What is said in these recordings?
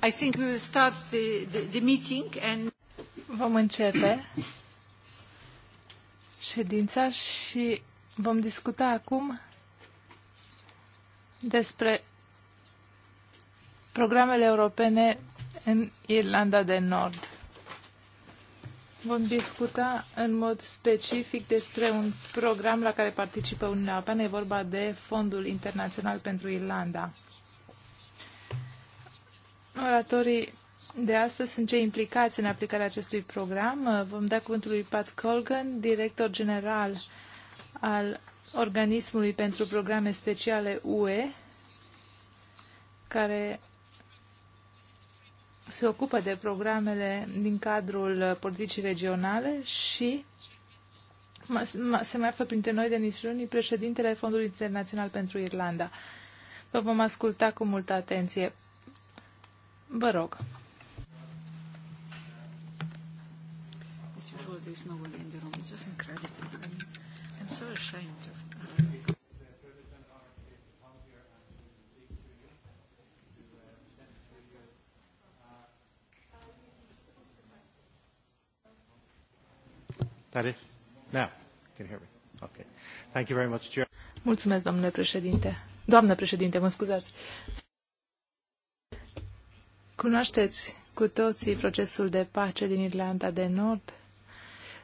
I think we will start the, the, the meeting and... Vom începe ședința și vom discuta acum despre programele europene în Irlanda de Nord. Vom discuta în mod specific despre un program la care participă Uniunea Europeană. E vorba de Fondul Internațional pentru Irlanda. Oratorii de astăzi sunt cei implicați în aplicarea acestui program. Vom da cuvântul lui Pat Colgan, director general al Organismului pentru Programe Speciale UE, care se ocupă de programele din cadrul politicii regionale și se mai află printre noi Denis Runi, președintele Fondului Internațional pentru Irlanda. Vă vom asculta cu multă atenție. Vă rog. That is. Now, can you hear me? Okay. Thank you very much, Chair. Mulțumesc, domnule președinte. Doamnă președinte, mă scuzați. Cunoașteți cu toții procesul de pace din Irlanda de Nord?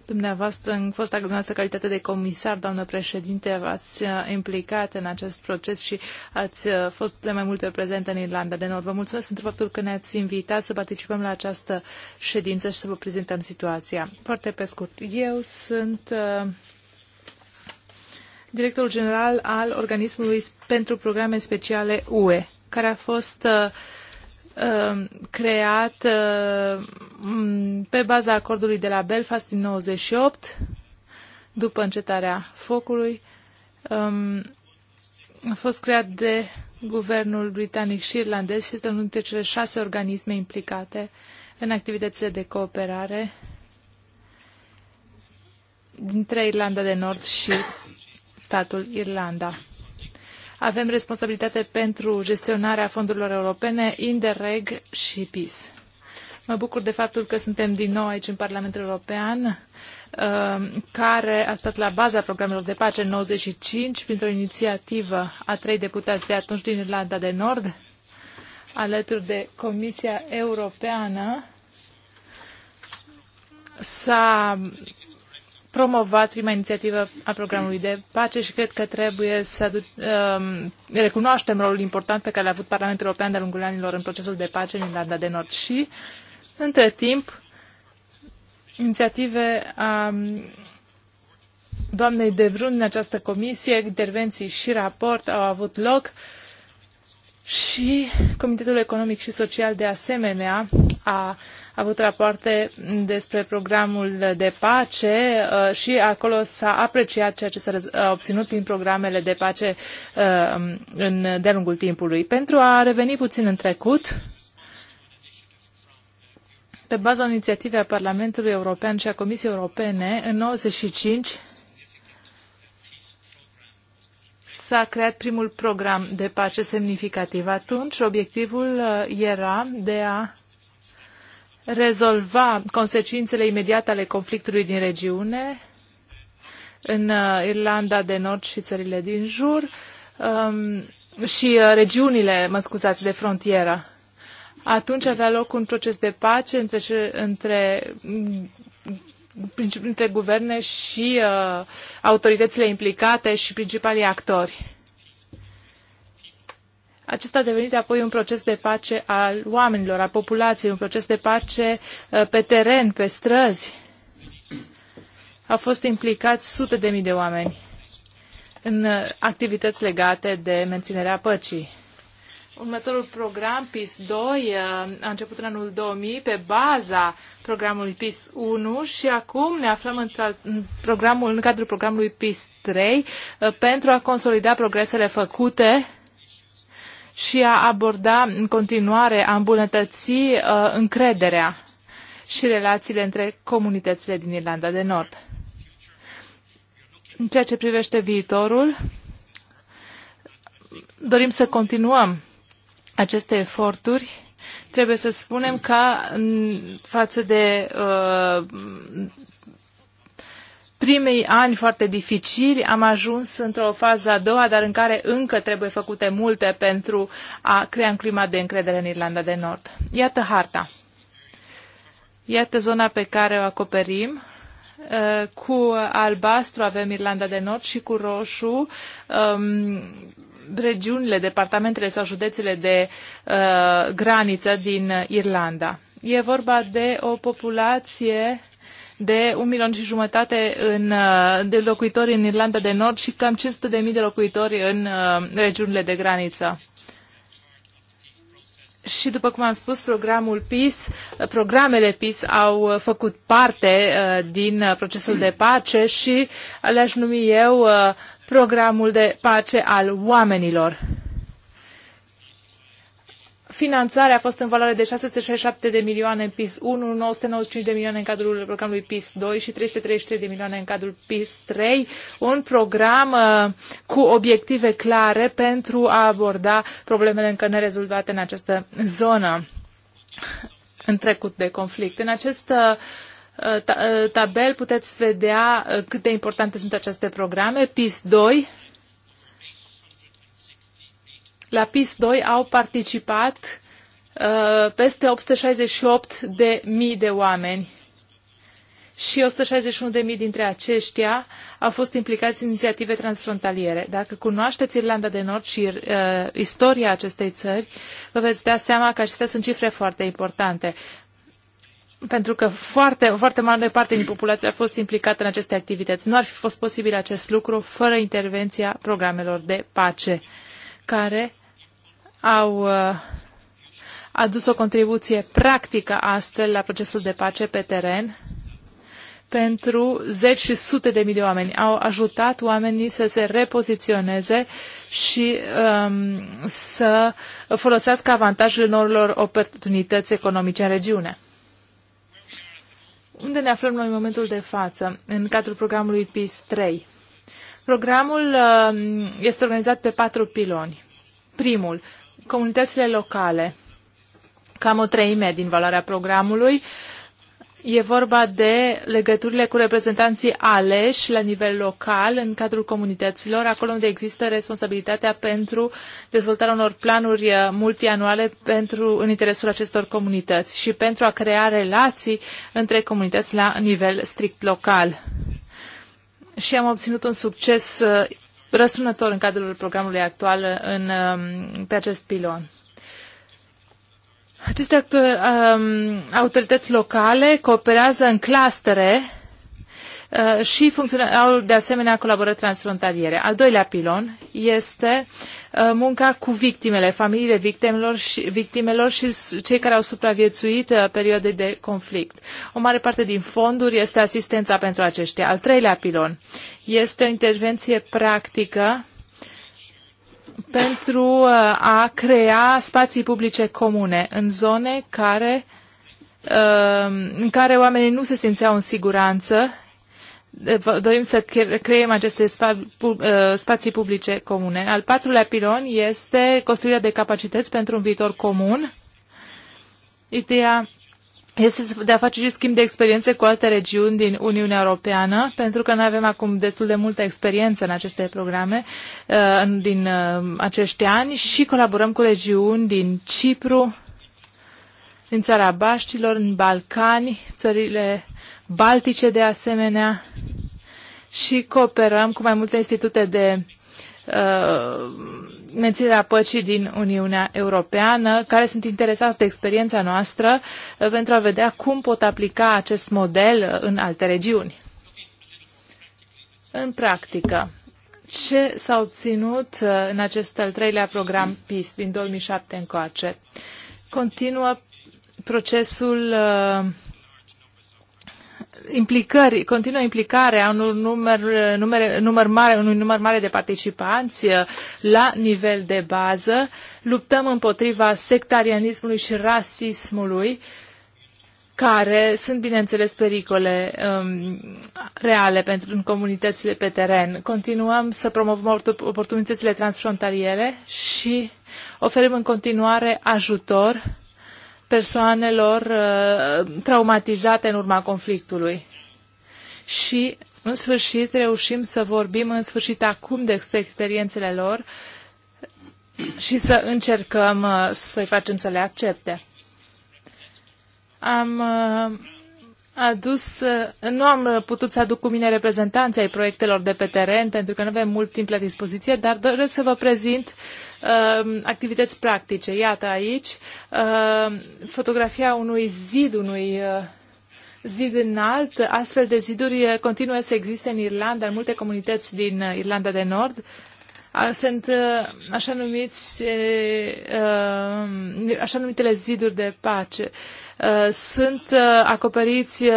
Dumneavoastră, în fosta dumneavoastră calitate de comisar, doamnă președinte, v-ați uh, implicat în acest proces și ați uh, fost de mai multe prezente în Irlanda de Nord. Vă mulțumesc pentru faptul că ne-ați invitat să participăm la această ședință și să vă prezentăm situația. Foarte pe scurt, eu sunt uh, directorul general al Organismului pentru Programe Speciale UE, care a fost uh, Uh, creat uh, pe baza acordului de la Belfast din 98, după încetarea focului. Um, a fost creat de guvernul britanic și irlandez și este unul dintre cele șase organisme implicate în activitățile de cooperare dintre Irlanda de Nord și statul Irlanda. Avem responsabilitate pentru gestionarea fondurilor europene, INDEREG și PIS. Mă bucur de faptul că suntem din nou aici în Parlamentul European, uh, care a stat la baza programelor de pace în 95 printr-o inițiativă a trei deputați de atunci din Irlanda de Nord, alături de Comisia Europeană s-a promovat prima inițiativă a programului de pace și cred că trebuie să aduc, um, recunoaștem rolul important pe care l-a avut Parlamentul European de-a lungul anilor în procesul de pace în Irlanda de Nord și, între timp, inițiative a um, doamnei de Brun în această comisie, intervenții și raport au avut loc și Comitetul Economic și Social de asemenea a avut rapoarte despre programul de pace uh, și acolo s-a apreciat ceea ce s-a obținut din programele de pace uh, în, de lungul timpului. Pentru a reveni puțin în trecut, pe baza inițiativei a Parlamentului European și a Comisiei Europene, în 95 s-a creat primul program de pace semnificativ atunci. Obiectivul uh, era de a rezolva consecințele imediate ale conflictului din regiune, în uh, Irlanda de Nord și țările din jur, um, și uh, regiunile, mă scuzați, de frontieră. Atunci avea loc un proces de pace între, între, între guverne și uh, autoritățile implicate și principalii actori. Acesta a devenit apoi un proces de pace al oamenilor, al populației, un proces de pace uh, pe teren, pe străzi. Au fost implicați sute de mii de oameni în uh, activități legate de menținerea păcii. Următorul program, PIS 2, uh, a început în anul 2000 pe baza programului PIS 1 și acum ne aflăm în, în, programul, în cadrul programului PIS 3 pentru a consolida progresele făcute și a aborda în continuare, a îmbunătăți uh, încrederea și relațiile între comunitățile din Irlanda de Nord. În ceea ce privește viitorul, dorim să continuăm aceste eforturi trebuie să spunem că față de uh, primei ani foarte dificili, am ajuns într-o fază a doua, dar în care încă trebuie făcute multe pentru a crea un climat de încredere în Irlanda de Nord. Iată harta. Iată zona pe care o acoperim. Uh, cu albastru avem Irlanda de Nord și cu roșu um, regiunile, departamentele sau județele de uh, graniță din Irlanda. E vorba de o populație de un milion și jumătate în, uh, de locuitori în Irlanda de Nord și cam 500 de mii de locuitori în uh, regiunile de graniță. Și după cum am spus, programul PIS, programele PIS au uh, făcut parte din procesul de pace și le-aș numi eu programul de pace al oamenilor. Finanțarea a fost în valoare de 667 de milioane în PIS 1, 995 de milioane în cadrul programului PIS 2 și 333 de milioane în cadrul PIS 3, un program uh, cu obiective clare pentru a aborda problemele încă nerezolvate în această zonă în trecut de conflict. În acest uh, uh tabel puteți vedea uh, cât de importante sunt aceste programe. PIS 2 la PIS-2 au participat uh, peste 868.000 de mii de oameni și 161.000 dintre aceștia au fost implicați în inițiative transfrontaliere. Dacă cunoașteți Irlanda de Nord și uh, istoria acestei țări, vă veți da seama că acestea sunt cifre foarte importante. Pentru că foarte, foarte mare parte din populație a fost implicată în aceste activități. Nu ar fi fost posibil acest lucru fără intervenția programelor de pace, care au uh, adus o contribuție practică astfel la procesul de pace pe teren pentru zeci și sute de mii de oameni. Au ajutat oamenii să se repoziționeze și um, să folosească avantajele noilor oportunități economice în regiune. Unde ne aflăm noi în momentul de față, în cadrul programului PIS 3? Programul um, este organizat pe patru piloni. Primul, comunitățile locale, cam o treime din valoarea programului, E vorba de legăturile cu reprezentanții aleși la nivel local, în cadrul comunităților, acolo unde există responsabilitatea pentru dezvoltarea unor planuri uh, multianuale pentru, în interesul acestor comunități și pentru a crea relații între comunități la nivel strict local. Și am obținut un succes uh, răsunător în cadrul programului actual în, um, pe acest pilon. Aceste um, autorități locale cooperează în clastere Uh, și au de asemenea colaborări transfrontaliere. Al doilea pilon este uh, munca cu victimele, familiile victimelor și, victimelor și cei care au supraviețuit uh, perioade de conflict. O mare parte din fonduri este asistența pentru aceștia. Al treilea pilon este o intervenție practică pentru a crea spații publice comune în zone care în care oamenii nu se simțeau în siguranță dorim să creăm aceste spa, pu, uh, spații publice comune. Al patrulea pilon este construirea de capacități pentru un viitor comun. Ideea este de a face și schimb de experiențe cu alte regiuni din Uniunea Europeană, pentru că noi avem acum destul de multă experiență în aceste programe uh, din uh, acești ani și colaborăm cu regiuni din Cipru, din țara Baștilor, în Balcani, țările Baltice de asemenea și cooperăm cu mai multe institute de uh, menținerea păcii din Uniunea Europeană, care sunt interesați de experiența noastră uh, pentru a vedea cum pot aplica acest model uh, în alte regiuni. În practică, ce s-a obținut uh, în acest al treilea program PIS din 2007 încoace? Continuă procesul uh, implicări, continuă implicare a unui număr, număr, număr mare, unui număr mare de participanți uh, la nivel de bază. Luptăm împotriva sectarianismului și rasismului care sunt, bineînțeles, pericole um, reale pentru în comunitățile pe teren. Continuăm să promovăm oportunitățile transfrontaliere și oferim în continuare ajutor persoanelor uh, traumatizate în urma conflictului. Și, în sfârșit, reușim să vorbim în sfârșit acum de experiențele lor și să încercăm uh, să-i facem să le accepte. Am uh, adus, ă, nu am ă, putut să aduc cu mine reprezentanții ai proiectelor de pe teren, pentru că nu avem mult timp la dispoziție, dar doresc să vă prezint uh, activități practice. Iată aici uh, fotografia unui zid, unui uh, zid înalt. Astfel de ziduri continuă să existe în Irlanda, în multe comunități din Irlanda de Nord. Sunt așa numiți, așa numitele ziduri de pace. Uh, Uh, sunt uh, acoperiți uh,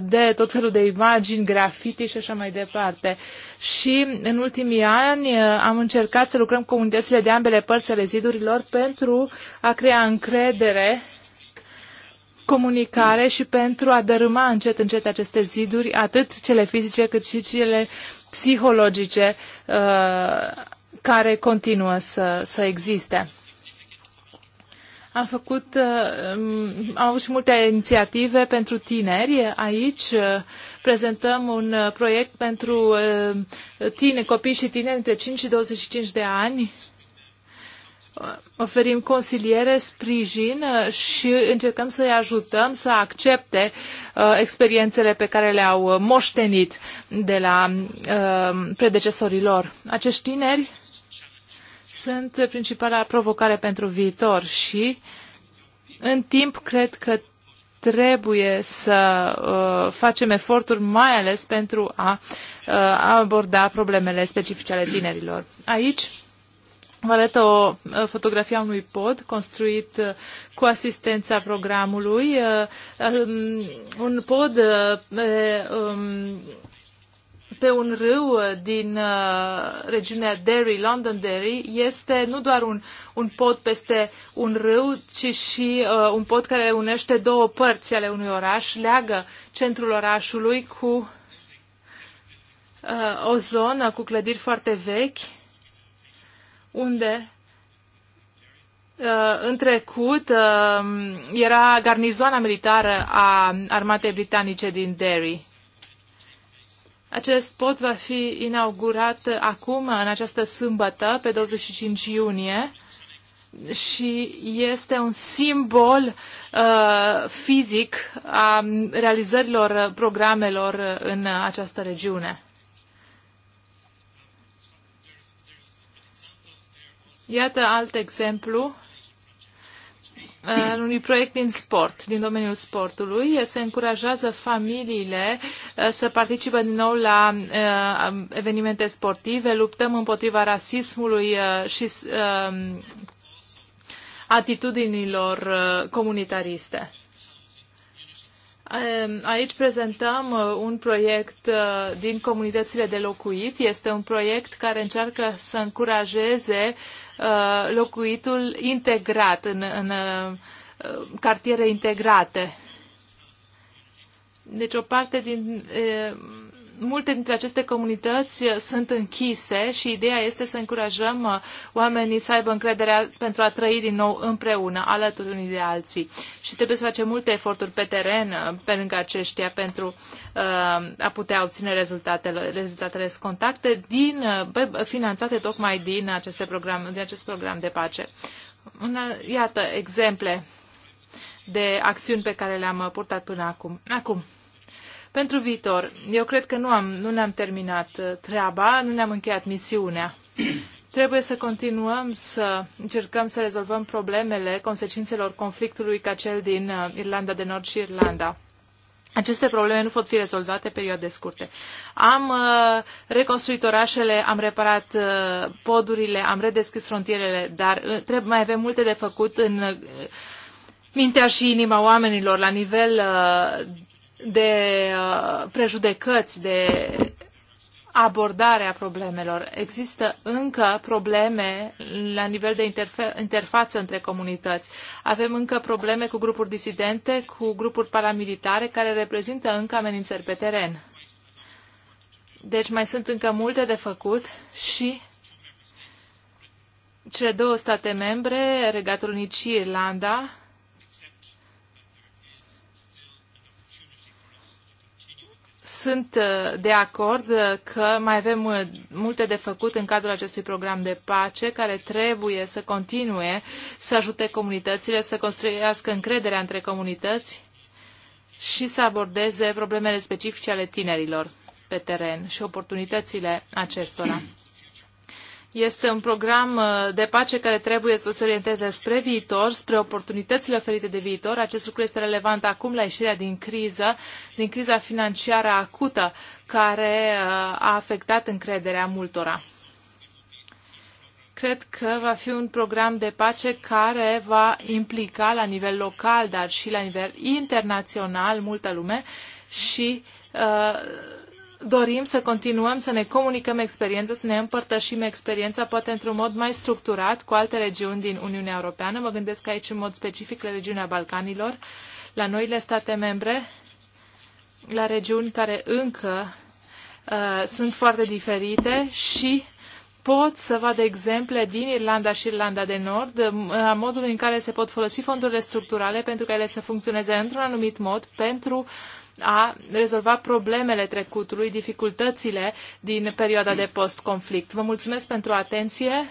de tot felul de imagini, grafiti și așa mai departe. Și în ultimii ani am încercat să lucrăm cu unitățile de ambele părți ale zidurilor pentru a crea încredere comunicare și pentru a dărâma încet, încet aceste ziduri, atât cele fizice cât și cele psihologice care continuă să, să existe am făcut, am uh, um, avut și multe inițiative pentru tineri. Aici uh, prezentăm un uh, proiect pentru tine, copii și tineri între 5 și 25 de ani. Oferim consiliere, sprijin și încercăm să-i ajutăm să accepte experiențele pe care le-au moștenit de la predecesorii lor. Acești tineri sunt principala provocare pentru viitor și în timp cred că trebuie să uh, facem eforturi mai ales pentru a, uh, aborda problemele specifice ale tinerilor. Aici vă arăt o uh, fotografie a unui pod construit uh, cu asistența programului, uh, um, un pod uh, um, pe un râu uh, din uh, regiunea Derry, Londonderry, este nu doar un, un pod peste un râu, ci și uh, un pod care unește două părți ale unui oraș, leagă centrul orașului cu uh, o zonă cu clădiri foarte vechi, unde uh, în trecut uh, era garnizoana militară a armatei britanice din Derry. Acest pod va fi inaugurat acum, în această sâmbătă, pe 25 iunie, și este un simbol uh, fizic a realizărilor programelor în această regiune. Iată alt exemplu în unui proiect din sport, din domeniul sportului. Se încurajează familiile uh, să participe din nou la uh, evenimente sportive. Luptăm împotriva rasismului uh, și um, atitudinilor comunitariste. Um, aici prezentăm un proiect din comunitățile de locuit. Este un proiect care încearcă să încurajeze Uh, locuitul integrat în, în uh, cartiere integrate. Deci o parte din uh, multe dintre aceste comunități uh, sunt închise și ideea este să încurajăm uh, oamenii să aibă încrederea pentru a trăi din nou împreună, alături unii de alții. Și trebuie să facem multe eforturi pe teren uh, pe lângă aceștia pentru a putea obține rezultatele, rezultatele contacte din, finanțate tocmai din, aceste program, din acest program de pace. Una, iată exemple de acțiuni pe care le-am purtat până acum. Acum, pentru viitor, eu cred că nu, am, nu ne-am terminat uh, treaba, nu ne-am încheiat misiunea. Trebuie să continuăm să încercăm să rezolvăm problemele consecințelor conflictului ca cel din uh, Irlanda de Nord și Irlanda. Aceste probleme nu pot fi rezolvate perioade scurte. Am uh, reconstruit orașele, am reparat uh, podurile, am redeschis frontierele, dar uh, trebuie mai avem multe de făcut în uh, mintea și inima oamenilor la nivel uh, de uh, prejudecăți, de abordarea problemelor. Există încă probleme la nivel de interfe- interfață între comunități. Avem încă probleme cu grupuri disidente, cu grupuri paramilitare care reprezintă încă amenințări pe teren. Deci mai sunt încă multe de făcut și cele două state membre, Regatul Unit și Irlanda, Sunt uh, de acord uh, că mai avem uh, multe de făcut în cadrul acestui program de pace, care trebuie să continue să ajute comunitățile, să construiască încrederea între comunități și să abordeze problemele specifice ale tinerilor pe teren și oportunitățile acestora. Este un program uh, de pace care trebuie să se orienteze spre viitor, spre oportunitățile oferite de viitor. Acest lucru este relevant acum la ieșirea din criză, din criza financiară acută care uh, a afectat încrederea multora cred că va fi un program de pace care va implica la nivel local, dar și la nivel internațional multă lume și uh, dorim să continuăm să ne comunicăm experiența, să ne împărtășim experiența, poate într-un mod mai structurat cu alte regiuni din Uniunea Europeană. Mă gândesc aici în mod specific la regiunea Balcanilor, la noile state membre, la regiuni care încă uh, sunt foarte diferite și pot să vad exemple din Irlanda și Irlanda de Nord uh, a modului în care se pot folosi fondurile structurale pentru ca ele să funcționeze într-un anumit mod pentru uh, a rezolva problemele trecutului, dificultățile din perioada de post-conflict. Vă mulțumesc pentru atenție.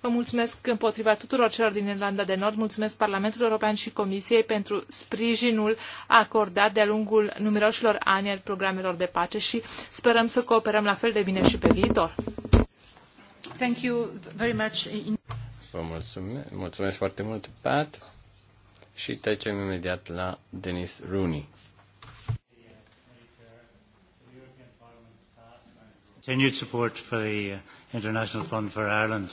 Vă mulțumesc împotriva tuturor celor din Irlanda de Nord, mulțumesc Parlamentul European și Comisiei pentru sprijinul acordat de-a lungul numeroșilor ani al programelor de pace și sperăm să cooperăm la fel de bine și pe viitor. Thank you very much. Vă mulțumesc, mulțumesc foarte mult, Pat, și trecem imediat la Denis Rooney. continued support for the uh, International Fund for Ireland.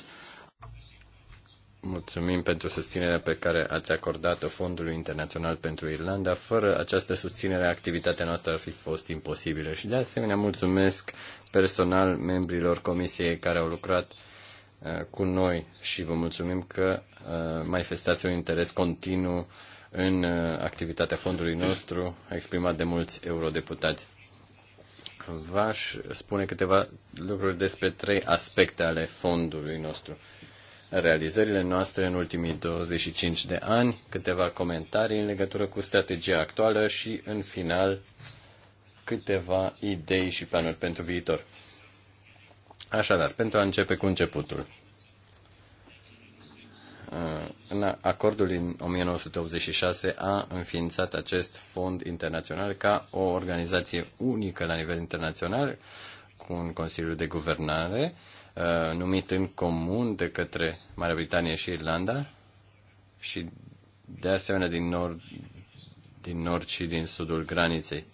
Mulțumim pentru susținerea pe care ați acordat-o Fondului Internațional pentru Irlanda. Fără această susținere, activitatea noastră ar fi fost imposibilă. Și de asemenea mulțumesc personal membrilor comisiei care au lucrat uh, cu noi și vă mulțumim că uh, manifestați un interes continuu în activitatea fondului nostru exprimat de mulți eurodeputați v-aș spune câteva lucruri despre trei aspecte ale fondului nostru. Realizările noastre în ultimii 25 de ani, câteva comentarii în legătură cu strategia actuală și, în final, câteva idei și planuri pentru viitor. Așadar, pentru a începe cu începutul în acordul din 1986 a înființat acest fond internațional ca o organizație unică la nivel internațional cu un Consiliu de Guvernare uh, numit în comun de către Marea Britanie și Irlanda și de asemenea din nord, din nord și din sudul graniței.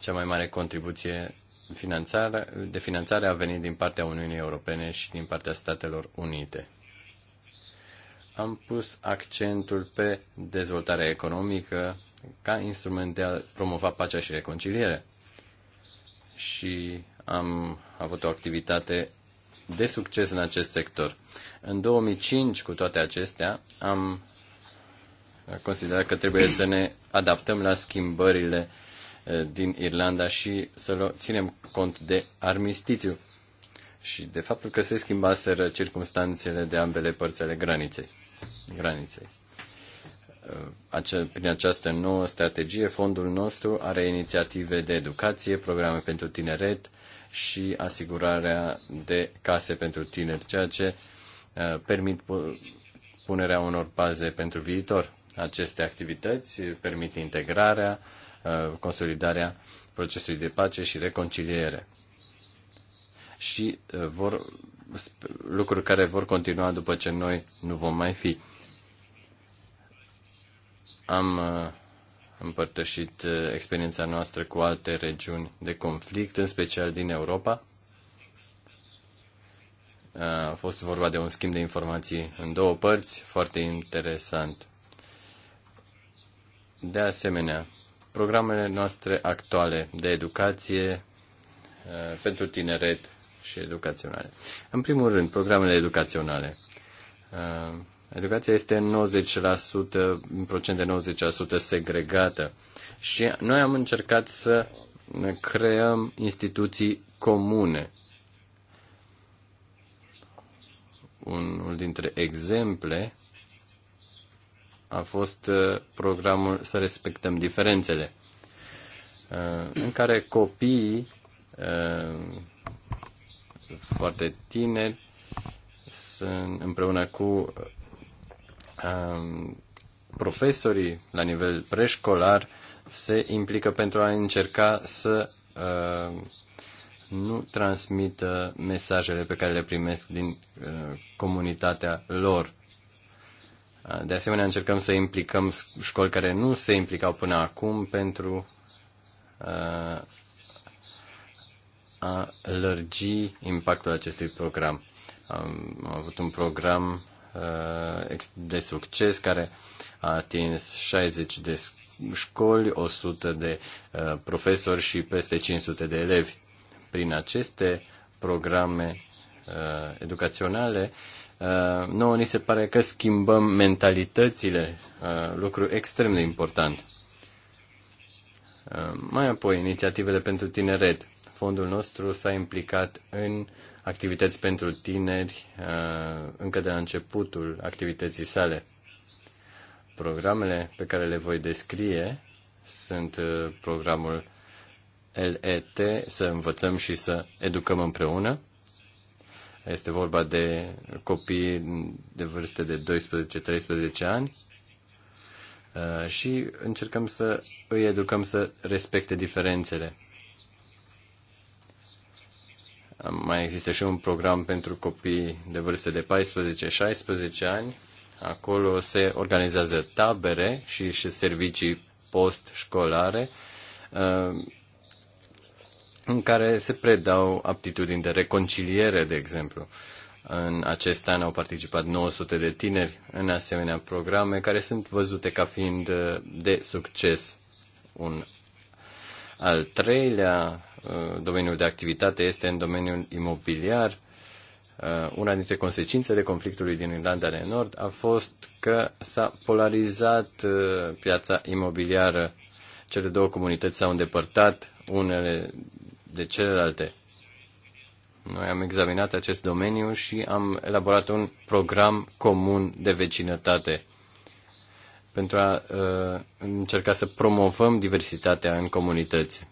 Cea mai mare contribuție finanțare, de finanțare a venit din partea Uniunii Europene și din partea Statelor Unite. Am pus accentul pe dezvoltarea economică ca instrument de a promova pacea și reconciliere. Și am avut o activitate de succes în acest sector. În 2005, cu toate acestea, am considerat că trebuie să ne adaptăm la schimbările uh, Eh, din Irlanda și să ținem cont de armistițiu și de faptul că se schimbaseră circumstanțele de ambele părți ale graniței. graniței. Eh, Ace- prin această nouă strategie, fondul nostru are inițiative de educație, programe pentru tineret și asigurarea de case pentru tineri, ceea ce eh, permit punerea unor baze pentru viitor. Aceste activități permit integrarea Uh, consolidarea procesului de pace și reconciliere. Și uh, vor, lucruri care vor continua după ce noi nu vom mai fi. Am uh, împărtășit experiența noastră cu alte regiuni de conflict, în special din Europa. A fost vorba de un schimb de informații în două părți, foarte interesant. De asemenea, programele noastre actuale de educație eh, pentru tineret și educaționale. În primul rând, programele educaționale. Eh, educația este în 90%, în procent de 90% segregată și noi am încercat să creăm instituții comune. Unul dintre exemple a fost uh, programul Să respectăm diferențele, uh, în care copiii uh, foarte tineri sunt împreună cu profesorii la nivel preșcolar se implică pentru a încerca să nu transmită mesajele pe care le primesc din comunitatea lor de asemenea, încercăm să implicăm școli care nu se implicau până acum pentru uh, a lărgi impactul acestui program. Am, avut un program uh, de succes care a atins 60 de școli, 100 de uh, profesori și peste 500 de elevi. Prin aceste programe educaționale Uh, nouă ni se pare că schimbăm mentalitățile, uh, lucru extrem de important. Uh, mai apoi, inițiativele pentru tineret. Fondul nostru s-a implicat în activități pentru tineri uh, încă de la începutul activității sale. Programele pe care le voi descrie sunt uh, programul LET, să învățăm și să educăm împreună, este vorba de copii de vârste de 12-13 ani uh, și încercăm să îi educăm să respecte diferențele. Mai există și un program pentru copii de vârste de 14-16 ani. Acolo se organizează tabere și, și servicii post-școlare uh, în care se predau aptitudini de reconciliere, de exemplu. În acest an au participat 900 de tineri în asemenea programe care sunt văzute ca fiind uh, de succes. Un al treilea uh, domeniu de activitate este în domeniul imobiliar. Uh, una dintre consecințele conflictului din Irlanda de Nord a fost că s-a polarizat piața imobiliară. Cele două comunități s-au îndepărtat, unele de celelalte. Noi am examinat acest domeniu și am elaborat un program comun de vecinătate pentru a uh, încerca să promovăm diversitatea în comunități.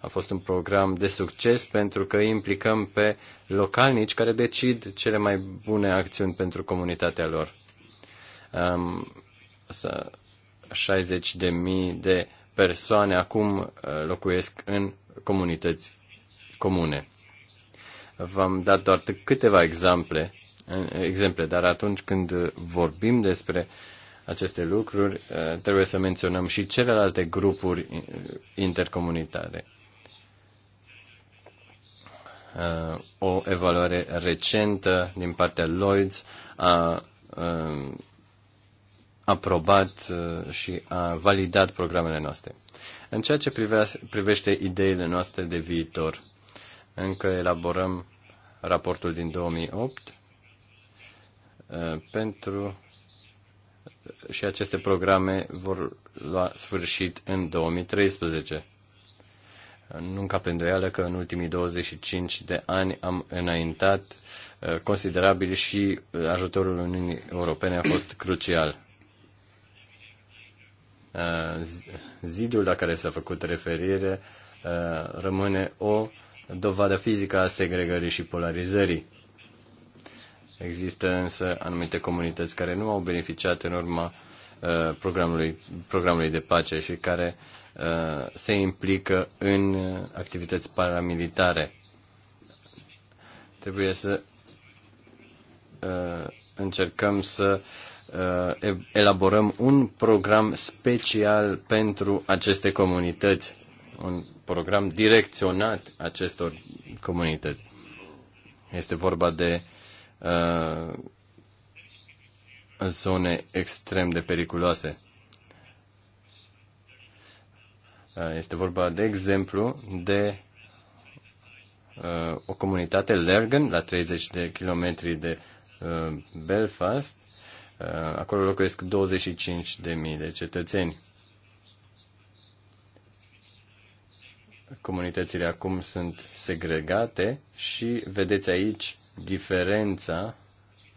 A fost un program de succes pentru că îi implicăm pe localnici care decid cele mai bune acțiuni pentru comunitatea lor. Um, 60.000 de mii de persoane acum uh, locuiesc în comunități comune. V-am dat doar câteva exemple, exemple, dar atunci când vorbim despre aceste lucruri, eh, trebuie să menționăm și celelalte grupuri intercomunitare. Eh, o evaluare recentă din partea Lloyds a eh, aprobat și a validat programele noastre. În ceea ce privește ideile noastre de viitor, încă elaborăm raportul din 2008 uh, pentru uh, și aceste programe vor lua sfârșit în 2013. Nu ca pe îndoială că în ultimii 25 de ani am înaintat uh, considerabil și ajutorul Uniunii Europene a fost crucial. Uh, zidul la care s-a făcut referire uh, rămâne o dovadă fizică a segregării și polarizării. Există însă anumite comunități care nu au beneficiat în urma uh, programului, programului de pace și care se implică în activități paramilitare. Trebuie să încercăm să Uh, elaborăm un program special pentru aceste comunități, un program direcționat acestor comunități. Este vorba de uh, zone extrem de periculoase. Uh, este vorba, de exemplu, de uh, o comunitate, Lergen, la 30 de kilometri de uh, Belfast, Uh, acolo locuiesc 25.000 de de cetățeni. Comunitățile acum sunt segregate și vedeți aici diferența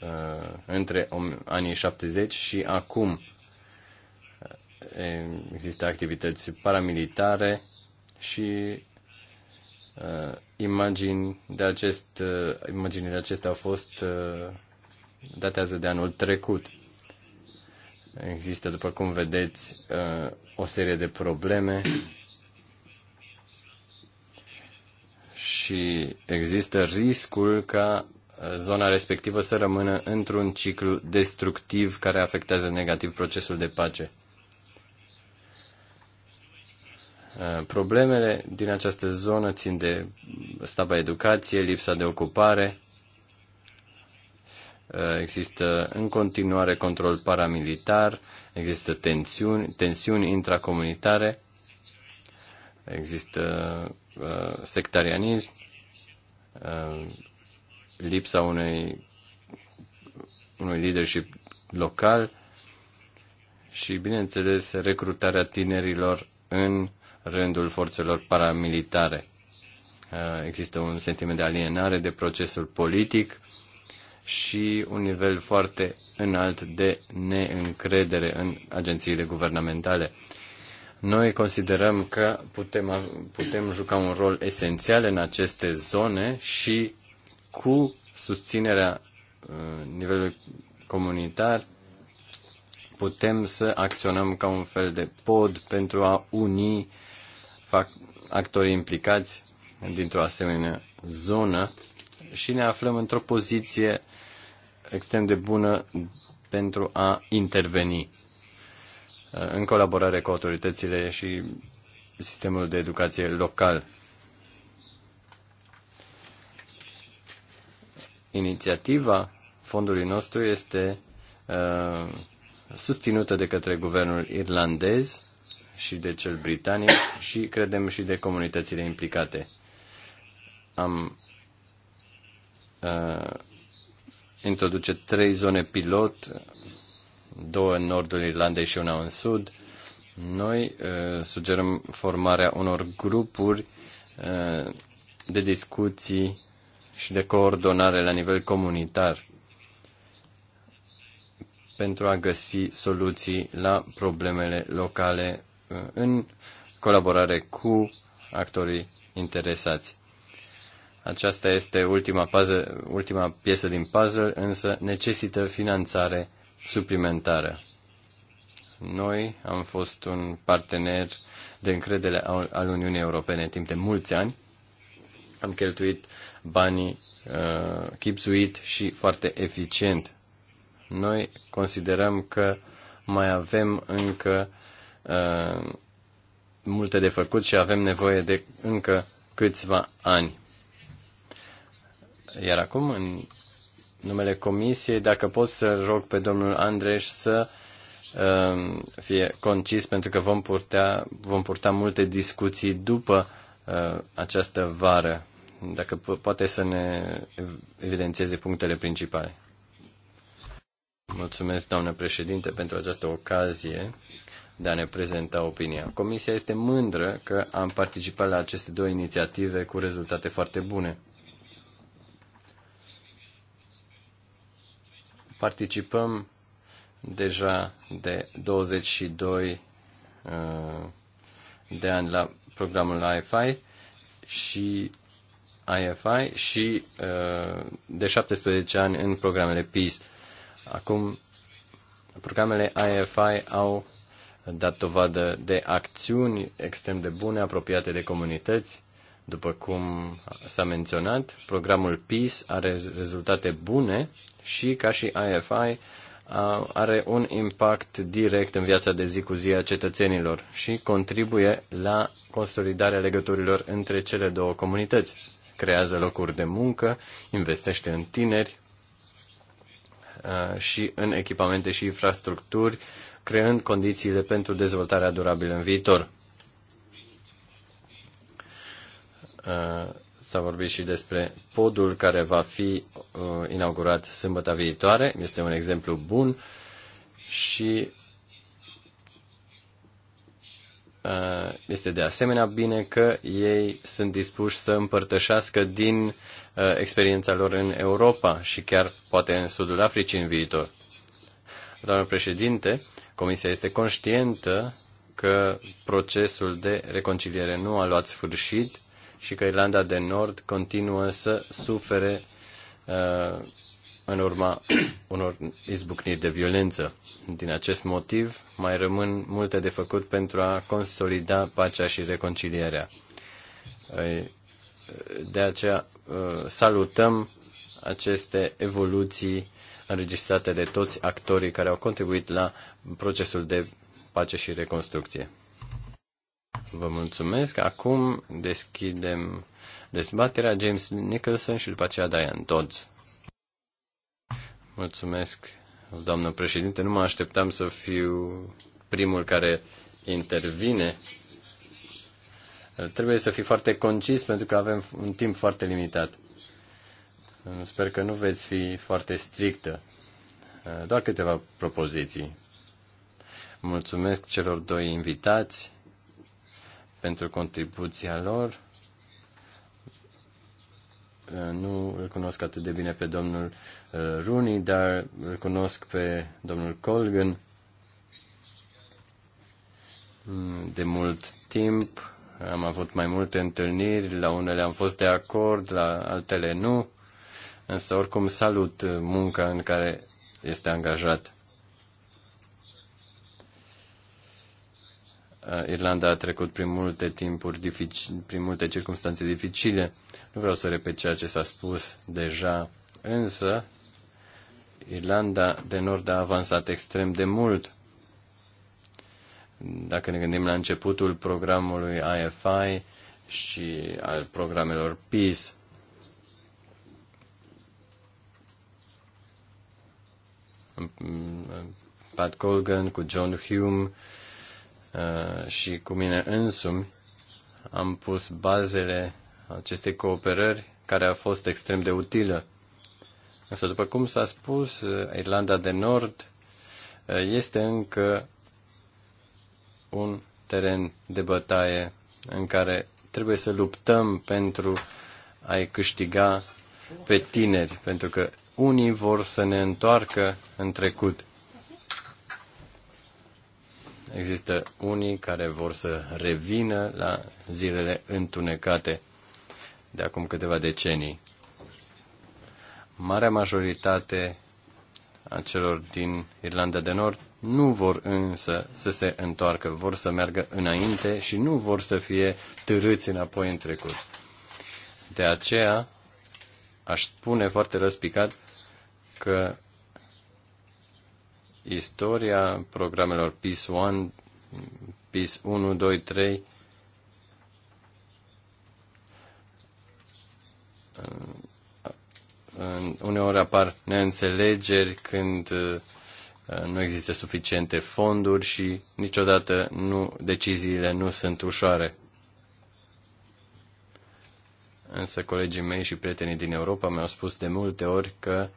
uh, între anii 70 și acum. Uh, există activități paramilitare și uh, imagini de acest, uh, imaginile acestea au fost uh, datează de anul trecut. Există, după cum vedeți, uh, o serie de probleme și există riscul ca uh, zona respectivă să rămână într-un ciclu destructiv care afectează negativ procesul de pace. Uh, problemele din această zonă țin de slaba educație, lipsa de ocupare, Eh, există în continuare control paramilitar, există tensiuni, tensiuni intracomunitare, există uh, sectarianism, uh, lipsa unei, unui leadership local și, bineînțeles, recrutarea tinerilor în rândul forțelor paramilitare. există un sentiment de alienare de procesul politic, și un nivel foarte înalt de neîncredere în agențiile guvernamentale. Noi considerăm că putem, putem juca un rol esențial în aceste zone și cu susținerea uh, nivelului comunitar putem să acționăm ca un fel de pod pentru a uni actorii implicați dintr-o asemenea zonă și ne aflăm într-o poziție extrem de bună pentru a interveni uh, în colaborare cu autoritățile și sistemul de educație local. Inițiativa fondului nostru este uh, susținută de către guvernul irlandez și de cel britanic și credem și de comunitățile implicate. Am uh, introduce trei zone pilot, două în nordul Irlandei și una în sud. Noi uh, sugerăm formarea unor grupuri uh, de discuții și de coordonare la nivel comunitar pentru a găsi soluții la problemele locale uh, în colaborare cu actorii interesați. Aceasta este ultima, pază, ultima piesă din puzzle, însă necesită finanțare suplimentară. Noi am fost un partener de încredere al Uniunii Europene timp de mulți ani. Am cheltuit banii uh, chipzuit și foarte eficient. Noi considerăm că mai avem încă uh, multe de făcut și avem nevoie de încă câțiva ani. Iar acum, în numele comisiei, dacă pot să rog pe domnul Andreș să uh, fie concis, pentru că vom purta, vom purta multe discuții după uh, această vară. Dacă po- poate să ne evidențieze punctele principale. Mulțumesc, doamnă președinte, pentru această ocazie de a ne prezenta opinia. Comisia este mândră că am participat la aceste două inițiative cu rezultate foarte bune. Participăm deja de 22 uh, de ani la programul IFI și IFI și uh, de 17 ani în programele PIS. Acum, programele IFI au dat dovadă de acțiuni extrem de bune, apropiate de comunități după cum s-a menționat, programul PIS are rezultate bune și, ca și IFI, are un impact direct în viața de zi cu zi a cetățenilor și contribuie la consolidarea legăturilor între cele două comunități. Creează locuri de muncă, investește în tineri și în echipamente și infrastructuri, creând condițiile pentru dezvoltarea durabilă în viitor. Uh, s-a vorbit și despre podul care va fi uh, inaugurat sâmbătă viitoare. Este un exemplu bun și uh, este de asemenea bine că ei sunt dispuși să împărtășească din experiența lor în Europa și chiar poate în Sudul Africii în viitor. Doamnă președinte, Comisia este conștientă că procesul de reconciliere nu a luat sfârșit și că Irlanda de Nord continuă să sufere uh, în urma unor izbucniri de violență. Din acest motiv, mai rămân multe de făcut pentru a consolida pacea și reconcilierea. De aceea uh, salutăm aceste evoluții înregistrate de toți actorii care au contribuit la procesul de pace și reconstrucție. Vă mulțumesc. Acum deschidem dezbaterea James Nicholson și după aceea Diane Dodds. Mulțumesc, doamnă președinte. Nu mă așteptam să fiu primul care intervine. Trebuie să fii foarte concis pentru că avem un timp foarte limitat. Sper că nu veți fi foarte strictă. Doar câteva propoziții. Mulțumesc celor doi invitați pentru contribuția lor. Uh, nu îl cunosc atât de bine pe domnul uh, Rooney, dar îl cunosc pe domnul Colgan mm, de mult timp. Am avut mai multe întâlniri, la unele am fost de acord, la altele nu, însă oricum salut uh, munca în care este angajat. Uh, Irlanda a trecut prin multe timpuri dificile, prin multe circunstanțe dificile. Nu vreau să repet ceea ce s-a spus deja, însă Irlanda de Nord a avansat extrem de mult. Dacă ne gândim la începutul programului IFI și al programelor PIS, Pat Colgan cu John Hume, Uh, și cu mine însumi am pus bazele acestei cooperări care a fost extrem de utilă. Însă, după cum s-a spus, uh, Irlanda de Nord uh, este încă un teren de bătaie în care trebuie să luptăm pentru a-i câștiga pe tineri, pentru că unii vor să ne întoarcă în trecut. Există unii care vor să revină la zilele întunecate de acum câteva decenii. Marea majoritate a celor din Irlanda de Nord nu vor însă să se întoarcă, vor să meargă înainte și nu vor să fie târâți înapoi în trecut. De aceea, aș spune foarte răspicat că istoria programelor PIS 1, PIS 1, 2, 3, uneori apar neînțelegeri când uh, nu există suficiente fonduri și niciodată nu, deciziile nu sunt ușoare. Însă colegii mei și prietenii din Europa mi-au spus de multe ori că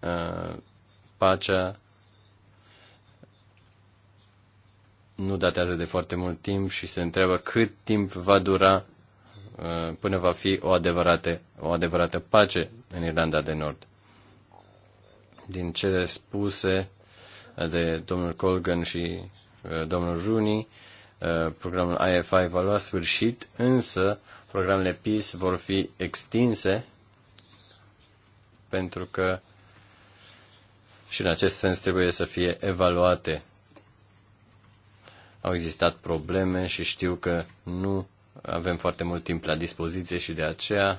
uh, pacea nu datează de foarte mult timp și se întreabă cât timp va dura uh, până va fi o adevărată, o adevărată pace în Irlanda de Nord. Din cele spuse de domnul Colgan și uh, domnul Rooney, uh, programul IFI va lua sfârșit, însă programele PIS vor fi extinse pentru că și în acest sens trebuie să fie evaluate. Au existat probleme și știu că nu avem foarte mult timp la dispoziție și de aceea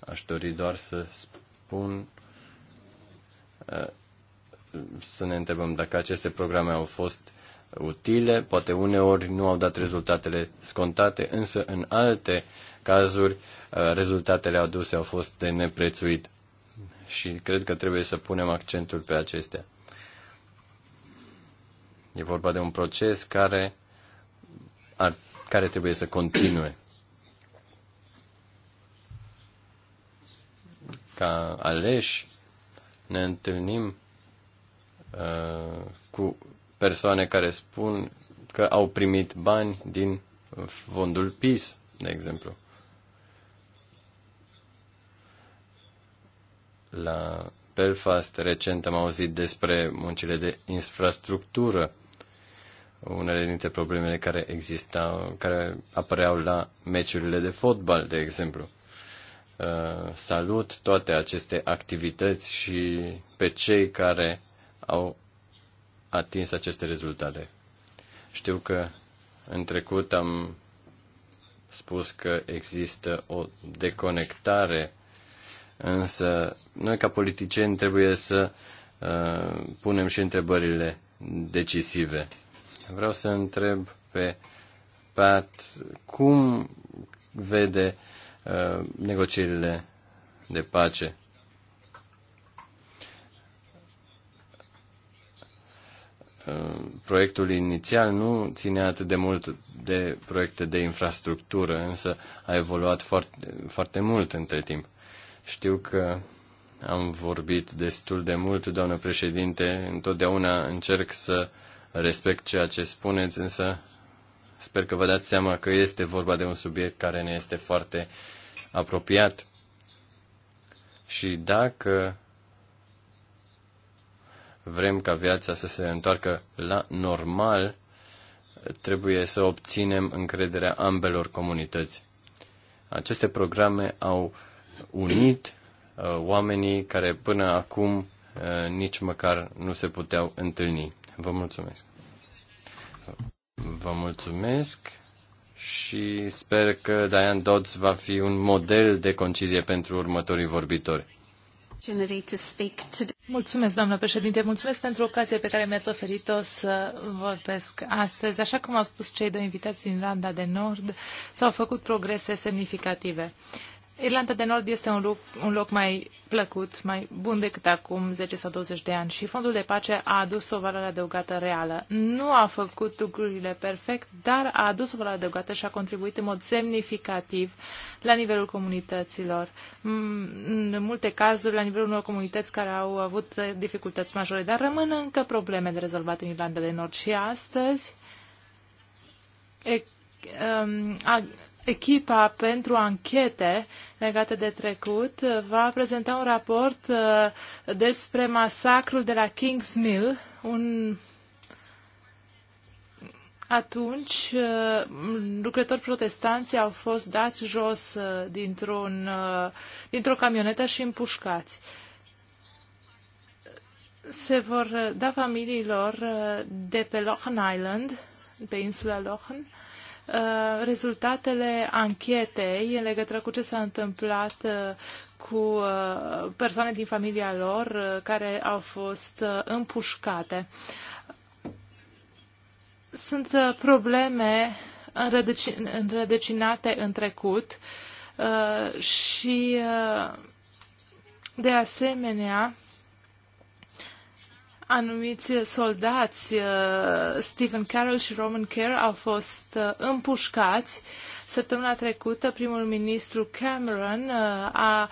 aș dori doar să spun uh, să ne întrebăm dacă aceste programe au fost utile, poate uneori nu au dat rezultatele scontate, însă în alte cazuri uh, rezultatele aduse au fost de neprețuit și cred că trebuie să punem accentul pe acestea. E vorba de un proces care, ar, care trebuie să continue. Ca aleși ne întâlnim uh, cu persoane care spun că au primit bani din fondul PIS, de exemplu. la Belfast. Recent am auzit despre muncile de infrastructură, unele dintre problemele care existau, care apăreau la meciurile de fotbal, de exemplu. Uh, salut toate aceste activități și pe cei care au atins aceste rezultate. Știu că în trecut am spus că există o deconectare Însă, noi ca politicieni trebuie să uh, punem și întrebările decisive. Vreau să întreb pe Pat cum vede uh, negocierile de pace. Uh, proiectul inițial nu ținea atât de mult de proiecte de infrastructură, însă a evoluat foarte, foarte mult între timp. Știu că am vorbit destul de mult, doamnă președinte. Întotdeauna încerc să respect ceea ce spuneți, însă sper că vă dați seama că este vorba de un subiect care ne este foarte apropiat. Și dacă vrem ca viața să se întoarcă la normal, trebuie să obținem încrederea ambelor comunități. Aceste programe au unit uh, oamenii care până acum uh, nici măcar nu se puteau întâlni. Vă mulțumesc. Vă mulțumesc și sper că Diane Dodds va fi un model de concizie pentru următorii vorbitori. Mulțumesc, doamnă președinte, mulțumesc pentru ocazia pe care mi-ați oferit-o să vorbesc astăzi. Așa cum au spus cei doi invitați din Randa de Nord, s-au făcut progrese semnificative. Irlanda de Nord este un loc, un loc mai plăcut, mai bun decât acum 10 sau 20 de ani și fondul de pace a adus o valoare adăugată reală. Nu a făcut lucrurile perfect, dar a adus o valoare adăugată și a contribuit în mod semnificativ la nivelul comunităților. Mm, în multe cazuri, la nivelul unor comunități care au avut dificultăți majore, dar rămân încă probleme de rezolvat în Irlanda de Nord și astăzi. E, um, a, echipa pentru anchete legate de trecut uh, va prezenta un raport uh, despre masacrul de la Kings Mill. Un... Atunci, uh, lucrători protestanți au fost dați jos dintr o dintr-o camionetă și împușcați. Se vor da familiilor de pe Lochen Island, pe insula Lochen, uh, Uh, rezultatele anchetei în legătură cu ce s-a întâmplat uh, cu uh, persoane din familia lor care au fost împușcate. Sunt probleme înrădăcinate în trecut și, de asemenea, anumiți soldați, uh, Stephen Carroll și Roman Kerr, au fost uh, împușcați. Săptămâna trecută, primul ministru Cameron uh, a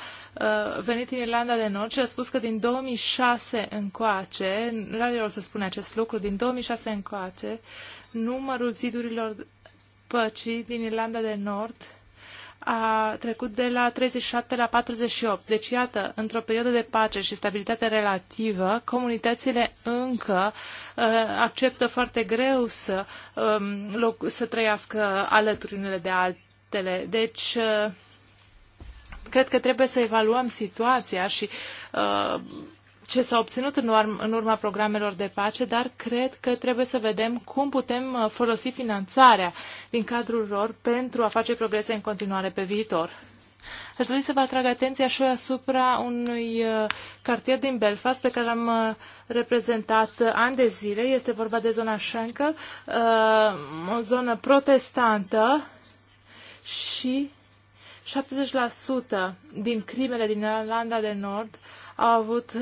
venit în Irlanda de Nord și a spus că din 2006 încoace, rar o să spune acest lucru, din 2006 încoace, numărul zidurilor păcii din Irlanda de Nord a trecut de la 37 la 48. Deci, iată, într-o perioadă de pace și stabilitate relativă, comunitățile încă uh, acceptă foarte greu să, um, loc, să trăiască alături unele de altele. Deci, uh, cred că trebuie să evaluăm situația și uh, ce s-a obținut în urma programelor de pace, dar cred că trebuie să vedem cum putem uh, folosi finanțarea din cadrul lor pentru a face progrese în continuare pe viitor. Aș dori să vă atrag atenția și asupra unui uh, cartier din Belfast pe care l-am uh, reprezentat ani de zile. Este vorba de zona Schenkel, o zonă protestantă și 70% din crimele din Irlanda de Nord au avut uh,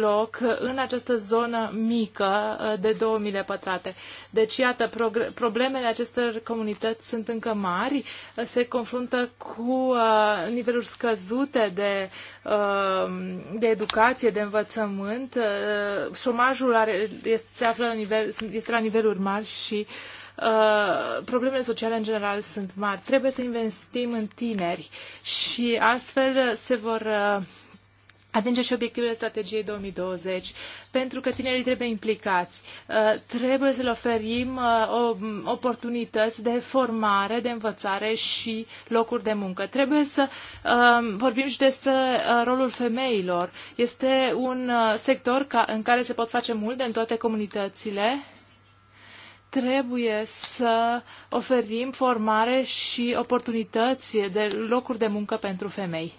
loc în această zonă mică uh, de 2000 de pătrate. Deci, iată, problemele acestor comunități sunt încă mari, uh, se confruntă cu niveluri scăzute de, de educație, de învățământ, șomajul are, este, se află la nivel, este la niveluri mari și Uh, problemele sociale în general sunt mari. Trebuie să investim în tineri și astfel se vor uh, atinge și obiectivele strategiei 2020, pentru că tinerii trebuie implicați. Uh, trebuie să le oferim uh, oportunități de formare, de învățare și locuri de muncă. Trebuie să um, vorbim și despre uh, rolul femeilor. Este un sector în care se pot face multe în toate comunitățile trebuie să oferim formare și oportunități de locuri de muncă pentru femei.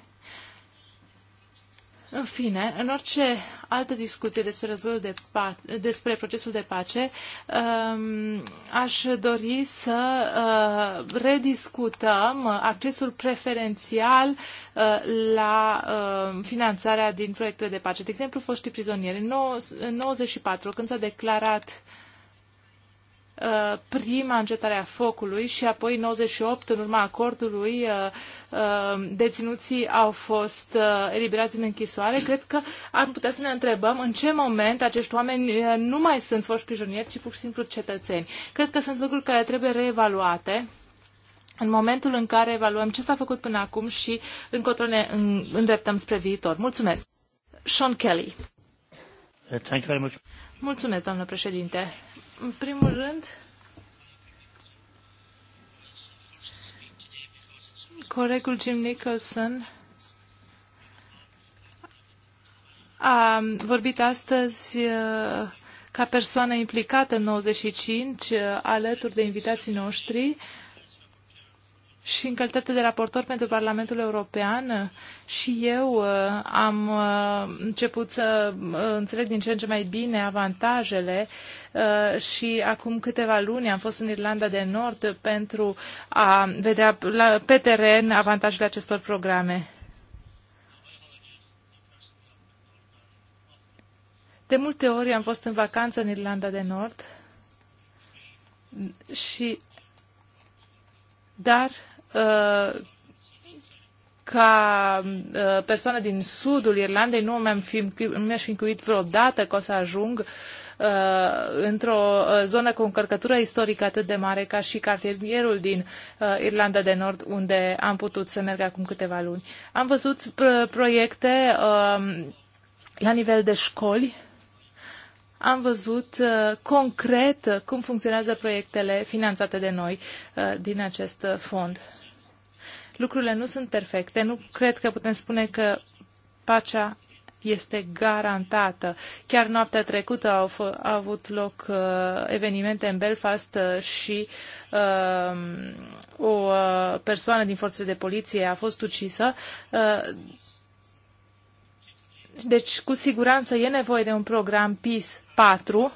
În fine, în orice altă discuție despre războiul de pace, despre procesul de pace, um, aș dori să uh, rediscutăm accesul preferențial uh, la uh, finanțarea din proiectele de pace. De exemplu, foștii prizonieri. În 94, când s-a declarat Uh, prima încetare a focului și apoi 98, în urma acordului, uh, uh, deținuții au fost eliberați în închisoare. Cred că am putea să ne întrebăm în ce moment acești oameni nu mai sunt foști prizonieri, ci pur și simplu cetățeni. Cred că sunt lucruri care trebuie reevaluate în momentul în care evaluăm ce s-a făcut până acum și încotro ne îndreptăm spre viitor. Mulțumesc! Sean Kelly. Thank you very much. Mulțumesc, doamnă președinte. În primul rând, colegul Jim Nicholson a vorbit astăzi uh, ca persoană implicată în 95 uh, alături de invitații noștri și în calitate de raportor pentru Parlamentul European și eu uh, am uh, început să uh, înțeleg din ce în ce mai bine avantajele și acum câteva luni am fost în Irlanda de Nord pentru a vedea pe teren avantajele acestor programe. De multe ori am fost în vacanță în Irlanda de Nord și dar Uh, ca uh, persoană din sudul Irlandei nu mi-aș fi, mi fi încuit vreodată că o să ajung uh, într-o zonă cu încărcătură istorică atât de mare ca și cartierul din Irlanda de Nord, unde am putut să merg acum câteva luni. Am văzut proiecte um, la nivel de școli, am văzut concret cum funcționează proiectele finanțate de noi din acest fond. Lucrurile nu sunt perfecte, nu cred că putem spune că pacea este garantată. Chiar noaptea trecută au, f- au avut loc uh, evenimente în Belfast uh, și uh, o uh, persoană din forțele de poliție a fost ucisă. Uh, deci, cu siguranță, e nevoie de un program PIS 4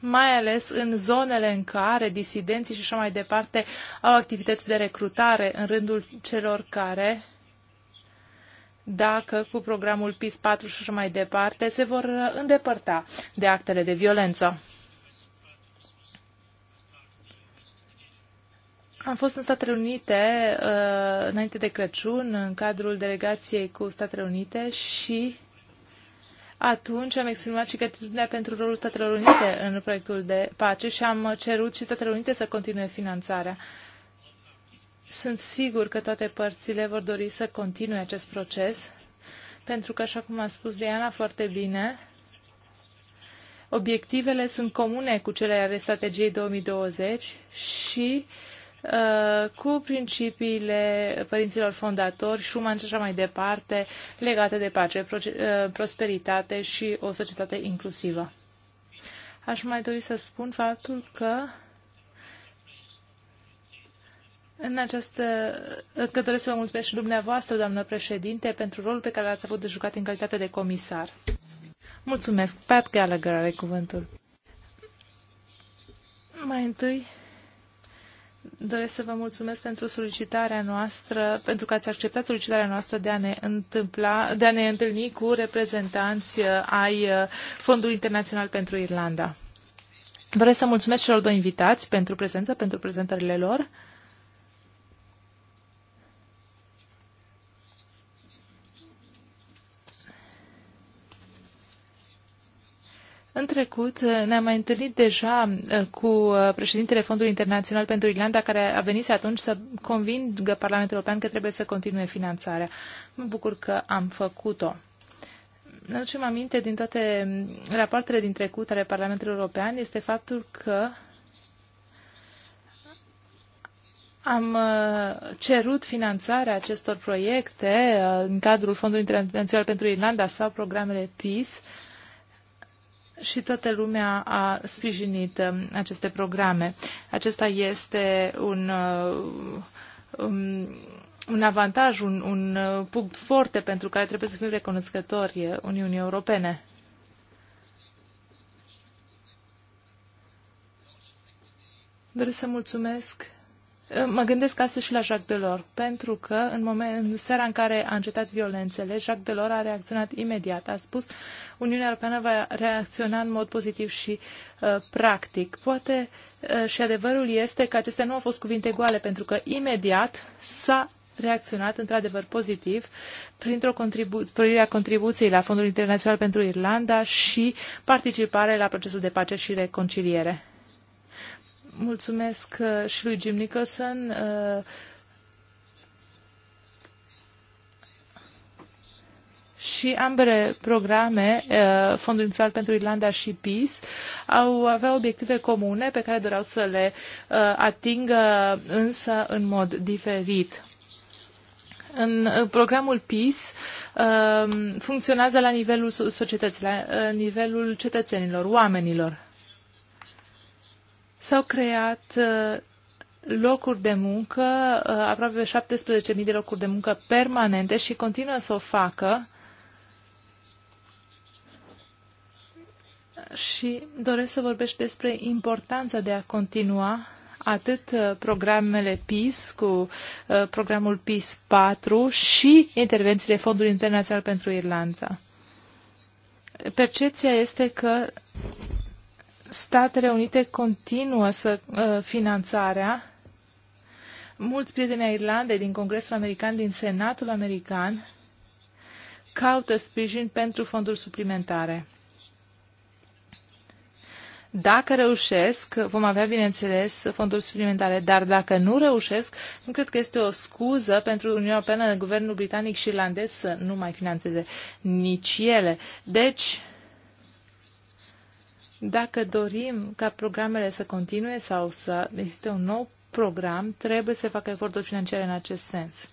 mai ales în zonele în care disidenții și așa mai departe au activități de recrutare în rândul celor care dacă cu programul PIS 4 și așa mai departe se vor îndepărta de actele de violență. Am fost în Statele Unite uh, înainte de Crăciun, în cadrul delegației cu Statele Unite și atunci am exprimat și gratitudinea pentru rolul Statelor Unite în proiectul de pace și am cerut și Statele Unite să continue finanțarea. Sunt sigur că toate părțile vor dori să continue acest proces, pentru că, așa cum a spus Diana foarte bine, obiectivele sunt comune cu cele ale strategiei 2020 și uh, Uh, cu principiile părinților fondatori, Schumann și așa mai departe, legate de pace, uh, prosperitate și o societate inclusivă. Aș mai dori să spun faptul că în această... că doresc să vă mulțumesc și dumneavoastră, doamnă președinte, pentru rolul pe care l-ați avut de jucat în calitate de comisar. Mulțumesc. Pat Gallagher are cuvântul. Mai întâi doresc să vă mulțumesc pentru solicitarea noastră, pentru că ați acceptat solicitarea noastră de a ne, întâmpla, de a ne întâlni cu reprezentanți uh, ai uh, Fondului Internațional pentru Irlanda. Doresc să mulțumesc celor doi invitați pentru prezență, pentru prezentările lor. În trecut eh, ne-am mai întâlnit deja eh, cu eh, președintele Fondului Internațional pentru Irlanda, care a venit atunci să convingă Parlamentul European că trebuie să continue finanțarea. Mă bucur că am făcut-o ne aducem aminte din toate mm, rapoartele din trecut ale Parlamentului European este faptul că am cerut finanțarea acestor proiecte în cadrul Fondului Internațional pentru Irlanda sau programele PIS și toată lumea a sprijinit um, aceste programe. Acesta este un, uh, um, un, avantaj, un, un uh, punct foarte pentru care trebuie să fim recunoscători Uniunii Europene. Doresc să mulțumesc Eh, mă gândesc astăzi și la Jacques Delors, pentru că în, moment, în seara în care a încetat violențele, Jacques Delors a reacționat imediat. A spus Uniunea Europeană va reacționa în mod pozitiv și uh, practic. Poate uh, și adevărul este că acestea nu au fost cuvinte goale, pentru că imediat s-a reacționat într-adevăr pozitiv printr-o contribu- sporirea contribuției la Fondul Internațional pentru Irlanda și participare la procesul de pace și reconciliere. Mulțumesc uh, și lui Jim Nicholson. Uh, și ambele programe, uh, Fondul Inițial pentru Irlanda și PIS, au avea obiective comune pe care doreau să le atingă însă în mod diferit. În programul PIS funcționează la nivelul societății, la nivelul cetățenilor, oamenilor. S-au creat uh, locuri de muncă, uh, aproape 17.000 de locuri de muncă permanente și continuă să o facă. Și doresc să vorbesc despre importanța de a continua atât uh, programele PIS cu programul PIS 4 și intervențiile Fondului Internațional pentru Irlanda. Percepția este că Statele Unite continuă să uh, finanțarea. Mulți prieteni ai Irlandei din Congresul American, din Senatul American, caută sprijin pentru fonduri suplimentare. Dacă reușesc, vom avea, bineînțeles, fonduri suplimentare, dar dacă nu reușesc, nu cred că este o scuză pentru Uniunea Europeană, guvernul britanic și irlandez să nu mai financeze nici ele. Deci, dacă dorim ca programele să continue sau să existe un nou program, trebuie să facă eforturi financiare în acest sens.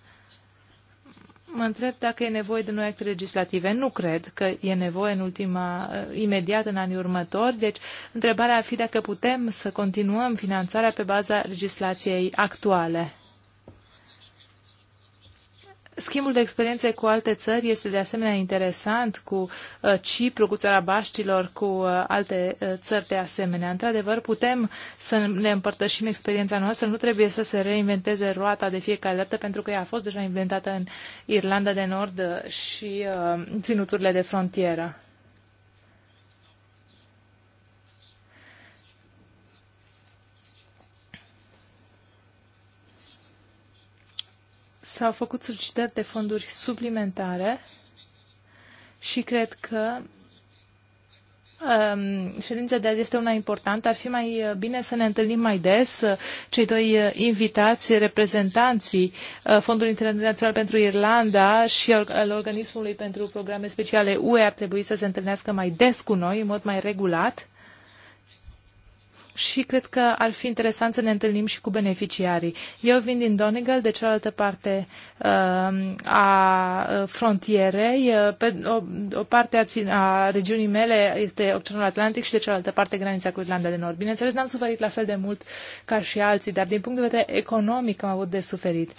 Mă întreb dacă e nevoie de noi acte legislative. Nu cred că e nevoie în ultima, uh, imediat în anii următori. Deci, întrebarea ar fi dacă putem să continuăm finanțarea pe baza legislației actuale. Schimbul de experiențe cu alte țări este de asemenea interesant cu uh, Cipru, cu țara Baștilor, cu uh, alte uh, țări de asemenea. Într-adevăr, putem să ne împărtășim experiența noastră, nu trebuie să se reinventeze roata de fiecare dată, pentru că ea a fost deja inventată în Irlanda de Nord și uh, ținuturile de frontieră. s-au făcut solicitări de fonduri suplimentare și cred că um, ședința de azi este una importantă. Ar fi mai uh, bine să ne întâlnim mai des uh, cei doi uh, invitați, reprezentanții Fondului Internațional pentru Irlanda și al Organismului pentru Programe Speciale UE ar trebui să se întâlnească mai des cu noi, în mod mai regulat și cred că ar fi interesant să ne întâlnim și cu beneficiarii. Eu vin din Donegal, de cealaltă parte uh, a frontierei. Uh, pe o, o parte a, a regiunii mele este Oceanul Atlantic și de cealaltă parte granița cu Irlanda de Nord. Bineînțeles, n-am suferit la fel de mult ca și alții, dar din punct de vedere economic am avut de suferit.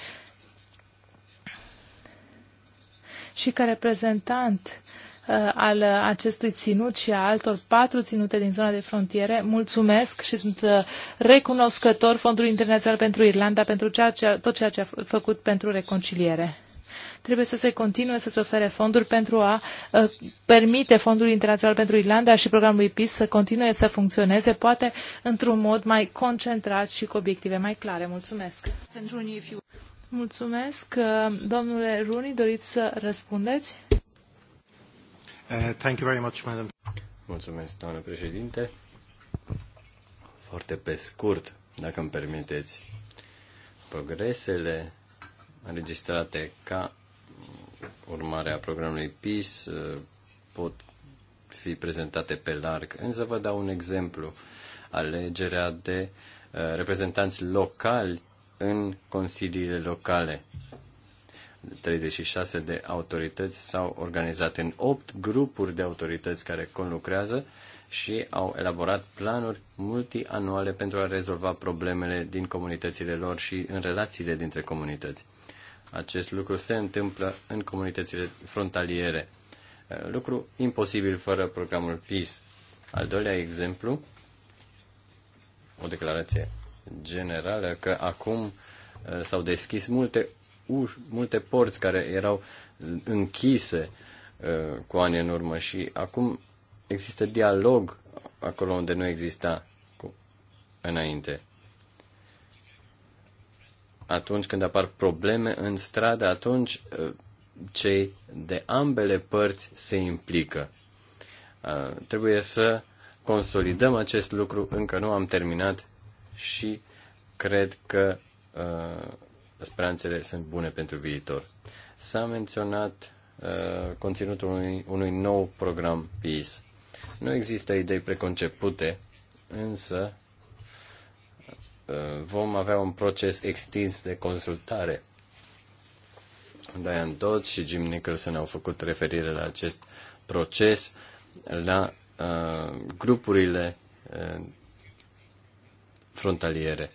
Și ca reprezentant Uh, al acestui ținut și a altor patru ținute din zona de frontiere. Mulțumesc și sunt uh, recunoscător Fondului Internațional pentru Irlanda pentru ceea ce, tot ceea ce a făcut pentru reconciliere. Trebuie să se continue să se ofere fonduri pentru a uh, permite Fondului Internațional pentru Irlanda și programul PIS să continue să funcționeze, poate într-un mod mai concentrat și cu obiective mai clare. Mulțumesc! Mulțumesc! Uh, domnule Runi, doriți să răspundeți? Uh, thank you very much, madam. Mulțumesc, doamnă președinte. Foarte pe scurt, dacă îmi permiteți, progresele înregistrate ca urmare a programului PIS uh, pot fi prezentate pe larg. Însă vă dau un exemplu. Alegerea de uh, reprezentanți locali în consiliile locale. 36 de autorități s-au organizat în 8 grupuri de autorități care conlucrează și au elaborat planuri multianuale pentru a rezolva problemele din comunitățile lor și în relațiile dintre comunități. Acest lucru se întâmplă în comunitățile frontaliere. Lucru imposibil fără programul PIS. Al doilea exemplu, o declarație generală că acum eh, s-au deschis multe uși, multe porți care erau închise uh, cu ani în urmă și acum există dialog acolo unde nu exista cu, înainte. Atunci când apar probleme în stradă, atunci uh, cei de ambele părți se implică. Uh, trebuie să consolidăm acest lucru, încă nu am terminat și cred că uh, speranțele sunt bune pentru viitor. S-a menționat uh, conținutul unui, unui nou program PIS. Nu există idei preconcepute, însă uh, vom avea un proces extins de consultare. Diane Dodd și Jim Nicholson au făcut referire la acest proces, la uh, grupurile uh, frontaliere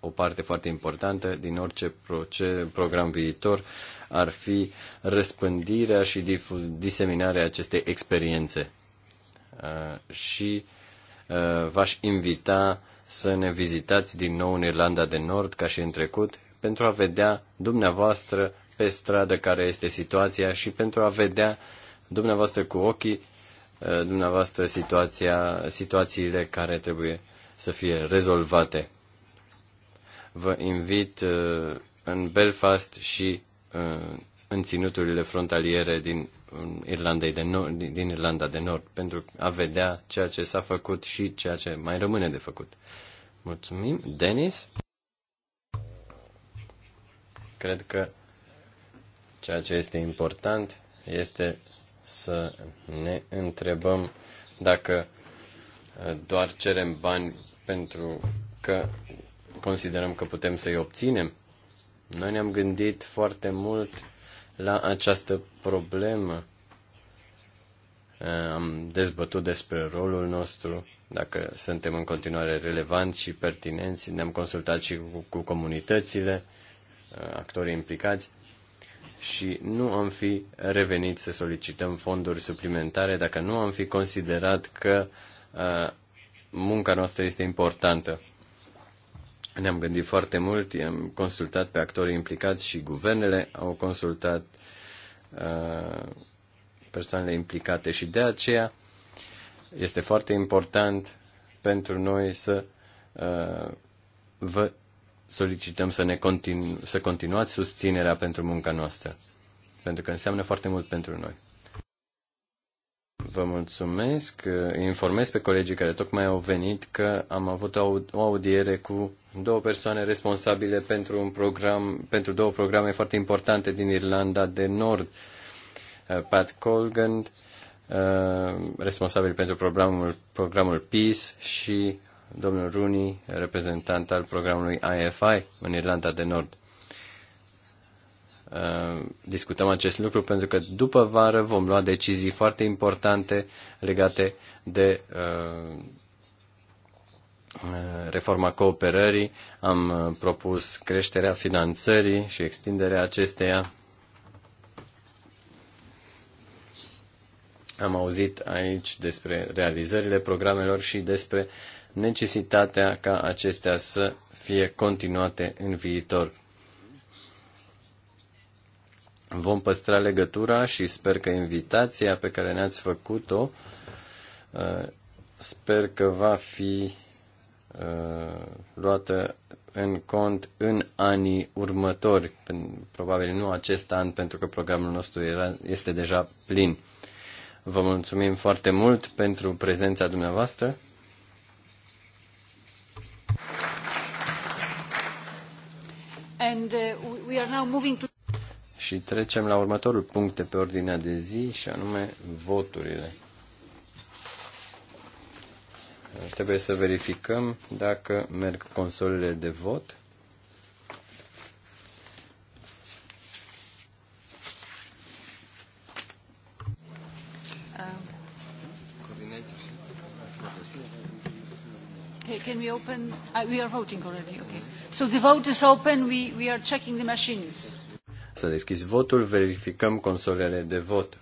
o parte foarte importantă din orice program viitor ar fi răspândirea și diseminarea acestei experiențe. Uh, și uh, v-aș invita să ne vizitați din nou în Irlanda de Nord, ca și în trecut, pentru a vedea dumneavoastră pe stradă care este situația și pentru a vedea dumneavoastră cu ochii uh, dumneavoastră situația, situațiile care trebuie să fie rezolvate Vă invit uh, în Belfast și uh, în ținuturile frontaliere din, Irlandei de Nord, din Irlanda de Nord pentru a vedea ceea ce s-a făcut și ceea ce mai rămâne de făcut. Mulțumim. Denis? Cred că ceea ce este important este să ne întrebăm dacă uh, doar cerem bani pentru că considerăm că putem să-i obținem. Noi ne-am gândit foarte mult la această problemă. Eh, am dezbătut despre rolul nostru, dacă suntem în continuare relevanți și pertinenți. Ne-am consultat și cu, cu comunitățile, eh, actorii implicați și nu am fi revenit să solicităm fonduri suplimentare dacă nu am fi considerat că eh, munca noastră este importantă. Ne-am gândit foarte mult, i-am consultat pe actorii implicați și guvernele au consultat uh, persoanele implicate și de aceea este foarte important pentru noi să uh, vă solicităm să, ne continu- să continuați susținerea pentru munca noastră, pentru că înseamnă foarte mult pentru noi. Vă mulțumesc. Uh, informez pe colegii care tocmai au venit că am avut o audiere cu două persoane responsabile pentru, un program, pentru două programe foarte importante din Irlanda de Nord. Uh, Pat Colgan, uh, responsabil pentru programul, programul Peace și domnul Rooney, reprezentant al programului IFI în Irlanda de Nord. Uh, discutăm acest lucru pentru că după vară vom lua decizii foarte importante legate de Eh, reforma cooperării, am eh, propus creșterea finanțării și extinderea acesteia. Am auzit aici despre realizările programelor și despre necesitatea ca acestea să fie continuate în viitor. Vom păstra legătura și sper că invitația pe care ne-ați făcut-o eh, sper că va fi Uh, luată în cont în anii următori, probabil nu acest an, pentru că programul nostru era, este deja plin. Vă mulțumim foarte mult pentru prezența dumneavoastră. And, uh, we are now moving to... Și trecem la următorul punct de pe ordinea de zi, și anume voturile. Trebuie să verificăm dacă merg consolele de vot. can we open? Uh, we are voting already. Okay. So the vote is open. We we are checking the machines. Să deschis votul, verificăm consolele de vot.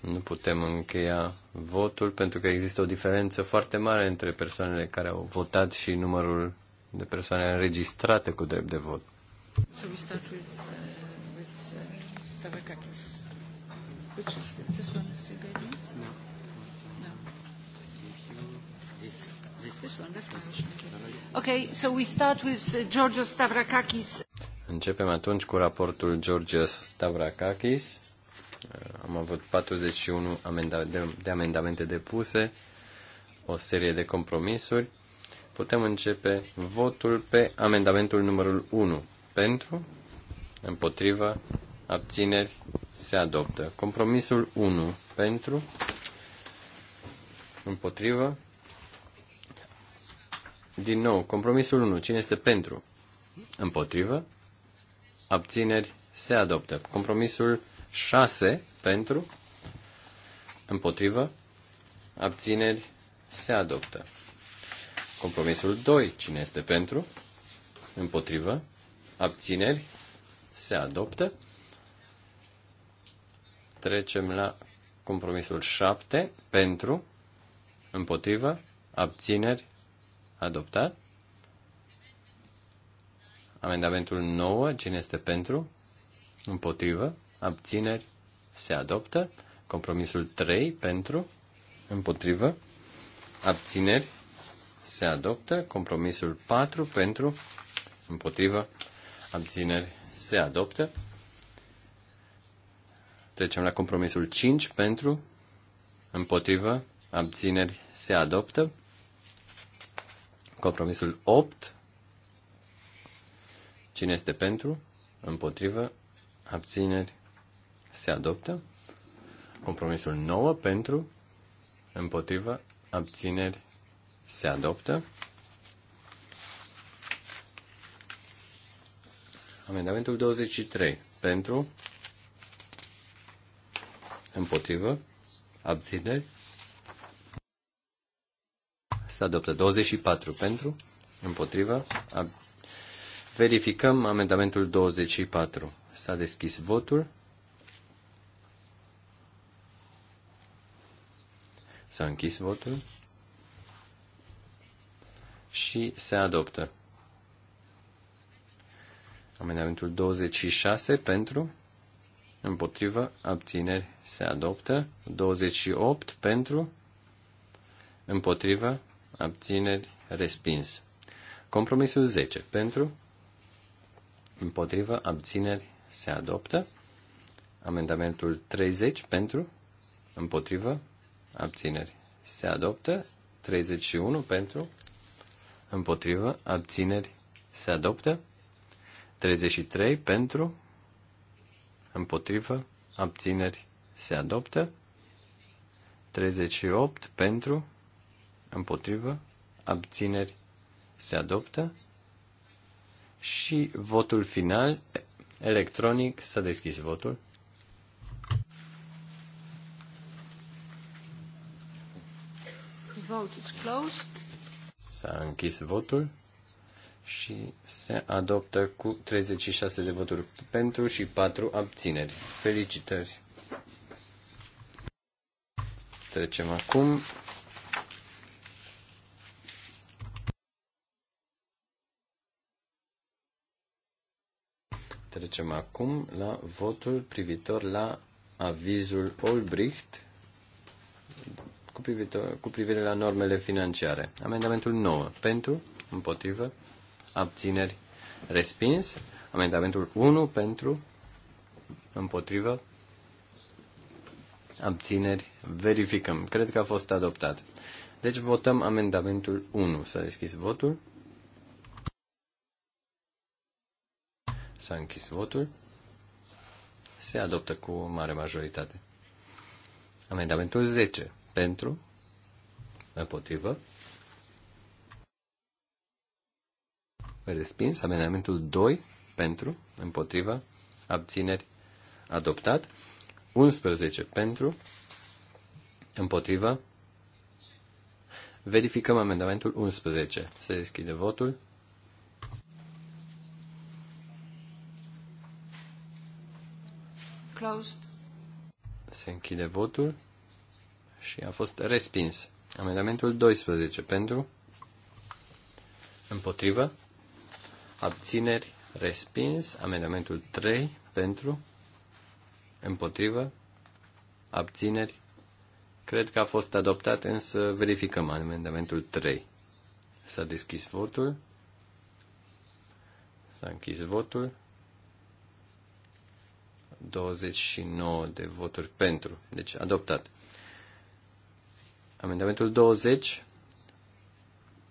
Nu putem încheia votul pentru că există o diferență foarte mare între persoanele care au votat și numărul de persoane înregistrate cu drept de vot. So we start with, uh, with uh, Which is this one is No. No. This, this. this one, Okay, so we start with uh, Georgios Stavrakakis. Începem atunci cu raportul George Stavrakakis. Am avut 41 de amendamente depuse, o serie de compromisuri. Putem începe votul pe amendamentul numărul 1. Pentru, împotriva, abțineri, se adoptă. Compromisul 1. Pentru, împotrivă, din nou, compromisul 1. Cine este pentru? Împotrivă? abțineri, se adoptă. Compromisul 6 pentru, împotrivă, abțineri, se adoptă. Compromisul 2, cine este pentru, împotrivă, abțineri, se adoptă. Trecem la compromisul 7, pentru, împotrivă, abțineri, adoptat. Amendamentul 9, cine este pentru? Împotrivă. Abțineri. Se adoptă. Compromisul 3, pentru. Împotrivă. Abțineri. Se adoptă. Compromisul 4, pentru. Împotrivă. Abțineri. Se adoptă. Trecem la compromisul 5, pentru. Împotrivă. Abțineri. Se adoptă. Compromisul 8, Cine este pentru? Împotrivă? Abțineri? Se adoptă. Compromisul 9 pentru? Împotrivă? Abțineri? Se adoptă. Amendamentul 23 pentru? Împotrivă? Abțineri? Se adoptă 24 pentru, împotrivă Verificăm amendamentul 24. S-a deschis votul. S-a închis votul. Și se adoptă. Amendamentul 26 pentru, împotrivă, abțineri, se adoptă. 28 pentru, împotrivă, abțineri, respins. Compromisul 10 pentru, împotrivă, abțineri, se adoptă. Amendamentul 30 pentru, împotrivă, abțineri, se adoptă. 31 pentru, împotrivă, abțineri, se adoptă. 33 pentru, împotrivă, abțineri, se adoptă. 38 pentru, împotrivă, abțineri, se adoptă și votul final electronic. Să deschis votul. Vote is closed. S-a închis votul și se adoptă cu 36 de voturi pentru și 4 abțineri. Felicitări! Trecem acum Trecem acum la votul privitor la avizul Olbricht cu, privitor, cu privire la normele financiare. Amendamentul 9. Pentru, împotrivă, abțineri, respins. Amendamentul 1 pentru, împotrivă, abțineri, verificăm. Cred că a fost adoptat. Deci votăm amendamentul 1. S-a deschis votul. S-a închis votul. Se adoptă cu o mare majoritate. Amendamentul 10. Pentru. Împotrivă. Respins. Amendamentul 2. Pentru. Împotrivă. Abțineri. Adoptat. 11. Pentru. Împotrivă. Verificăm amendamentul 11. Se deschide votul. closed. Se închide votul și a fost respins. Amendamentul 12 pentru, împotrivă, abțineri, respins. Amendamentul 3 pentru, împotrivă, abțineri. Cred că a fost adoptat, însă verificăm amendamentul 3. S-a deschis votul. S-a închis votul 29 de voturi pentru. Deci adoptat. Amendamentul 20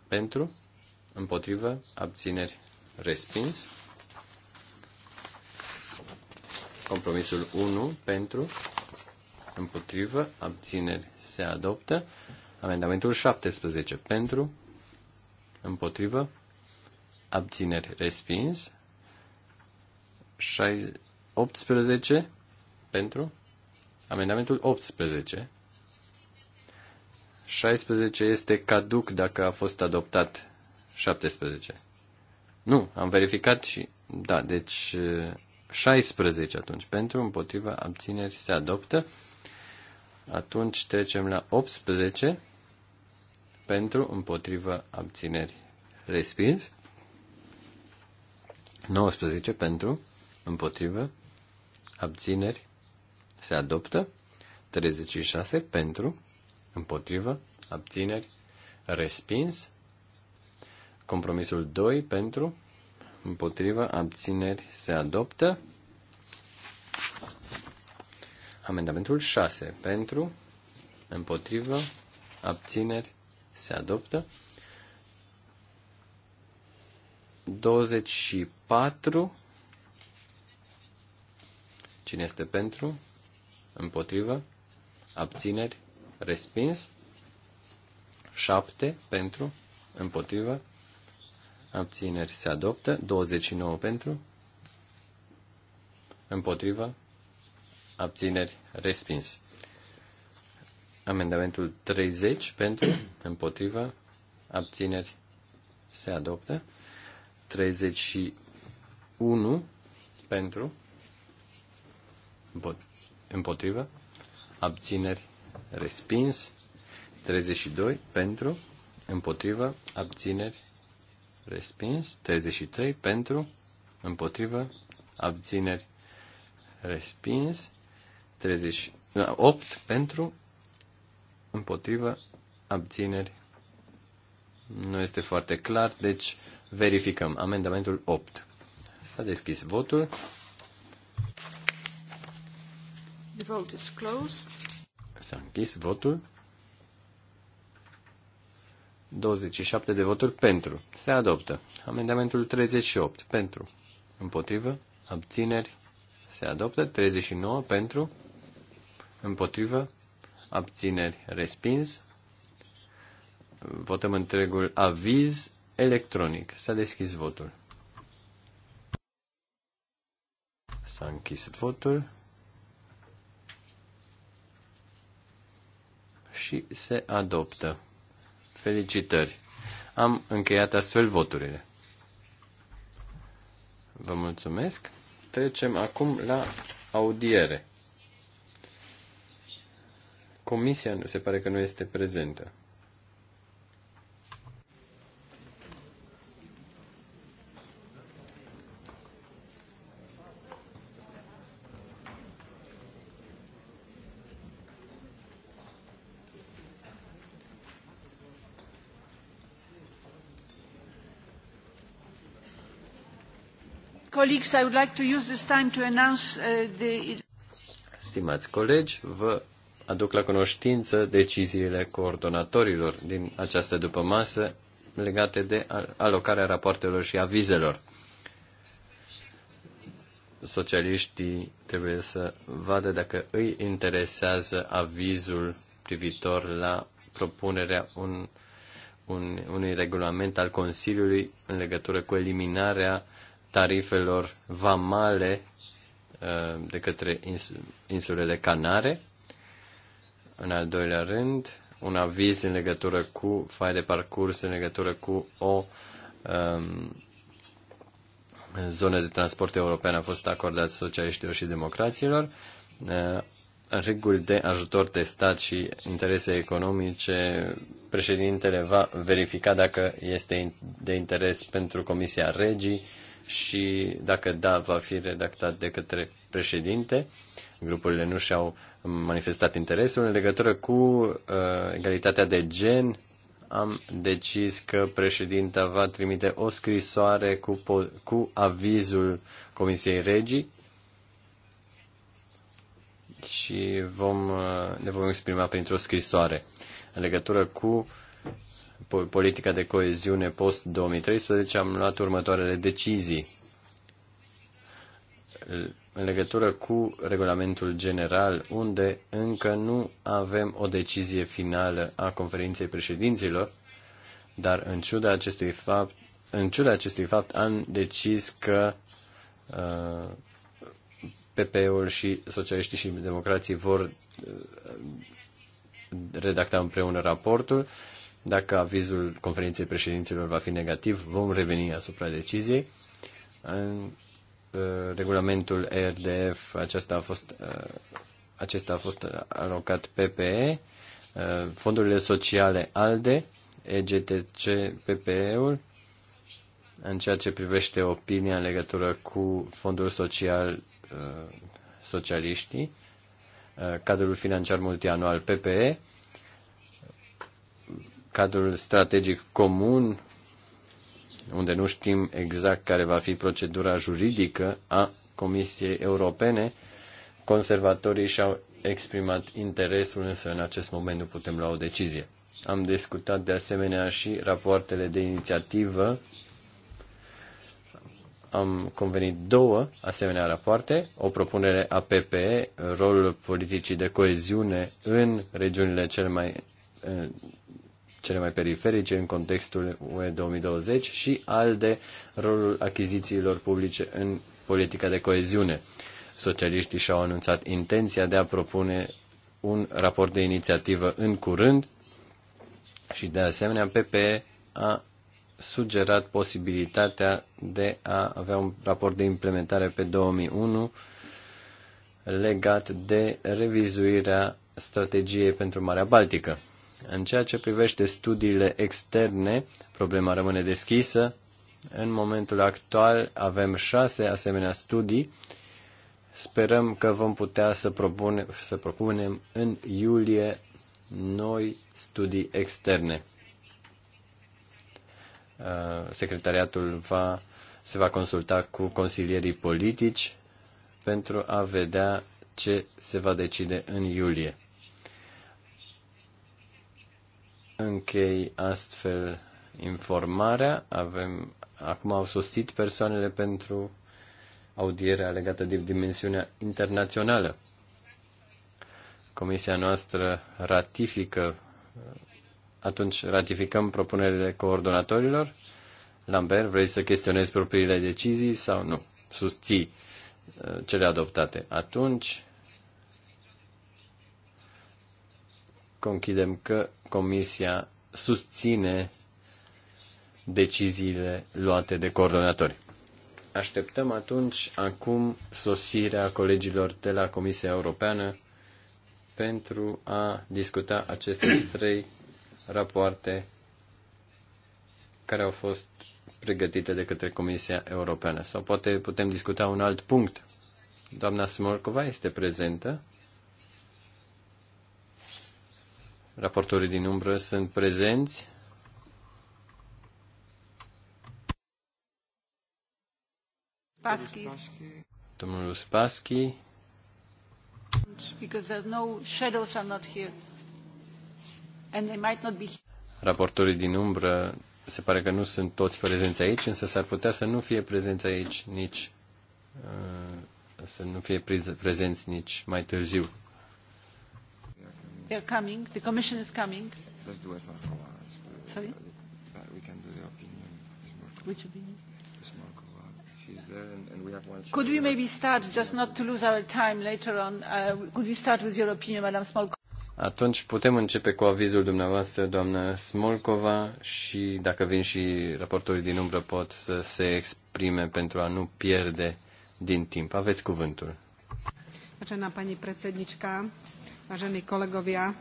pentru, împotrivă, abțineri, respins. Compromisul 1 pentru, împotrivă, abțineri, se adoptă. Amendamentul 17 pentru, împotrivă, abțineri, respins. 18 pentru amendamentul 18. 16 este caduc dacă a fost adoptat 17. Nu, am verificat și da, deci 16 atunci pentru împotriva abțineri se adoptă. Atunci trecem la 18 pentru împotriva abțineri respins. 19 pentru împotrivă, abțineri, se adoptă. 36 pentru, împotrivă, abțineri, respins. Compromisul 2 pentru, împotrivă, abțineri, se adoptă. Amendamentul 6 pentru, împotrivă, abțineri, se adoptă. 24 Cine este pentru? Împotrivă? Abțineri? Respins? 7 pentru? Împotrivă? Abțineri se adoptă. 29 pentru? Împotrivă? Abțineri? Respins. Amendamentul 30 pentru? Împotrivă? Abțineri? Se adoptă. 31 pentru? împotrivă, abțineri, respins, 32 pentru, împotrivă, abțineri, respins, 33 pentru, împotrivă, abțineri, respins, 30, 8 pentru, împotrivă, abțineri, nu este foarte clar, deci verificăm amendamentul 8. S-a deschis votul. The vote is closed. S-a închis votul. 27 de voturi pentru. Se adoptă. Amendamentul 38 pentru. Împotrivă. Abțineri. Se adoptă. 39 pentru. Împotrivă. Abțineri. Respins. Votăm întregul aviz electronic. S-a deschis votul. S-a închis votul. și se adoptă. Felicitări! Am încheiat astfel voturile. Vă mulțumesc. Trecem acum la audiere. Comisia se pare că nu este prezentă. Stimați colegi, vă aduc la cunoștință deciziile coordonatorilor din această dupămasă legate de alocarea rapoartelor și avizelor. Socialiștii trebuie să vadă dacă îi interesează avizul privitor la propunerea un, un, unui regulament al Consiliului în legătură cu eliminarea tarifelor vamale uh, de către insulele Canare. În al doilea rând, un aviz în legătură cu fai de parcurs, în legătură cu o um, zonă de transport european a fost acordat socialiștilor și democraților. Uh, reguli de ajutor de stat și interese economice, președintele va verifica dacă este de interes pentru Comisia Regii și dacă da, va fi redactat de către președinte. Grupurile nu și-au manifestat interesul. În legătură cu uh, egalitatea de gen, am decis că președinta va trimite o scrisoare cu, cu avizul Comisiei Regii și vom, uh, ne vom exprima printr-o scrisoare în legătură cu politica de coeziune post-2013 am luat următoarele decizii în legătură cu regulamentul general, unde încă nu avem o decizie finală a conferinței președinților, dar în ciuda acestui fapt, în ciuda acestui fapt am decis că uh, PP-ul și socialiștii și democrații vor uh, redacta împreună raportul dacă avizul conferinței președinților va fi negativ, vom reveni asupra deciziei. În uh, regulamentul ERDF, acesta a fost, uh, acesta a fost alocat PPE, uh, fondurile sociale ALDE, EGTC, PPE-ul, în ceea ce privește opinia în legătură cu fondul social socialiștii, cadrul financiar multianual PPE, cadrul strategic comun, unde nu știm exact care va fi procedura juridică a Comisiei Europene, conservatorii și-au exprimat interesul, însă în acest moment nu putem lua o decizie. Am discutat de asemenea și rapoartele de inițiativă. Am convenit două asemenea rapoarte, o propunere a PPE, rolul politicii de coeziune în regiunile cele mai cele mai periferice în contextul UE 2020 și al de rolul achizițiilor publice în politica de coeziune. Socialiștii și-au anunțat intenția de a propune un raport de inițiativă în curând și de asemenea PPE a sugerat posibilitatea de a avea un raport de implementare pe 2001 legat de revizuirea strategiei pentru Marea Baltică. În ceea ce privește studiile externe, problema rămâne deschisă. În momentul actual avem șase asemenea studii. Sperăm că vom putea să, propune, să propunem în iulie noi studii externe. Uh, secretariatul va, se va consulta cu consilierii politici pentru a vedea ce se va decide în iulie. Închei astfel informarea. Avem, acum au sosit persoanele pentru audierea legată de dimensiunea internațională. Comisia noastră ratifică, atunci ratificăm propunerile coordonatorilor. Lambert, vrei să chestionezi propriile decizii sau nu? Susții uh, cele adoptate. Atunci, conchidem că Comisia susține deciziile luate de coordonatori. Așteptăm atunci acum sosirea colegilor de la Comisia Europeană pentru a discuta aceste trei rapoarte care au fost pregătite de către Comisia Europeană. Sau poate putem discuta un alt punct. Doamna Smolkova este prezentă. Raportorii din umbră sunt prezenți. Paschi. Domnul Spaschi. Because there's no shadows are not here. And they might not be Raportorii din umbră se pare că nu sunt toți prezenți aici, însă s-ar putea să nu fie prezenți aici nici uh, să nu fie prezenți nici mai târziu. They are coming. The Commission is coming. Let's do it Sorry? We can do the opinion. Which opinion? Could we maybe start, just not to lose our time later on, uh, could we start with your opinion, Madam Smolkova? Atunci putem începe cu avizul dumneavoastră, doamnă Smolkova, și dacă vin și raportorii din umbră pot să se exprime pentru a nu pierde din timp. Aveți cuvântul. Vážená pani predsednička, vážení kolegovia.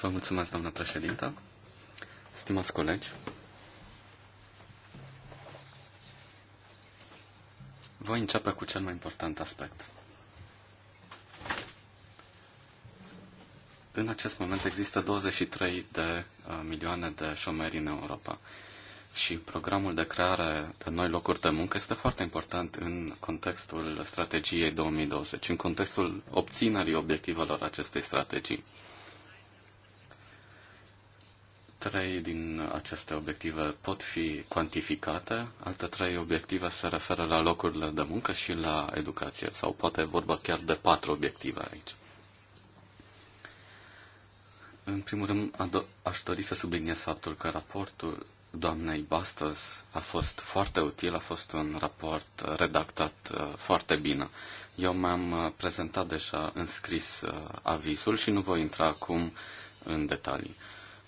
Vă mulțumesc, doamnă președintă. Stimați colegi, voi începe cu cel mai important aspect. În acest moment există 23 de uh, milioane de șomeri în Europa și programul de creare de noi locuri de muncă este foarte important în contextul strategiei 2020, în contextul obținerii obiectivelor acestei strategii. Trei din aceste obiective pot fi cuantificate, alte trei obiective se referă la locurile de muncă și la educație, sau poate vorba chiar de patru obiective aici. În primul rând, aș dori să subliniez faptul că raportul doamnei Bastos a fost foarte util, a fost un raport uh, redactat uh, foarte bine. Eu mi-am uh, prezentat deja în scris avizul și nu voi intra acum în detalii.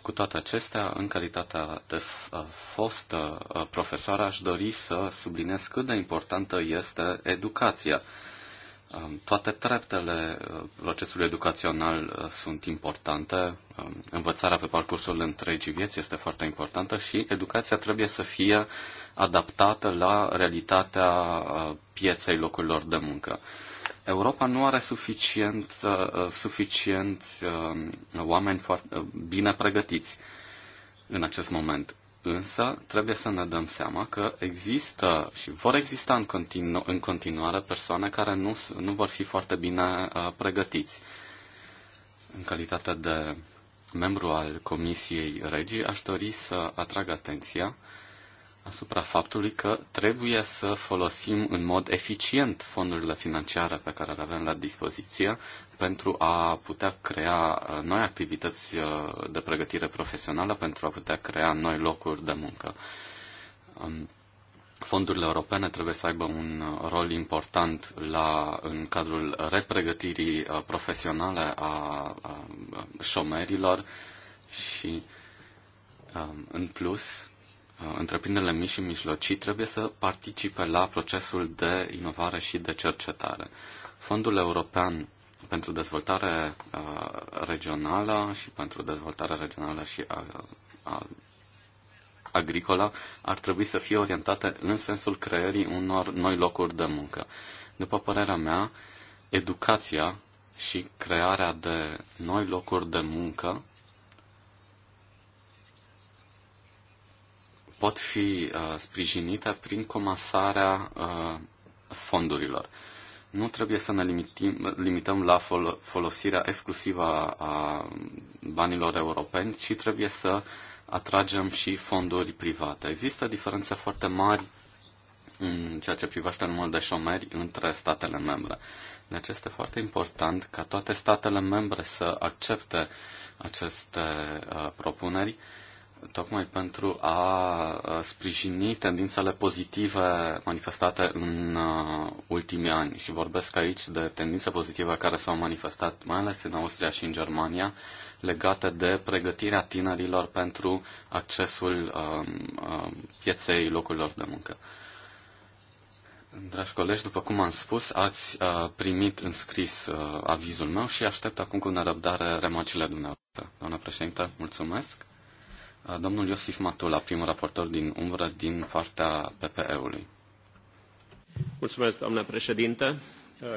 Cu toate acestea, în calitatea de fostă profesoară, aș dori să subliniez cât de importantă este educația Um, toate treptele uh, procesului educațional uh, sunt importante, um, învățarea pe parcursul întregii vieți este foarte importantă și educația trebuie să fie adaptată la realitatea uh, pieței locurilor de muncă. Europa nu are suficient, suficient um, oameni foarte bine pregătiți în acest moment. Însă trebuie să ne dăm seama că există și vor exista în, continu- în continuare persoane care nu, nu vor fi foarte bine uh, pregătiți. În calitate de membru al Comisiei Regii, aș dori să atrag atenția asupra faptului că trebuie să folosim în mod eficient fondurile financiare pe care le avem la dispoziție pentru a putea crea uh, noi activități uh, de pregătire profesională, pentru a putea crea noi locuri de muncă. Um, fondurile europene trebuie să aibă un uh, rol important la, în cadrul repregătirii profesionale a, șomerilor și, um, în plus, întreprinderile mici și mijlocii trebuie să participe la procesul de inovare și de cercetare. Fondul european pentru dezvoltare uh, regională și pentru dezvoltare regională și a, uh, a, agricolă ar trebui să fie orientate în sensul creării unor noi locuri de muncă. După părerea mea, educația și crearea de noi locuri de muncă pot fi uh, sprijinite prin comasarea uh, fondurilor. Uh, nu trebuie să ne limitim, limităm la fol- folosirea exclusivă a banilor europeni, ci trebuie să atragem și fonduri private. Există diferențe foarte mari în ceea ce privește numărul de șomeri între statele membre. Deci este foarte important ca toate statele membre să accepte aceste uh, propuneri tocmai pentru a sprijini tendințele pozitive manifestate în ultimii ani. Și vorbesc aici de tendințe pozitive care s-au manifestat mai ales în Austria și în Germania, legate de pregătirea tinerilor pentru accesul pieței locurilor de muncă. Dragi colegi, după cum am spus, ați primit în scris avizul meu și aștept acum cu nerăbdare remarcile dumneavoastră. Doamna președinte, mulțumesc. Domnul Iosif Matula, primul raportor din umbră din partea PPE-ului. Mulțumesc, doamnă președintă.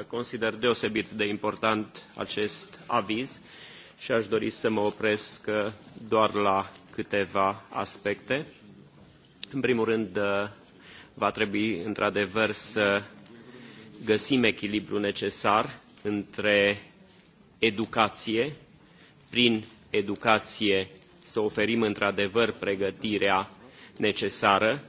Consider deosebit de important acest aviz și aș dori să mă opresc doar la câteva aspecte. În primul rând, va trebui într-adevăr să găsim echilibru necesar între educație, prin educație să oferim într-adevăr pregătirea necesară,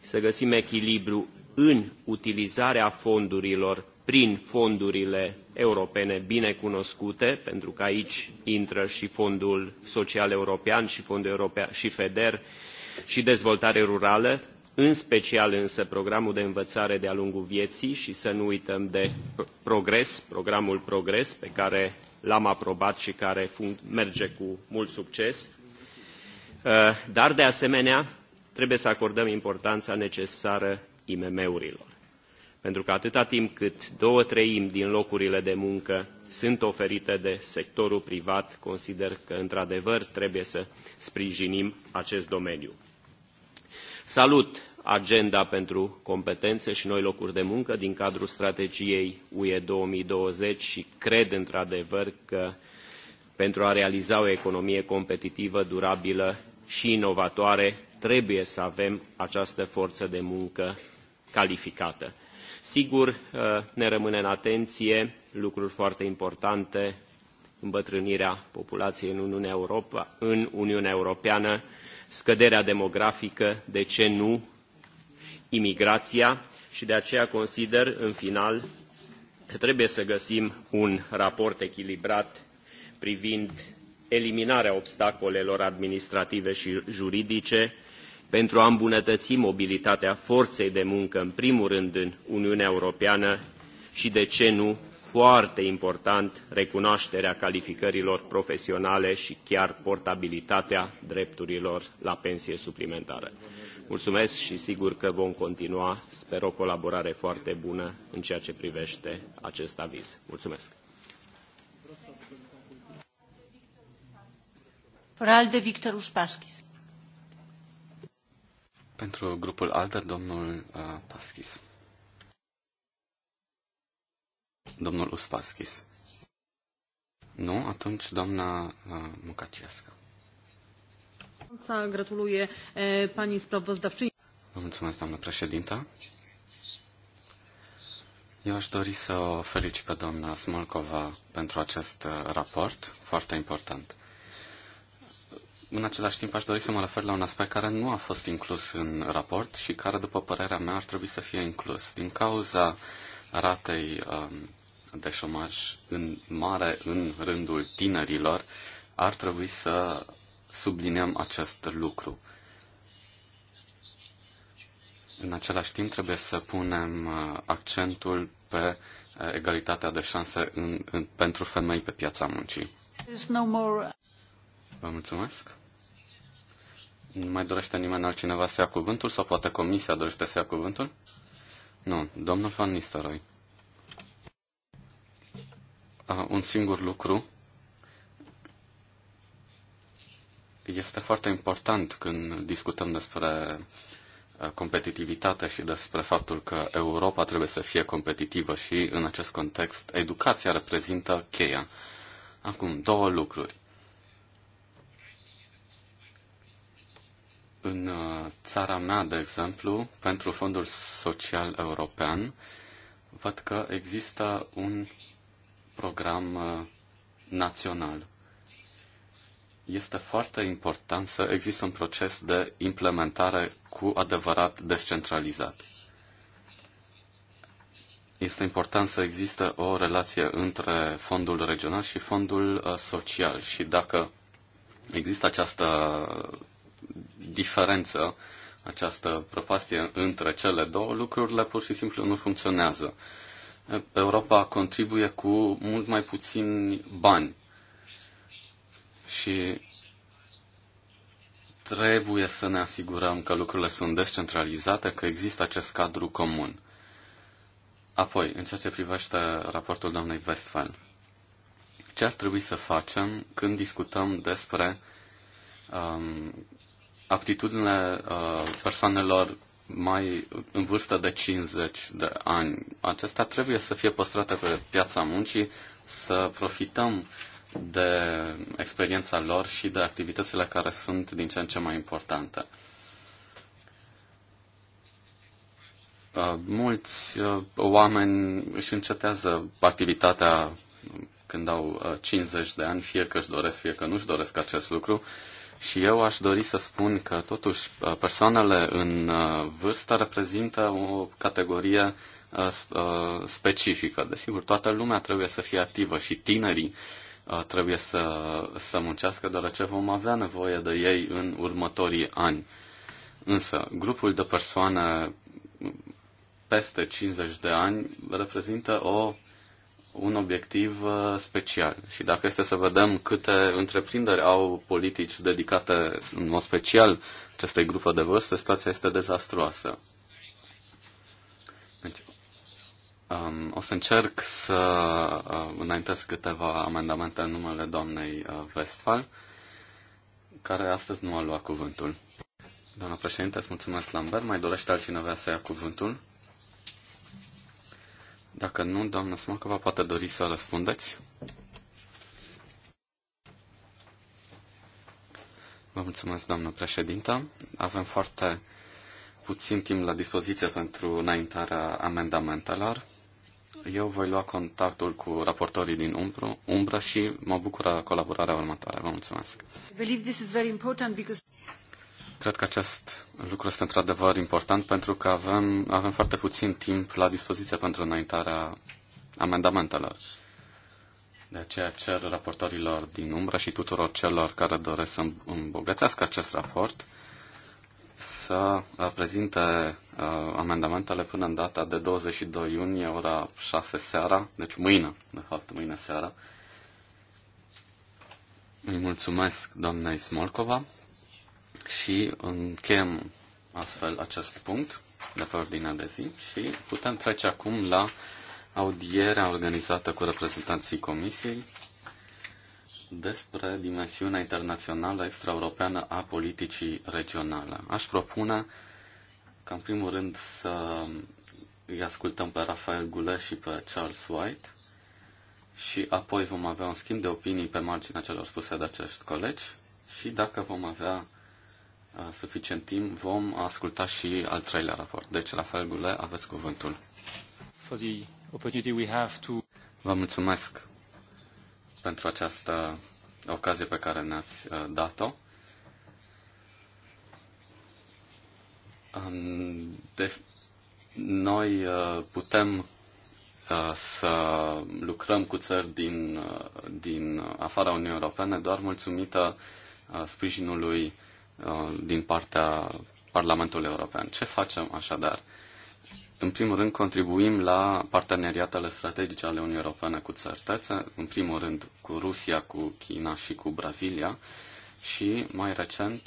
să găsim echilibru în utilizarea fondurilor prin fondurile europene bine cunoscute, pentru că aici intră și Fondul Social European și Fondul European și FEDER și dezvoltare rurală, în special însă programul de învățare de-a lungul vieții și să nu uităm de progres, programul progres pe care l-am aprobat și care merge cu mult succes, Uh, dar de asemenea trebuie să acordăm importanța necesară IMM-urilor. Pentru că atâta timp cât două treimi din locurile de muncă sunt oferite de sectorul privat, consider că într-adevăr trebuie să sprijinim acest domeniu. Salut agenda pentru competențe și noi locuri de muncă din cadrul strategiei UE 2020 și cred într-adevăr că pentru a realiza o economie competitivă, durabilă, și inovatoare, trebuie să avem această forță de muncă calificată. Sigur, uh, ne rămâne în atenție lucruri foarte importante, îmbătrânirea populației în Uniunea, Europa, în Uniunea Europeană, scăderea demografică, de ce nu, imigrația și de aceea consider în final că trebuie să găsim un raport echilibrat privind eliminarea obstacolelor administrative și juridice pentru a îmbunătăți mobilitatea forței de muncă, în primul rând în Uniunea Europeană și, de ce nu, foarte important, recunoașterea calificărilor profesionale și chiar portabilitatea drepturilor la pensie suplimentară. Mulțumesc și sigur că vom continua, sper o colaborare foarte bună în ceea ce privește acest aviz. Mulțumesc! For Victor Uspaskis. Pentru grupul ALDE, domnul uh, Paschis. Domnul Uspaskis. Nu? Atunci doamna uh, Mucaciască. Gratuluję pani sprawozdawczyni. Vă mulțumesc, doamnă președintă. Eu aș dori să o felicit pe doamna Smolkova pentru acest uh, raport foarte important. În același timp, aș dori să mă refer la un aspect care nu a fost inclus în raport și care, după părerea mea, ar trebui să fie inclus. Din cauza ratei um, de șomaj în mare în rândul tinerilor, ar trebui să subliniem acest lucru. În același timp, trebuie să punem uh, accentul pe uh, egalitatea de șanse în, în, pentru femei pe piața muncii. Vă mulțumesc. Nu mai dorește nimeni altcineva să ia cuvântul sau poate comisia dorește să ia cuvântul? Nu, domnul Van Nistelrooy. un singur lucru. Este foarte important când discutăm despre competitivitate și despre faptul că Europa trebuie să fie competitivă și în acest context educația reprezintă cheia. Acum, două lucruri. În uh, țara mea, de exemplu, pentru Fondul Social European, văd că există un program uh, național. Este foarte important să există un proces de implementare cu adevărat descentralizat. Este important să există o relație între fondul regional și fondul uh, social și dacă există această diferență, această prăpastie între cele două, lucrurile pur și simplu nu funcționează. Europa contribuie cu mult mai puțini bani și trebuie să ne asigurăm că lucrurile sunt descentralizate, că există acest cadru comun. Apoi, în ceea ce privește raportul doamnei Westphal, ce ar trebui să facem când discutăm despre um, actitudinile uh, persoanelor mai în vârstă de 50 de ani. Acestea trebuie să fie păstrate pe piața muncii, să profităm de experiența lor și de activitățile care sunt din ce în ce mai importante. Uh, mulți uh, oameni își încetează activitatea când au 50 de ani, fie că își doresc, fie că nu își doresc acest lucru și eu aș dori să spun că, totuși, uh, persoanele în uh, vârstă reprezintă o categorie uh, specifică. Desigur, toată lumea trebuie să fie activă și tinerii trebuie să, să muncească, deoarece vom avea nevoie de ei în următorii ani. Însă, grupul de persoane peste 50 de ani reprezintă o un obiectiv uh, special. Și dacă este să vedem câte întreprinderi au politici dedicate în mod special acestei grupă de vârstă, situația este dezastruoasă. Deci, um, o să încerc să uh, înaintez câteva amendamente în numele doamnei uh, Westphal, care astăzi nu a luat cuvântul. Doamna președinte, îți mulțumesc, Lambert. Mai dorește altcineva să ia cuvântul? Dacă nu, doamna Smacova, poate dori să răspundeți. Vă mulțumesc, doamnă președintă. Avem foarte puțin timp la dispoziție pentru înaintarea amendamentelor. Eu voi lua contactul cu raportorii din umbru, umbră și mă bucură colaborarea următoare. Vă mulțumesc. Cred că acest lucru este într-adevăr important pentru că avem, avem foarte puțin timp la dispoziție pentru înaintarea amendamentelor. De aceea cer raportorilor din umbră și tuturor celor care doresc să îmbogățească acest raport să prezinte uh, amendamentele până în data de 22 iunie, ora 6 seara, deci mâine, de fapt mâine seara. Îi mulțumesc doamnei Smolcova și încheiem astfel acest punct de pe ordinea de zi și putem trece acum la audierea organizată cu reprezentanții Comisiei despre dimensiunea internațională extraeuropeană a politicii regionale. Aș propune ca în primul rând să îi ascultăm pe Rafael Gule și pe Charles White și apoi vom avea un schimb de opinii pe marginea celor spuse de acești colegi și dacă vom avea suficient timp, vom asculta și al treilea raport. Deci, la fel, Gule, aveți cuvântul. Vă mulțumesc pentru această ocazie pe care ne-ați uh, dat-o. De, noi uh, putem uh, să lucrăm cu țări din, din afara Uniunii Europene doar mulțumită sprijinului Uh, din partea Parlamentului European. Ce facem așadar? În primul rând, contribuim la parteneriatele strategice ale Uniunii Europene cu țări terțe, în primul rând cu Rusia, cu China și cu Brazilia și, mai recent,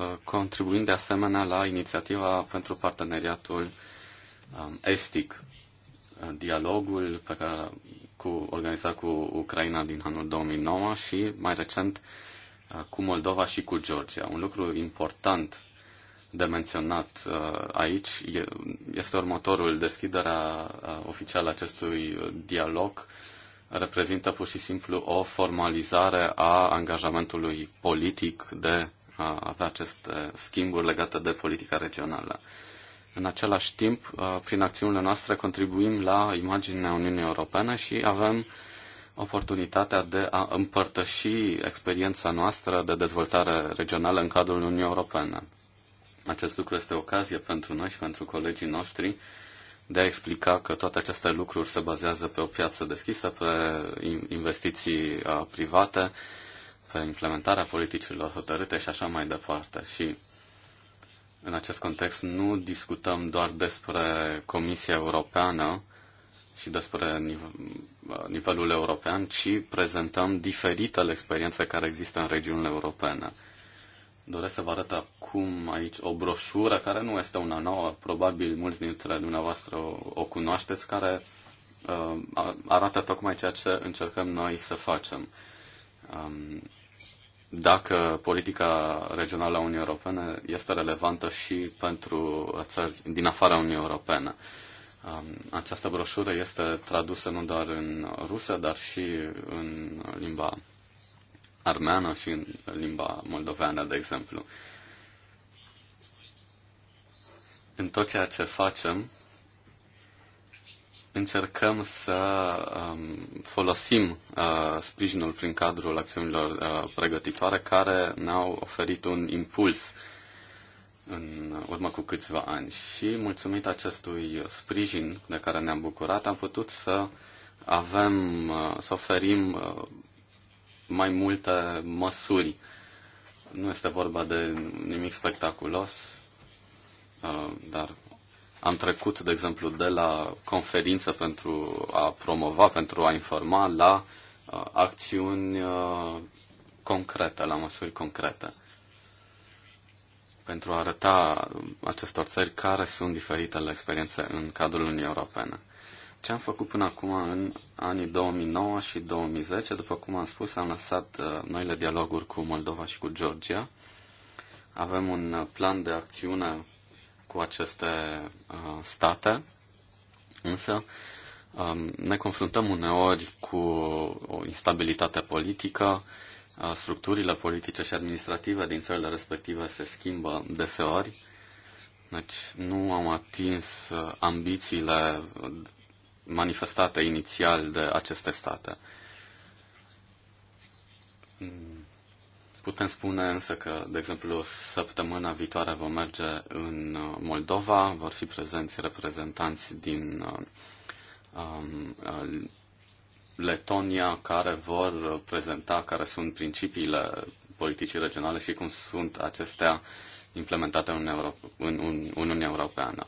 uh, contribuim de asemenea la inițiativa pentru parteneriatul um, estic, uh, dialogul pe care cu, organizat cu Ucraina din anul 2009 și, mai recent, Uh, cu Moldova și cu Georgia. Un lucru important de menționat uh, aici este următorul. Deschiderea uh, oficială acestui dialog reprezintă pur și simplu o formalizare a angajamentului politic de a avea aceste schimburi legate de politica regională. În același timp, prin acțiunile noastre contribuim la imaginea Uniunii Europene și avem uh, oportunitatea de a împărtăși experiența noastră de dezvoltare regională în cadrul Uniunii Europene. Acest lucru este ocazie pentru noi și pentru colegii noștri de a explica că toate aceste lucruri se bazează pe o piață deschisă, pe investiții uh, private, pe implementarea politicilor hotărâte și așa mai departe. Și în acest context nu discutăm doar despre Comisia Europeană, și despre nivelul european, ci prezentăm diferitele experiențe care există în regiunile europene. Doresc să vă arăt acum aici o broșură care nu este una nouă, probabil mulți dintre dumneavoastră o cunoașteți, care uh, arată tocmai ceea ce încercăm noi să facem. Um, dacă politica regională a Uniunii Europene este relevantă și pentru țări din afara Uniunii Europene. Um, această broșură este tradusă nu doar în rusă, dar și în limba armeană și în limba moldoveană, de exemplu. În tot ceea ce facem, încercăm să um, folosim uh, sprijinul prin cadrul acțiunilor uh, pregătitoare care ne-au oferit un impuls uh, în urmă cu câțiva ani și mulțumit acestui sprijin de care ne-am bucurat, am putut să avem, să oferim uh, mai multe măsuri. Nu este vorba de nimic spectaculos, uh, dar am trecut, de exemplu, de la conferință pentru a promova, pentru a informa, la uh, acțiuni concrete, la măsuri concrete pentru a arăta acestor țări care sunt diferitele experiențe în cadrul Uniunii Europene. Ce am făcut până acum în anii 2009 și 2010, după cum am spus, am lăsat uh, noile dialoguri cu Moldova și cu Georgia. Avem un plan de acțiune cu aceste uh, state, însă um, ne confruntăm uneori cu o instabilitate politică, structurile politice și administrative din țările respective se schimbă deseori. Deci nu am atins ambițiile manifestate inițial de aceste state. Putem spune însă că, de exemplu, săptămâna viitoare vom merge în Moldova, vor fi prezenți reprezentanți din um, Letonia care vor prezenta care sunt principiile politicii regionale și cum sunt acestea implementate în, Euro- în, în Uniunea Europeană.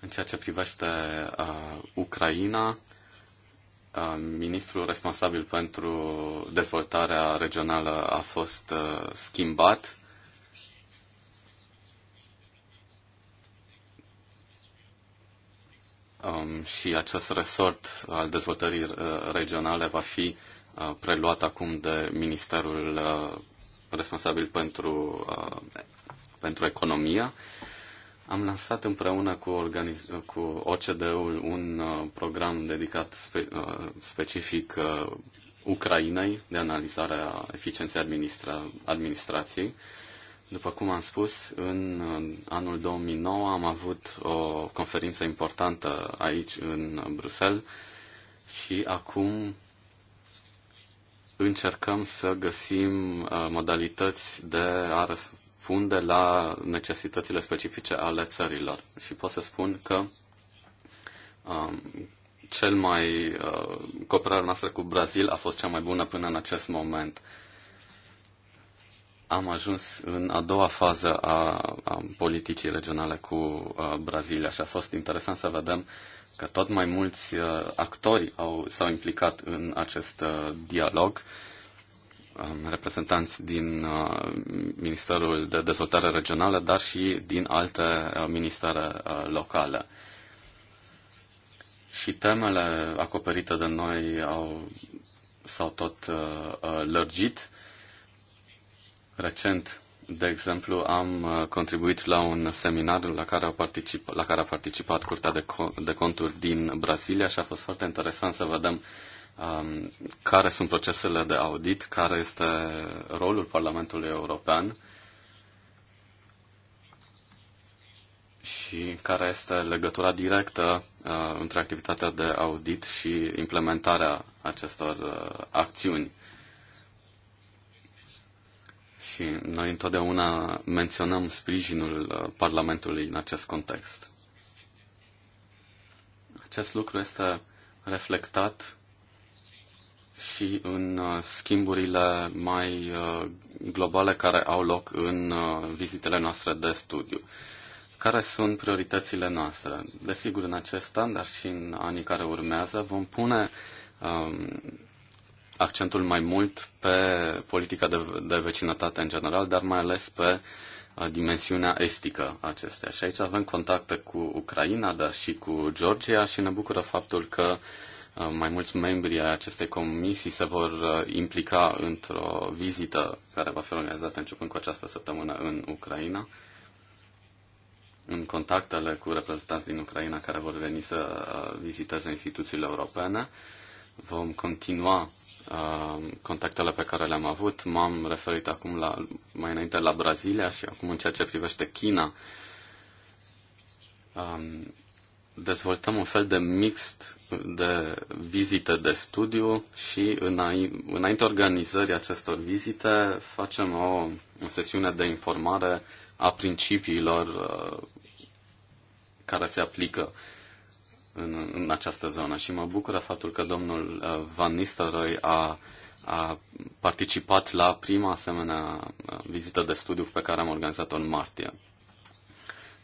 În ceea ce privește uh, Ucraina, uh, ministrul responsabil pentru dezvoltarea regională a fost uh, schimbat um, și acest resort al dezvoltării uh, regionale va fi uh, preluat acum de Ministerul uh, responsabil pentru, uh, pentru economia. Am lansat împreună cu, organiz- cu OCDE-ul un uh, program dedicat spe- uh, specific uh, Ucrainei de analizare a eficienței administra- administrației. Uh, după cum am spus, în anul 2009 am avut o conferință importantă aici în Bruxelles și acum încercăm să găsim uh, modalități de a răspunde la necesitățile specifice ale țărilor. Și pot să spun că um, cel mai uh, cooperarea noastră cu Brazil a fost cea mai bună până în acest moment. Uh, am ajuns în a doua fază a, a politicii regionale cu uh, Brazilia și a fost interesant să vedem că tot mai mulți uh, actori au, s-au implicat în acest uh, dialog. Um, reprezentanți din uh, Ministerul de Dezvoltare Regională, dar și din alte uh, ministere uh, locale. Și temele acoperite de noi au, s-au tot uh, lărgit Recent, de exemplu, am uh, contribuit la un seminar la care a, particip, la care a participat Curtea de, Co- de Conturi din Brazilia și a fost foarte interesant să vedem um, care sunt procesele de audit, care este rolul Parlamentului European și care este legătura directă uh, între activitatea de audit și implementarea acestor uh, acțiuni și noi întotdeauna menționăm sprijinul uh, Parlamentului în acest context. Acest lucru este reflectat și în uh, schimburile mai uh, globale care au loc în vizitele noastre de studiu. Care sunt prioritățile noastre? Desigur, în acest an, dar și în anii care urmează, vom pune um, accentul mai mult pe politica de, de vecinătate în general, dar mai ales pe uh, dimensiunea estică acestea. Și aici avem contacte cu Ucraina, dar și cu Georgia și ne bucură faptul că uh, mai mulți membri ai acestei comisii se vor uh, implica într-o vizită care va fi organizată începând cu această săptămână în Ucraina, în contactele cu reprezentanți din Ucraina care vor veni să viziteze instituțiile europene. Vom continua Um, contactele pe care le-am avut. M-am referit acum la, mai înainte la Brazilia și acum în ceea ce privește China. Um, dezvoltăm un fel de mixt de vizite de studiu și înainte organizării acestor vizite facem o sesiune de informare a principiilor uh, care se aplică în, în această zonă și mă bucură faptul că domnul uh, Van Nistelrooy a, a participat la prima asemenea uh, vizită de studiu pe care am organizat-o în martie.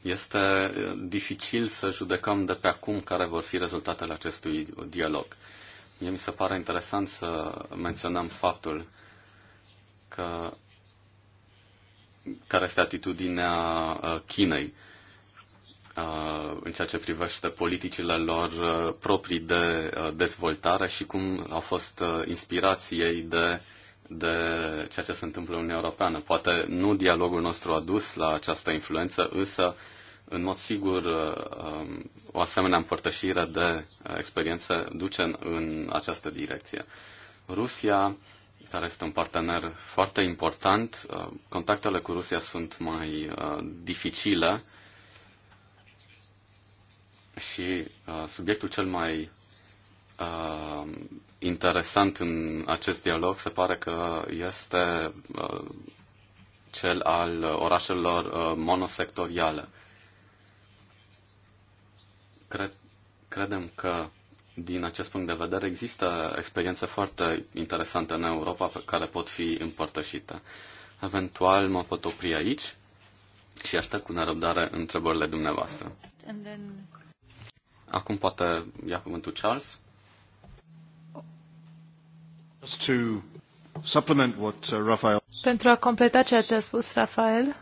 Este uh, dificil să judecăm de pe acum care vor fi rezultatele acestui dialog. Mie mi se pare interesant să menționăm faptul că care este atitudinea Chinei Uh, în ceea ce privește politicile lor uh, proprii de uh, dezvoltare și cum au fost inspirații ei de, de ceea ce se întâmplă în Uniunea Europeană. Poate nu dialogul nostru a dus la această influență, însă, în mod sigur, um, o asemenea împărtășire de experiență duce în, în această direcție. Rusia, care este un partener foarte important, contactele cu Rusia sunt mai dificile, și uh, subiectul cel mai uh, interesant în acest dialog se pare că este uh, cel al orașelor uh, monosectoriale. Cred, credem că din acest punct de vedere există experiențe foarte interesante în Europa pe care pot fi împărtășite. Eventual mă pot opri aici și aștept cu nerăbdare întrebările dumneavoastră. And then... Acum poate ia cuvântul Charles. Just to supplement what uh, Pentru a completa ceea ce a spus Rafael,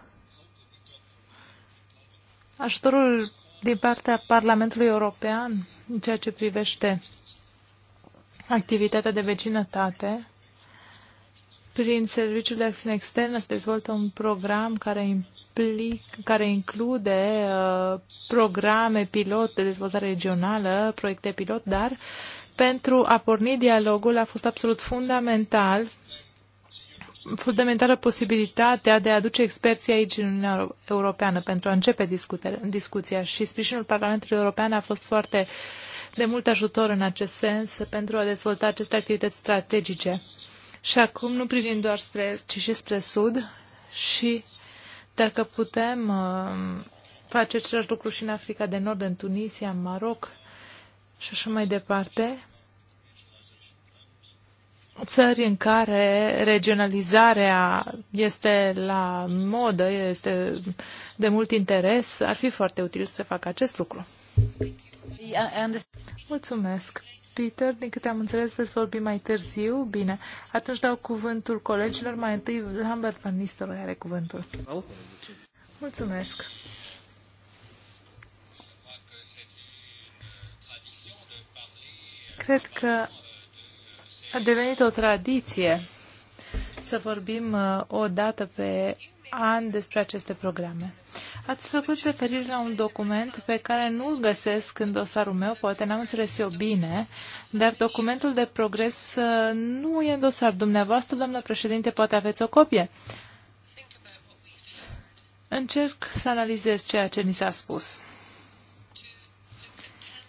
ajutorul din partea Parlamentului European în ceea ce privește activitatea de vecinătate prin Serviciul de Acțiune Externă se dezvoltă un program care, implic, care include uh, programe pilot de dezvoltare regională, proiecte pilot, dar pentru a porni dialogul a fost absolut fundamental fundamentală posibilitatea de a aduce experții aici în Uniunea Europeană pentru a începe discuția și sprijinul Parlamentului European a fost foarte de mult ajutor în acest sens pentru a dezvolta aceste activități strategice. Și acum nu privim doar spre est, ci și spre sud și dacă putem uh, face același lucru și în Africa de Nord, în Tunisia, în Maroc și așa mai departe, țări în care regionalizarea este la modă, este de mult interes, ar fi foarte util să facă acest lucru. Mulțumesc. Peter, din câte am înțeles, veți vorbi mai târziu. Bine, atunci dau cuvântul colegilor. Mai întâi, Lambert Van Nistelrooy are cuvântul. Mulțumesc. Cred că a devenit o tradiție să vorbim uh, o dată pe an despre aceste programe. Ați făcut referire la un document pe care nu îl găsesc în dosarul meu, poate n-am înțeles eu bine, dar documentul de progres uh, nu e în dosar. Dumneavoastră, doamnă președinte, poate aveți o copie. Încerc să analizez ceea ce ni s-a spus.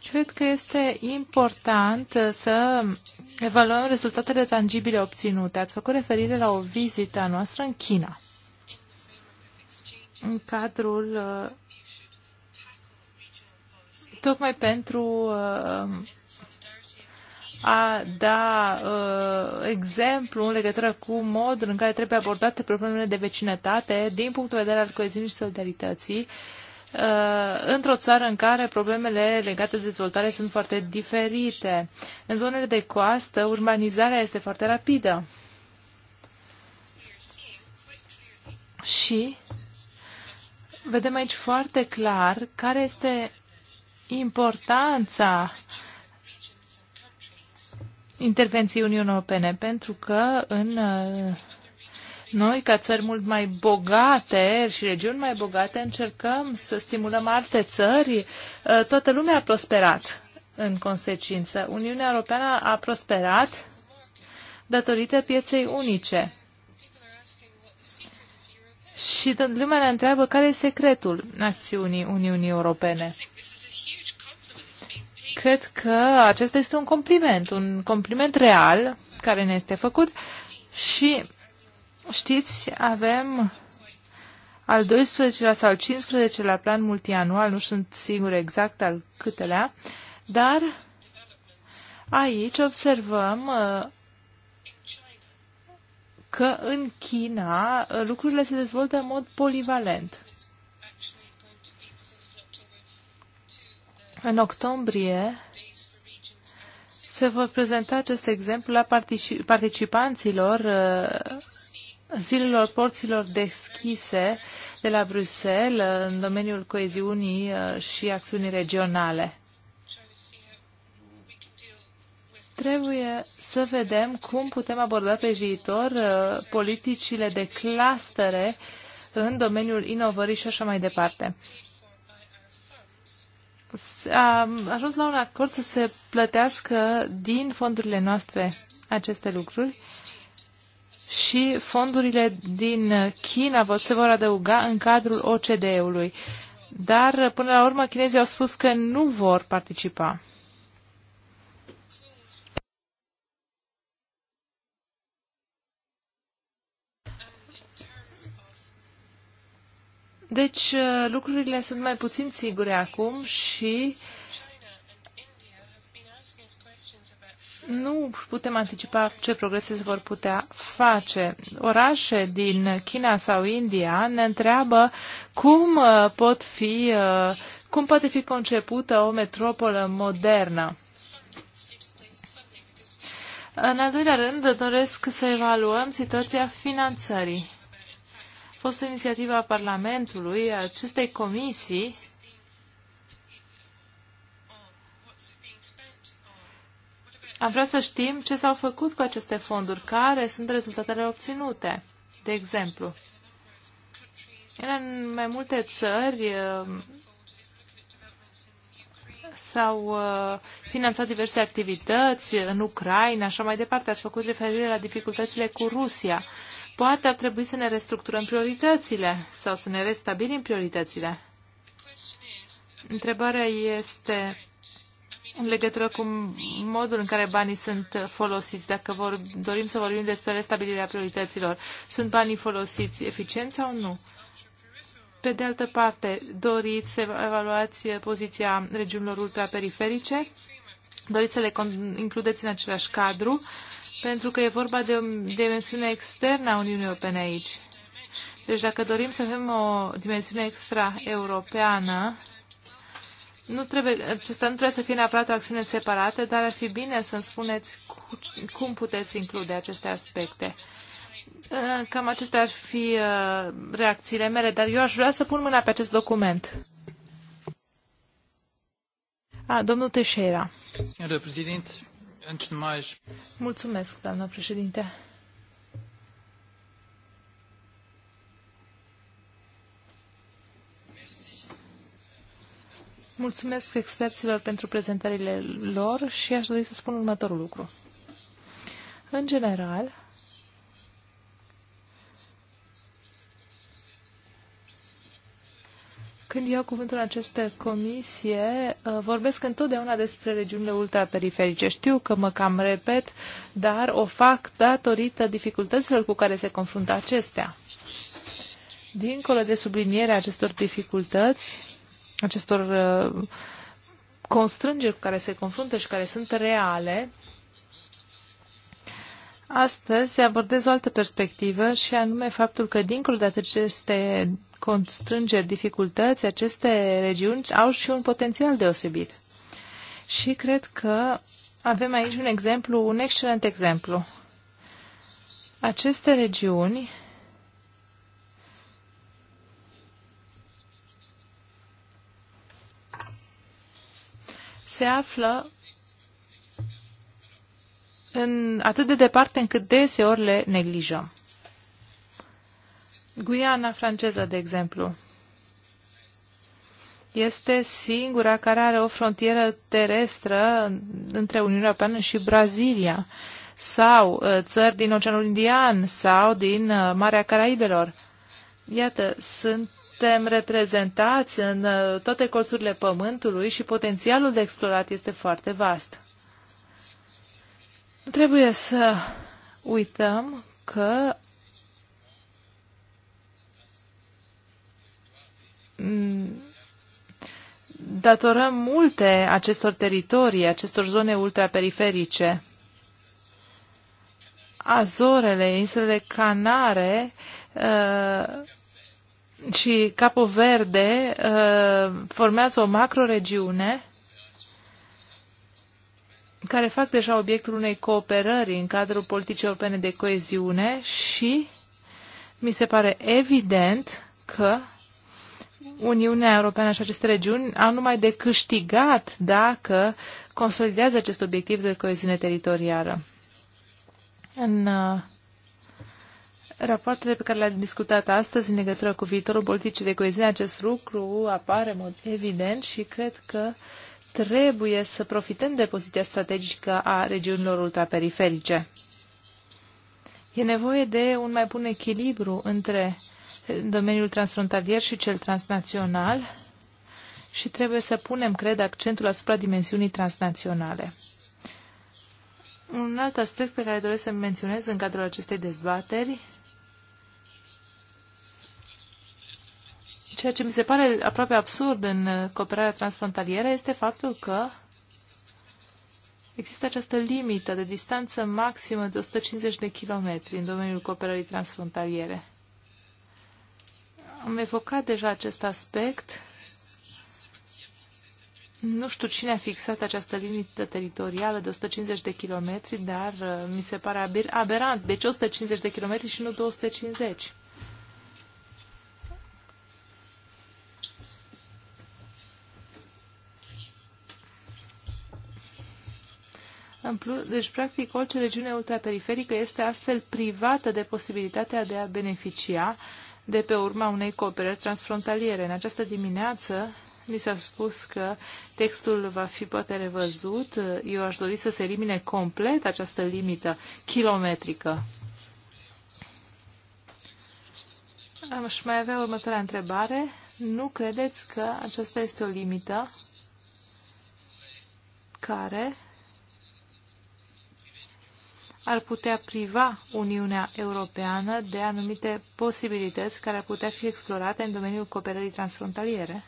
Cred că este important uh, să evaluăm rezultatele tangibile obținute. Ați făcut referire la o vizită a noastră în China în cadrul uh, tocmai pentru uh, a da uh, exemplu în legătură cu modul în care trebuie abordate problemele de vecinătate din punctul de vedere al coeziunii și solidarității într-o țară în care problemele legate de dezvoltare sunt foarte diferite. În zonele de coastă, urbanizarea este foarte rapidă. Și vedem aici foarte clar care este importanța intervenției Uniunii Europene, pentru că în uh, noi, ca țări mult mai bogate și regiuni mai bogate, încercăm să stimulăm alte țări. Uh, toată lumea a prosperat în consecință. Uniunea Europeană a prosperat datorită pieței unice și lumea ne întreabă care este secretul acțiunii Uniunii Europene. Cred că acesta este un compliment, un compliment real care ne este făcut și știți, avem al 12-lea sau al 15-lea plan multianual, nu sunt sigur exact al câtelea, dar aici observăm uh, că în China uh, lucrurile se dezvoltă în mod polivalent. În octombrie se vor prezenta acest exemplu la participanților uh, zilelor porților deschise de la Bruxelles uh, în domeniul coeziunii și acțiunii regionale. Trebuie să vedem cum putem aborda pe viitor uh, politicile de clastere în domeniul inovării și așa mai departe. A ajuns la un acord să se plătească din fondurile noastre aceste lucruri și fondurile din China se vor adăuga în cadrul OCDE-ului. Dar, până la urmă, chinezii au spus că nu vor participa. Deci uh, lucrurile sunt mai puțin sigure acum și nu putem anticipa ce progrese se vor putea face. Orașe din China sau India ne întreabă cum uh, pot fi, uh, cum poate fi concepută o metropolă modernă. În al doilea rând, doresc să evaluăm situația finanțării fost o inițiativă a Parlamentului, a acestei comisii, Am vrea să știm ce s-au făcut cu aceste fonduri, care sunt rezultatele obținute. De exemplu, în mai multe țări, s-au uh, finanțat diverse activități în Ucraina, așa mai departe. Ați făcut referire la dificultățile cu Rusia. Poate ar trebui să ne restructurăm prioritățile sau să ne restabilim prioritățile. Întrebarea este în legătură cu modul în care banii sunt folosiți, dacă vor, dorim să vorbim despre restabilirea priorităților, sunt banii folosiți eficient sau nu? Pe de altă parte, doriți să evaluați eh, poziția regiunilor ultraperiferice, doriți să le includeți în același cadru, pentru că e vorba de o dimensiune externă a Uniunii Europene aici. Deci dacă dorim să avem o dimensiune extra-europeană, nu trebuie, acesta nu trebuie să fie neapărat o acțiune separată, dar ar fi bine să-mi spuneți cu, cum puteți include aceste aspecte. Eh, cam acestea ar fi eh, reacțiile mele, dar eu aș vrea să pun mâna pe acest document. A, domnul Teixeira. Senhora președinte, antes de Mulțumesc, doamna președinte. Mulțumesc experților pentru prezentările lor și aș dori să spun următorul lucru. În general, când iau cuvântul în această comisie, uh, vorbesc întotdeauna despre regiunile ultraperiferice. Știu că mă cam repet, dar o fac datorită dificultăților cu care se confruntă acestea. Dincolo de sublinierea acestor dificultăți, acestor uh, constrângeri cu care se confruntă și care sunt reale, Astăzi abordez o altă perspectivă și anume faptul că dincolo de aceste constrângeri, dificultăți, aceste regiuni au și un potențial deosebit. Și cred că avem aici un exemplu, un excelent exemplu. Aceste regiuni se află în atât de departe încât deseori le neglijăm. Guiana franceză, de exemplu, este singura care are o frontieră terestră între Uniunea Europeană și Brazilia sau uh, țări din Oceanul Indian sau din uh, Marea Caraibelor. Iată, suntem reprezentați în uh, toate colțurile pământului și potențialul de explorat este foarte vast. Trebuie să uităm că Mm. datorăm multe acestor teritorii, acestor zone ultraperiferice. Azorele, insulele Canare uh, și Capo Verde uh, formează o macroregiune care fac deja obiectul unei cooperări în cadrul politicii europene de coeziune și mi se pare evident că Uniunea Europeană și aceste regiuni au numai de câștigat dacă consolidează acest obiectiv de coeziune teritorială. În uh, rapoartele pe care le-am discutat astăzi în legătură cu viitorul politic de coeziune, acest lucru apare în mod evident și cred că trebuie să profităm de poziția strategică a regiunilor ultraperiferice. E nevoie de un mai bun echilibru între în domeniul transfrontalier și cel transnațional și trebuie să punem, cred, accentul asupra dimensiunii transnaționale. Un alt aspect pe care doresc să-l menționez în cadrul acestei dezbateri, ceea ce mi se pare aproape absurd în cooperarea transfrontalieră, este faptul că există această limită de distanță maximă de 150 de kilometri în domeniul cooperării transfrontaliere. Am evocat deja acest aspect. Nu știu cine a fixat această limită teritorială de 150 de kilometri, dar uh, mi se pare aberant. Deci 150 de kilometri și nu 250. În plus, deci, practic, orice regiune ultraperiferică este astfel privată de posibilitatea de a beneficia uh, de pe urma unei cooperări transfrontaliere. În această dimineață mi s-a spus că textul va fi poate revăzut. Eu aș dori să se elimine complet această limită kilometrică. Aș mai avea următoarea întrebare. Nu credeți că aceasta este o limită care ar putea priva Uniunea Europeană de anumite posibilități care ar putea fi explorate în domeniul cooperării transfrontaliere.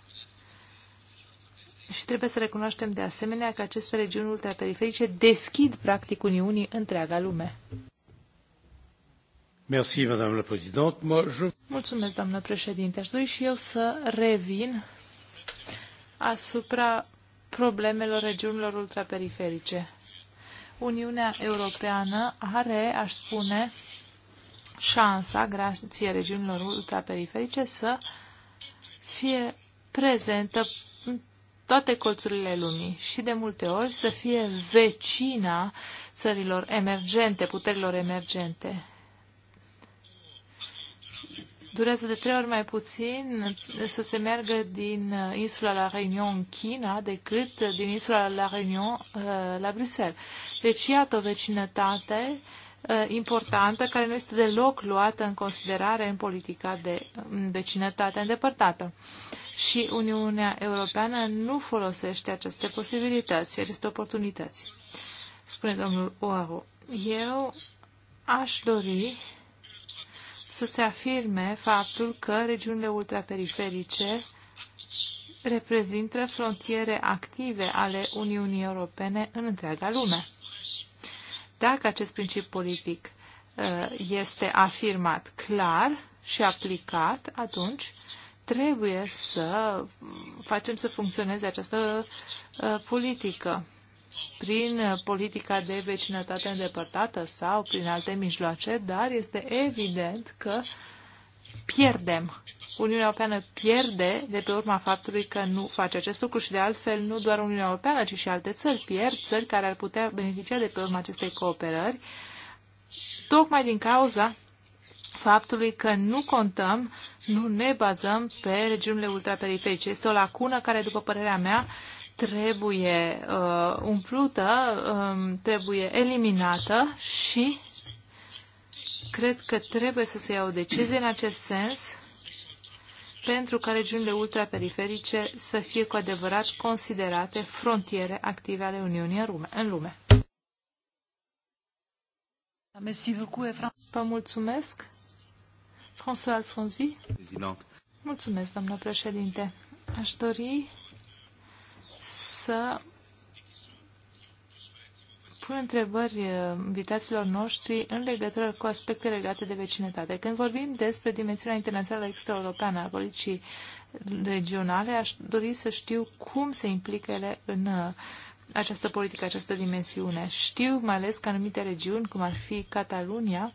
Și trebuie să recunoaștem de asemenea că aceste regiuni ultraperiferice deschid practic Uniunii întreaga lume. Merci, Madame la Présidente. Moi, je... Mulțumesc, doamnă președinte. Aș dori și eu să revin asupra problemelor regiunilor ultraperiferice. Uniunea Europeană are, aș spune, șansa, grație regiunilor ultraperiferice, să fie prezentă în toate colțurile lumii și de multe ori să fie vecina țărilor emergente, puterilor emergente. Durează de trei ori mai puțin să se meargă din uh, insula La Réunion în China decât din insula La Réunion uh, la Bruxelles. Deci, iată o vecinătate uh, importantă care nu este deloc luată în considerare în politica de um, vecinătate îndepărtată. Și Uniunea Europeană nu folosește aceste posibilități, aceste oportunități, spune domnul Oahu. Eu aș dori să se afirme faptul că regiunile ultraperiferice reprezintă frontiere active ale Uniunii Europene în întreaga lume. Dacă acest principiu politic uh, este afirmat clar și aplicat, atunci trebuie să facem să funcționeze această uh, politică prin politica de vecinătate îndepărtată sau prin alte mijloace, dar este evident că pierdem. Uniunea Europeană pierde de pe urma faptului că nu face acest lucru și de altfel nu doar Uniunea Europeană, ci și alte țări pierd, țări care ar putea beneficia de pe urma acestei cooperări, tocmai din cauza faptului că nu contăm, nu ne bazăm pe regiunile ultraperiferice. Este o lacună care, după părerea mea, trebuie uh, umplută, um, trebuie eliminată și cred că trebuie să se ia o decizie în acest sens pentru ca regiunile ultraperiferice să fie cu adevărat considerate frontiere active ale Uniunii în lume. Vă mulțumesc. François Alfonzi. Mulțumesc, doamna președinte. Aș dori să pun întrebări uh, invitaților noștri în legătură cu aspecte legate de vecinătate. Când vorbim despre dimensiunea internațională extraeuropeană a politicii regionale, aș dori să știu cum se implică ele în uh, această politică, această dimensiune. Știu mai ales că anumite regiuni, cum ar fi Catalunia,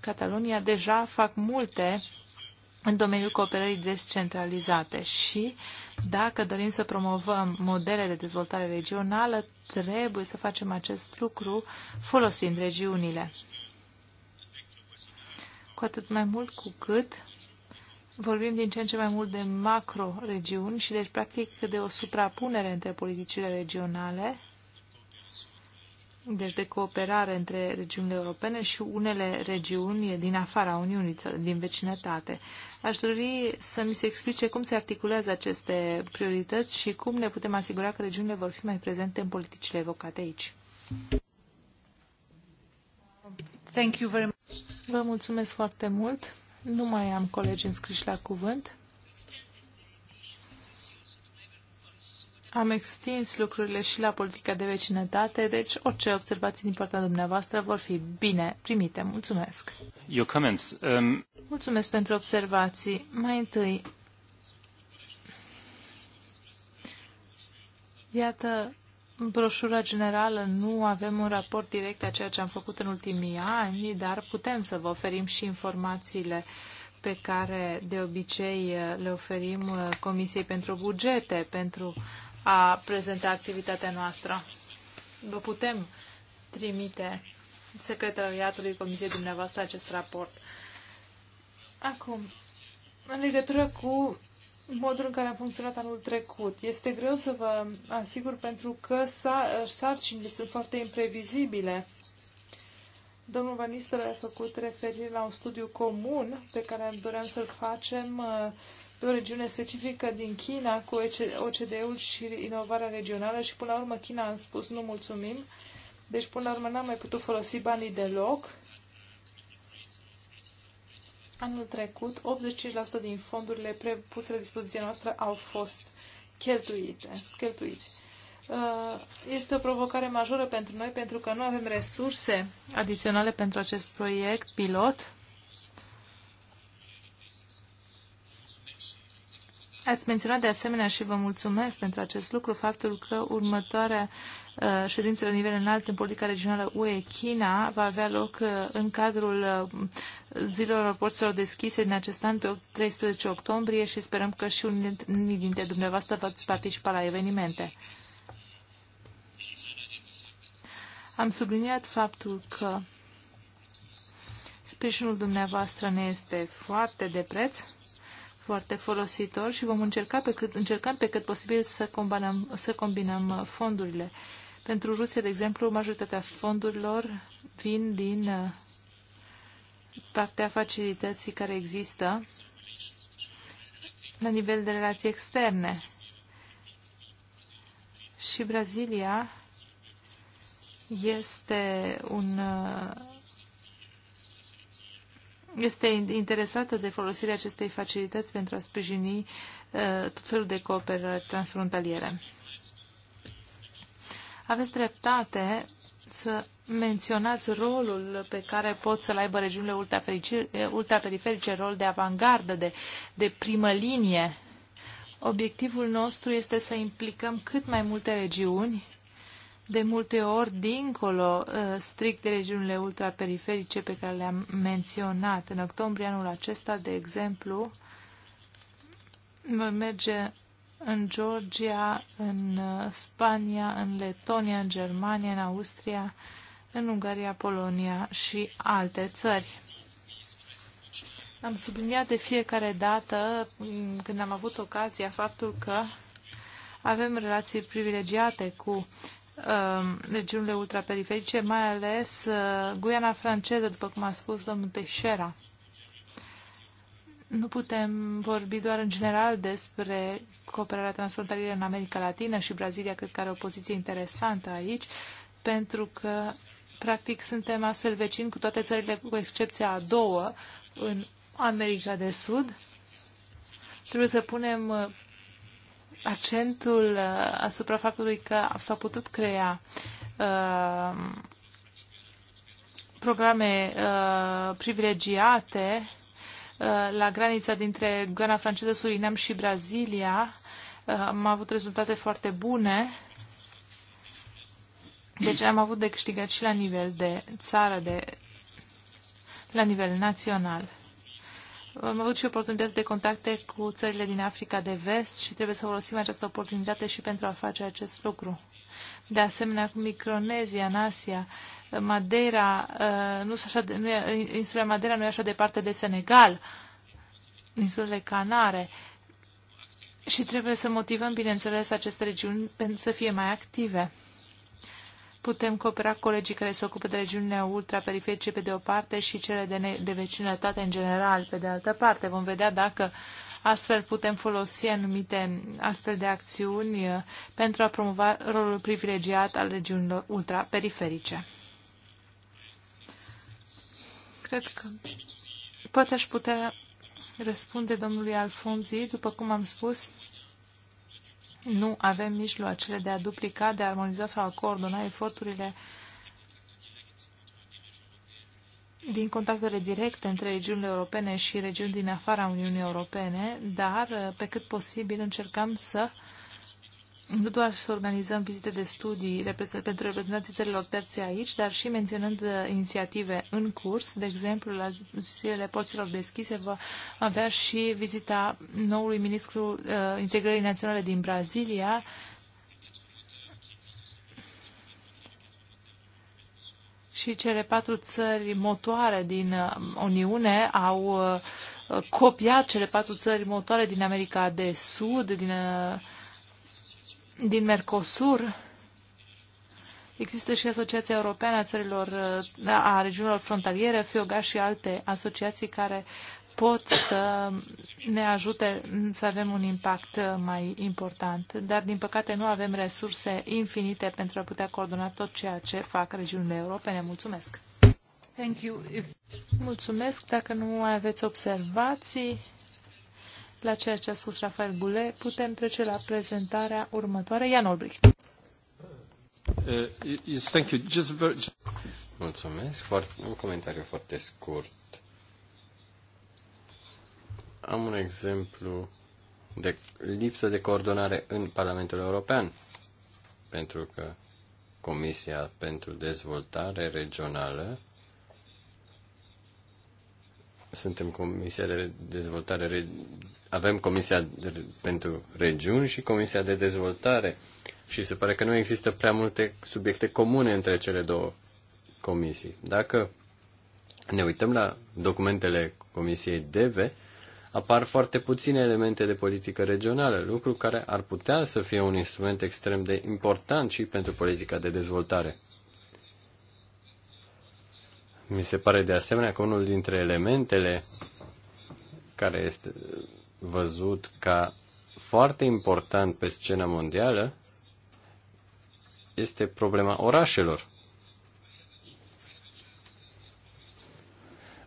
Catalunia deja fac multe în domeniul cooperării descentralizate și uh, dacă dorim să promovăm modele de dezvoltare regională, trebuie să facem acest lucru folosind regiunile. Cu atât mai mult cu cât vorbim din ce în ce mai mult de macro-regiuni și deci practic de o suprapunere între politicile regionale deci de cooperare între regiunile europene și unele regiuni din afara Uniunii, din vecinătate. Aș dori să mi se explice cum se articulează aceste priorități și cum ne putem asigura că regiunile vor fi mai prezente în politicile evocate aici. Thank you very much. Vă mulțumesc foarte mult. Nu mai am colegi înscriși la cuvânt. Am extins lucrurile și la politica de vecinătate, deci orice observații din partea dumneavoastră vor fi bine primite. Mulțumesc! Your comments, um... Mulțumesc pentru observații. Mai întâi, iată, broșura generală nu avem un raport direct a ceea ce am făcut în ultimii ani, dar putem să vă oferim și informațiile pe care de obicei le oferim uh, Comisiei pentru Bugete, pentru a prezenta activitatea noastră. Vă putem trimite secretariatului Comisiei dumneavoastră acest raport. Acum, în legătură cu modul în care a funcționat anul trecut. Este greu să vă asigur pentru că sarcinile sunt foarte imprevizibile. Domnul Nistel a făcut referire la un studiu comun pe care doream să-l facem uh, pe o regiune specifică din China cu OCDE-ul și inovarea regională și până la urmă China a spus nu mulțumim, deci până la urmă n-am mai putut folosi banii deloc. Anul trecut, 85% din fondurile prepuse la dispoziția noastră au fost cheltuite, cheltuiți. Uh, este o provocare majoră pentru noi pentru că nu avem resurse adiționale pentru acest proiect pilot Ați menționat de asemenea și vă mulțumesc pentru acest lucru, faptul că următoarea uh, ședință la nivel înalt în politica regională UE-China va avea loc uh, în cadrul uh, zilelor porților deschise din acest an pe 13 octombrie și sperăm că și unii dintre dumneavoastră vă participa la evenimente. Am subliniat faptul că sprijinul dumneavoastră ne este foarte de preț foarte folositor și vom încerca pe cât, încercăm pe cât posibil să combinăm, să combinăm uh, fondurile. Pentru Rusia, de exemplu, majoritatea fondurilor vin din uh, partea facilității care există la nivel de relații externe. Și Brazilia este un uh, este interesată de folosirea acestei facilități pentru a sprijini uh, tot felul de cooperări transfrontaliere. Aveți dreptate să menționați rolul pe care pot să-l aibă regiunile eh, ultraperiferice, rol de avangardă, de, de primă linie. Obiectivul nostru este să implicăm cât mai multe regiuni de multe ori dincolo uh, strict de regiunile ultraperiferice pe care le-am menționat. În octombrie anul acesta, de exemplu, voi merge în Georgia, în uh, Spania, în Letonia, în Germania, în Austria, în Ungaria, Polonia și alte țări. Am subliniat de fiecare dată, mm, când am avut ocazia, faptul că avem relații privilegiate cu Um, regiunile ultraperiferice, mai ales uh, Guiana franceză, după cum a spus domnul Teixeira. Nu putem vorbi doar în general despre cooperarea transfrontalieră în America Latină și Brazilia, cred că are o poziție interesantă aici, pentru că, practic, suntem astfel vecini cu toate țările, cu excepția a doua, în America de Sud. Trebuie să punem uh, accentul uh, asupra faptului că s-au putut crea uh, programe uh, privilegiate uh, la granița dintre Guiana franceză, Surinam și Brazilia. Uh, am avut rezultate foarte bune. Deci am avut de câștigat și la nivel de țară, de, la nivel național. Am avut și oportunități de contacte cu țările din Africa de Vest și trebuie să folosim această oportunitate și pentru a face acest lucru. De asemenea, cu Micronezia, în Asia, Madeira, uh, nu așa de, nu e, insula Madeira nu e așa departe de Senegal, insulele Canare. Și trebuie să motivăm, bineînțeles, aceste regiuni pentru să fie mai active. Putem coopera cu colegii care se ocupă de regiunile ultraperiferice pe de o parte și cele de, de vecinătate în general pe de altă parte. Vom vedea dacă astfel putem folosi anumite astfel de acțiuni uh, pentru a promova rolul privilegiat al regiunilor ultraperiferice. Cred că poate aș putea răspunde domnului Alfonzi, după cum am spus, nu avem mijloacele de a duplica, de a armoniza sau a coordona eforturile din contactele directe între regiunile europene și regiuni din afara Uniunii Europene, dar pe cât posibil încercăm să uh, nu doar să organizăm vizite de studii pentru reprezentanții țărilor terțe aici, dar și menționând uh, inițiative în curs, de exemplu, la zilele porților deschise va avea și vizita noului ministru uh, integrării naționale din Brazilia, și cele patru țări motoare din uh, Uniune au uh, copiat cele patru țări motoare din America de Sud, din din Mercosur, există și Asociația Europeană a Țărilor, a Regiunilor Frontaliere, FIOGA și alte asociații care pot să ne ajute să avem un impact mai important, dar din păcate nu avem resurse infinite pentru a putea coordona tot ceea ce fac regiunile europene. Mulțumesc! Thank you. Mulțumesc. Dacă nu mai aveți observații, la ceea ce a spus Rafael Bule, putem trece la prezentarea următoare. Ian Olbricht. Uh, thank you. Just very... Mulțumesc. Foarte, un comentariu foarte scurt. Am un exemplu de lipsă de coordonare în Parlamentul European, pentru că Comisia pentru Dezvoltare Regională suntem Comisia de Dezvoltare, avem Comisia de, pentru Regiuni și Comisia de Dezvoltare și se pare că nu există prea multe subiecte comune între cele două comisii. Dacă ne uităm la documentele Comisiei DEVE, apar foarte puține elemente de politică regională, lucru care ar putea să fie un instrument extrem de important și pentru politica de dezvoltare. Mi se pare de asemenea că unul dintre elementele care este văzut ca foarte important pe scena mondială este problema orașelor.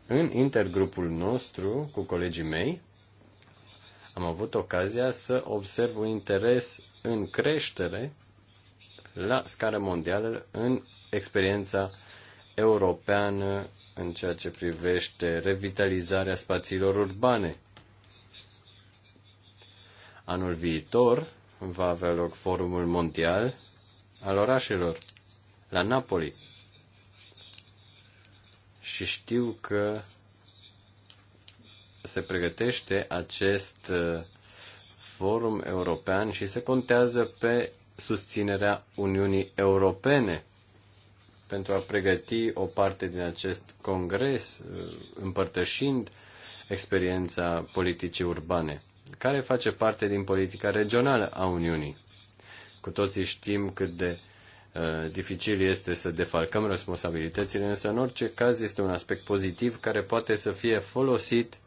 În intergrupul nostru cu colegii mei am avut ocazia să observ un interes în creștere la scară mondială în experiența europeană în ceea ce privește revitalizarea spațiilor urbane. Anul viitor va avea loc Forumul Mondial al orașelor la Napoli. Și știu că se pregătește acest uh, forum european și se contează pe susținerea Uniunii Europene pentru a pregăti o parte din acest congres, uh, împărtășind experiența politicii urbane, care face parte din politica regională a Uniunii. Cu toții știm cât de uh, dificil este să defalcăm responsabilitățile, însă în orice caz este un aspect pozitiv care poate să fie folosit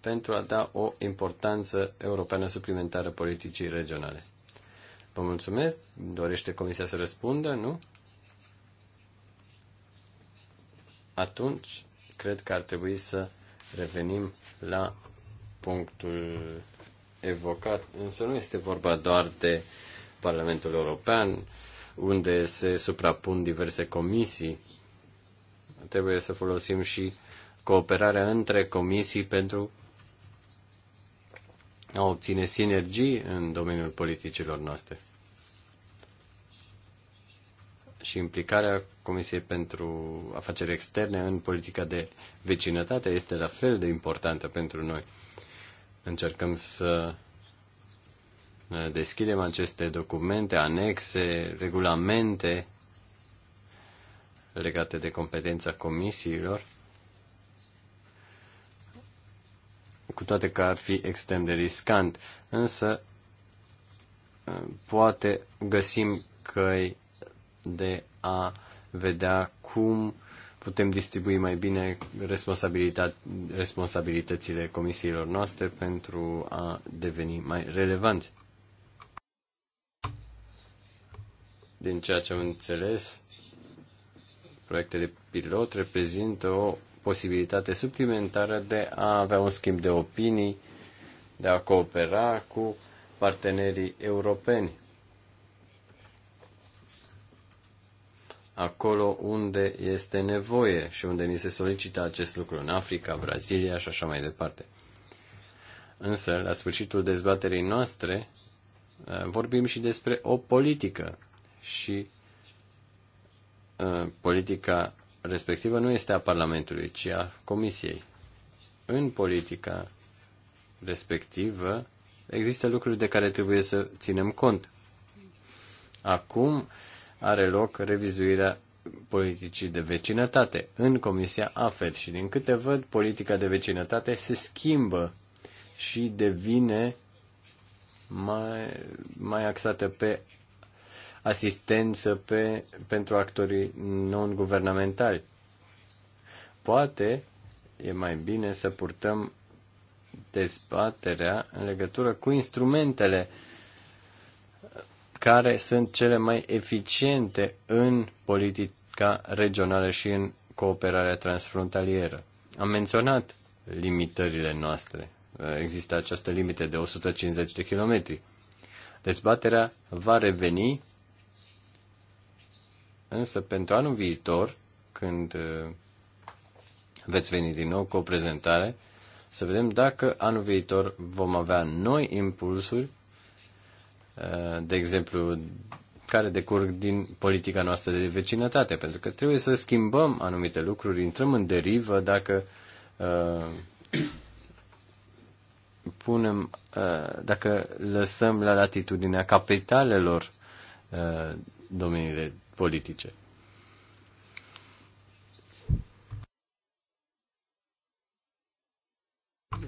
pentru a da o importanță europeană suplimentară politicii regionale. Vă mulțumesc. Dorește Comisia să răspundă, nu? Atunci, cred că ar trebui să revenim la punctul evocat, însă nu este vorba doar de Parlamentul European, unde se suprapun diverse comisii. Trebuie să folosim și cooperarea între comisii pentru a obține sinergii în domeniul politicilor noastre. Și implicarea Comisiei pentru Afaceri Externe în politica de vecinătate este la fel de importantă pentru noi. Încercăm să deschidem aceste documente, anexe, regulamente legate de competența comisiilor cu toate că ar fi extrem de riscant. Însă, ă, poate găsim căi de a vedea cum putem distribui mai bine responsabilitățile comisiilor noastre pentru a deveni mai relevanți. Din ceea ce am înțeles, proiectele pilot reprezintă o posibilitate suplimentară de a avea un schimb de opinii, de a coopera cu partenerii europeni. Acolo unde este nevoie și unde ni se solicită acest lucru, în Africa, Brazilia și așa mai departe. Însă, la sfârșitul dezbaterii noastre, eh, vorbim și despre o politică și eh, politica respectivă nu este a Parlamentului, ci a Comisiei. În politica respectivă există lucruri de care trebuie să ținem cont. Acum are loc revizuirea politicii de vecinătate în Comisia AFET și din câte văd, politica de vecinătate se schimbă și devine mai, mai axată pe asistență pe, pentru actorii non-guvernamentali. Poate e mai bine să purtăm dezbaterea în legătură cu instrumentele care sunt cele mai eficiente în politica regională și în cooperarea transfrontalieră. Am menționat limitările noastre. Există această limite de 150 de kilometri. Dezbaterea va reveni Însă pentru anul viitor, când uh, veți veni din nou cu o prezentare, să vedem dacă anul viitor vom avea noi impulsuri, uh, de exemplu, care decurg din politica noastră de vecinătate, pentru că trebuie să schimbăm anumite lucruri, intrăm în derivă dacă uh, punem, uh, dacă lăsăm la latitudinea capitalelor uh, domeniile politice.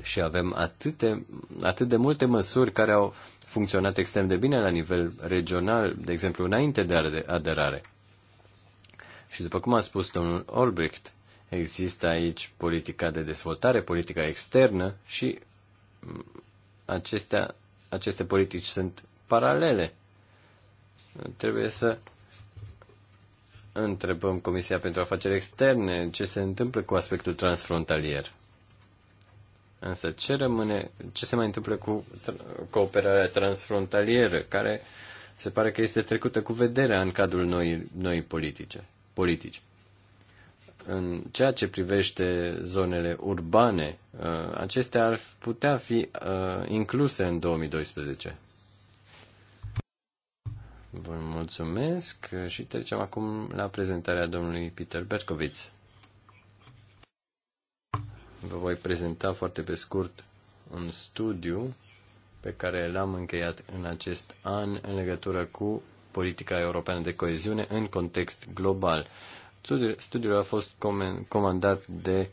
Și avem atâte, atât de multe măsuri care au funcționat extrem de bine la nivel regional, de exemplu, înainte de aderare. Și după cum a spus domnul Olbricht, există aici politica de dezvoltare, politica externă și acestea, aceste politici sunt paralele. Trebuie să întrebăm Comisia pentru Afaceri Externe ce se întâmplă cu aspectul transfrontalier. Însă ce rămâne, ce se mai întâmplă cu cooperarea transfrontalieră, care se pare că este trecută cu vederea în cadrul noii, noii politice, politici. În ceea ce privește zonele urbane, uh, acestea ar putea fi uh, incluse în 2012. Vă mulțumesc și trecem acum la prezentarea domnului Peter Berkovic. Vă voi prezenta foarte pe scurt un studiu pe care l-am încheiat în acest an în legătură cu politica europeană de coeziune în context global. Studiul a fost comandat de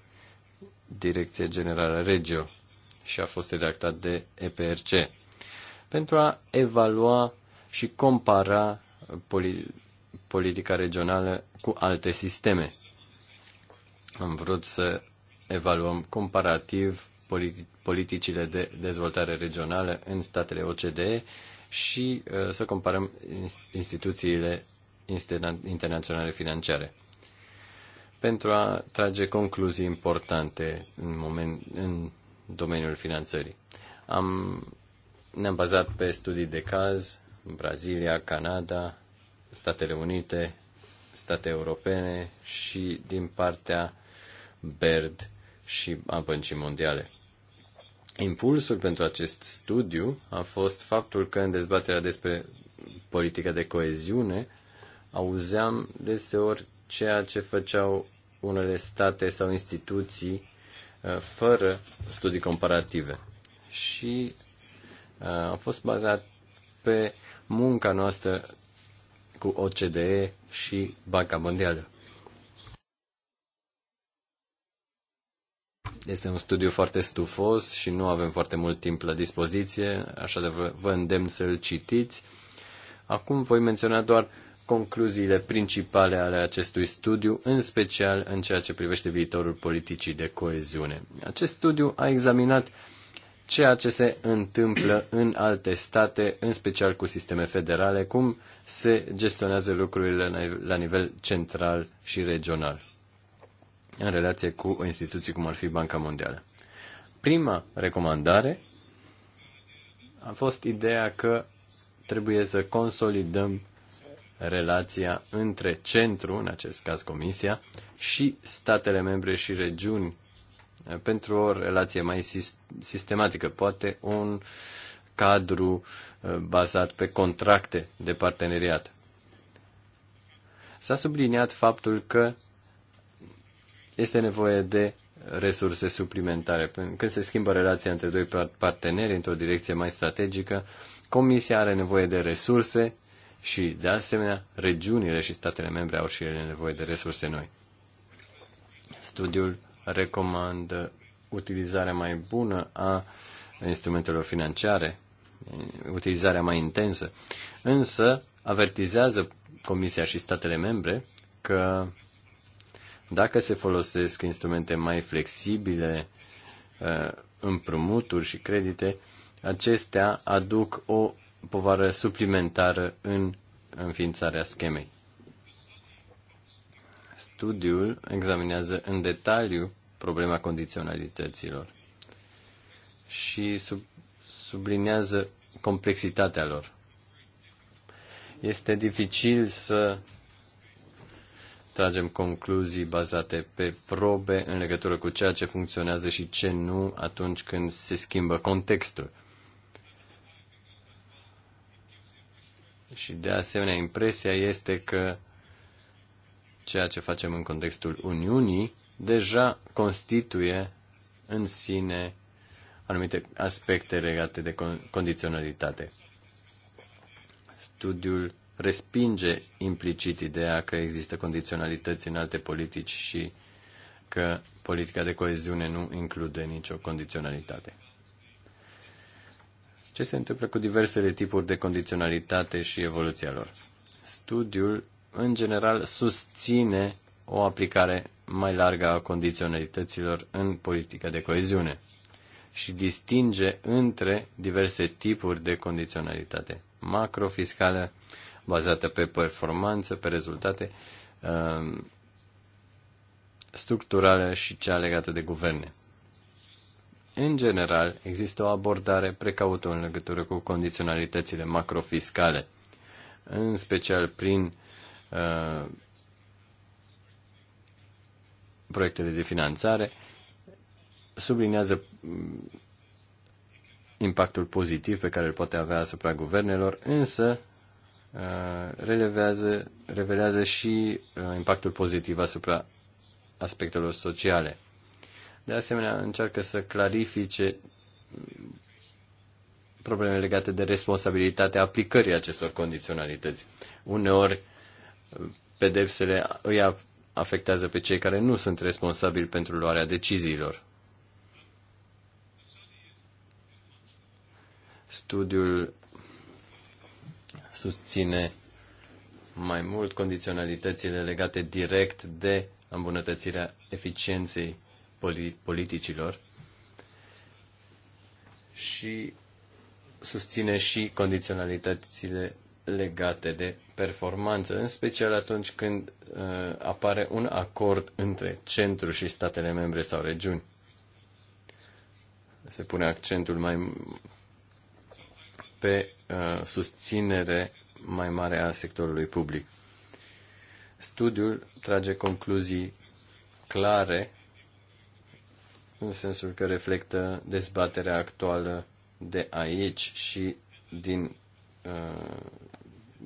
Direcția Generală Regio și a fost redactat de EPRC pentru a evalua și compara uh, politica regională cu alte sisteme. Am vrut să evaluăm comparativ politicile de dezvoltare regională în statele OCDE și uh, să comparăm instituțiile internaționale financiare pentru a trage concluzii importante în, moment, în domeniul finanțării. Am, ne-am bazat pe studii de caz, Brazilia, Canada, Statele Unite, state europene și din partea BERD și a Băncii Mondiale. Impulsul pentru acest studiu a fost faptul că în dezbaterea despre politica de coeziune auzeam deseori ceea ce făceau unele state sau instituții uh, fără studii comparative. Și uh, a fost bazat pe munca noastră cu OCDE și Banca Mondială. Este un studiu foarte stufos și nu avem foarte mult timp la dispoziție, așa de vă, vă îndemn să-l citiți. Acum voi menționa doar concluziile principale ale acestui studiu, în special în ceea ce privește viitorul politicii de coeziune. Acest studiu a examinat uh, ceea ce se întâmplă în alte state, în special cu sisteme federale, cum se gestionează lucrurile la nivel central și regional în relație cu o instituție cum ar fi Banca Mondială. Prima recomandare a fost ideea că trebuie să consolidăm relația între centru, în acest caz Comisia, și statele membre și regiuni pentru o relație mai sistematică, poate un cadru uh, bazat pe contracte de parteneriat. S-a subliniat faptul că este nevoie de resurse suplimentare. Când se schimbă relația între doi parteneri într-o direcție mai strategică, Comisia are nevoie de resurse și, de asemenea, regiunile și statele membre au și ele nevoie de resurse noi. Studiul recomandă utilizarea mai bună a instrumentelor financiare, utilizarea mai intensă, însă avertizează Comisia și statele membre că dacă se folosesc instrumente mai flexibile, uh, împrumuturi și credite, acestea aduc o povară suplimentară în înființarea schemei. Studiul examinează în detaliu problema condiționalităților și sub, sublinează complexitatea lor. Este dificil să tragem concluzii bazate pe probe în legătură cu ceea ce funcționează și ce nu atunci când se schimbă contextul. Și de asemenea, impresia este că ceea ce facem în contextul Uniunii deja constituie în sine anumite aspecte legate de condiționalitate. Studiul respinge implicit ideea că există condiționalități în alte politici și că politica de coeziune nu include nicio condiționalitate. Ce se întâmplă cu diversele tipuri de condiționalitate și evoluția lor? Studiul în general, susține o aplicare mai largă a condiționalităților în politica de coeziune și distinge între diverse tipuri de condiționalitate macrofiscală, bazată pe performanță, pe rezultate um, structurală și cea legată de guverne. În general, există o abordare precaută în legătură cu condiționalitățile macrofiscale, în special prin Uh, proiectele de finanțare, sublinează mm, impactul pozitiv pe care îl poate avea asupra guvernelor, însă uh, relevează, revelează și uh, impactul pozitiv asupra aspectelor sociale. De asemenea, încearcă să clarifice mm, probleme legate de responsabilitatea aplicării acestor condiționalități. Uneori, pedepsele îi afectează pe cei care nu sunt responsabili pentru luarea deciziilor. Studiul susține mai mult condiționalitățile legate direct de îmbunătățirea eficienței politicilor și susține și condiționalitățile legate de performanță, în special atunci când uh, apare un acord între centru și statele membre sau regiuni. Se pune accentul mai pe uh, susținere mai mare a sectorului public. Studiul trage concluzii clare în sensul că reflectă dezbaterea actuală de aici și din uh,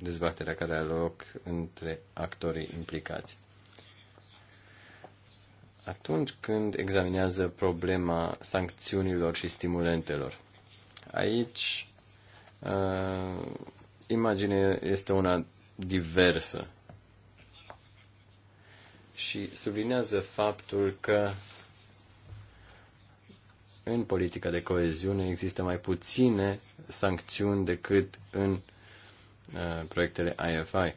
dezbaterea care are loc între actorii implicați. Atunci când examinează problema sancțiunilor și stimulentelor, aici uh, imaginea este una diversă și sublinează faptul că în politica de coeziune există mai puține sancțiuni decât în Uh, proiectele IFI.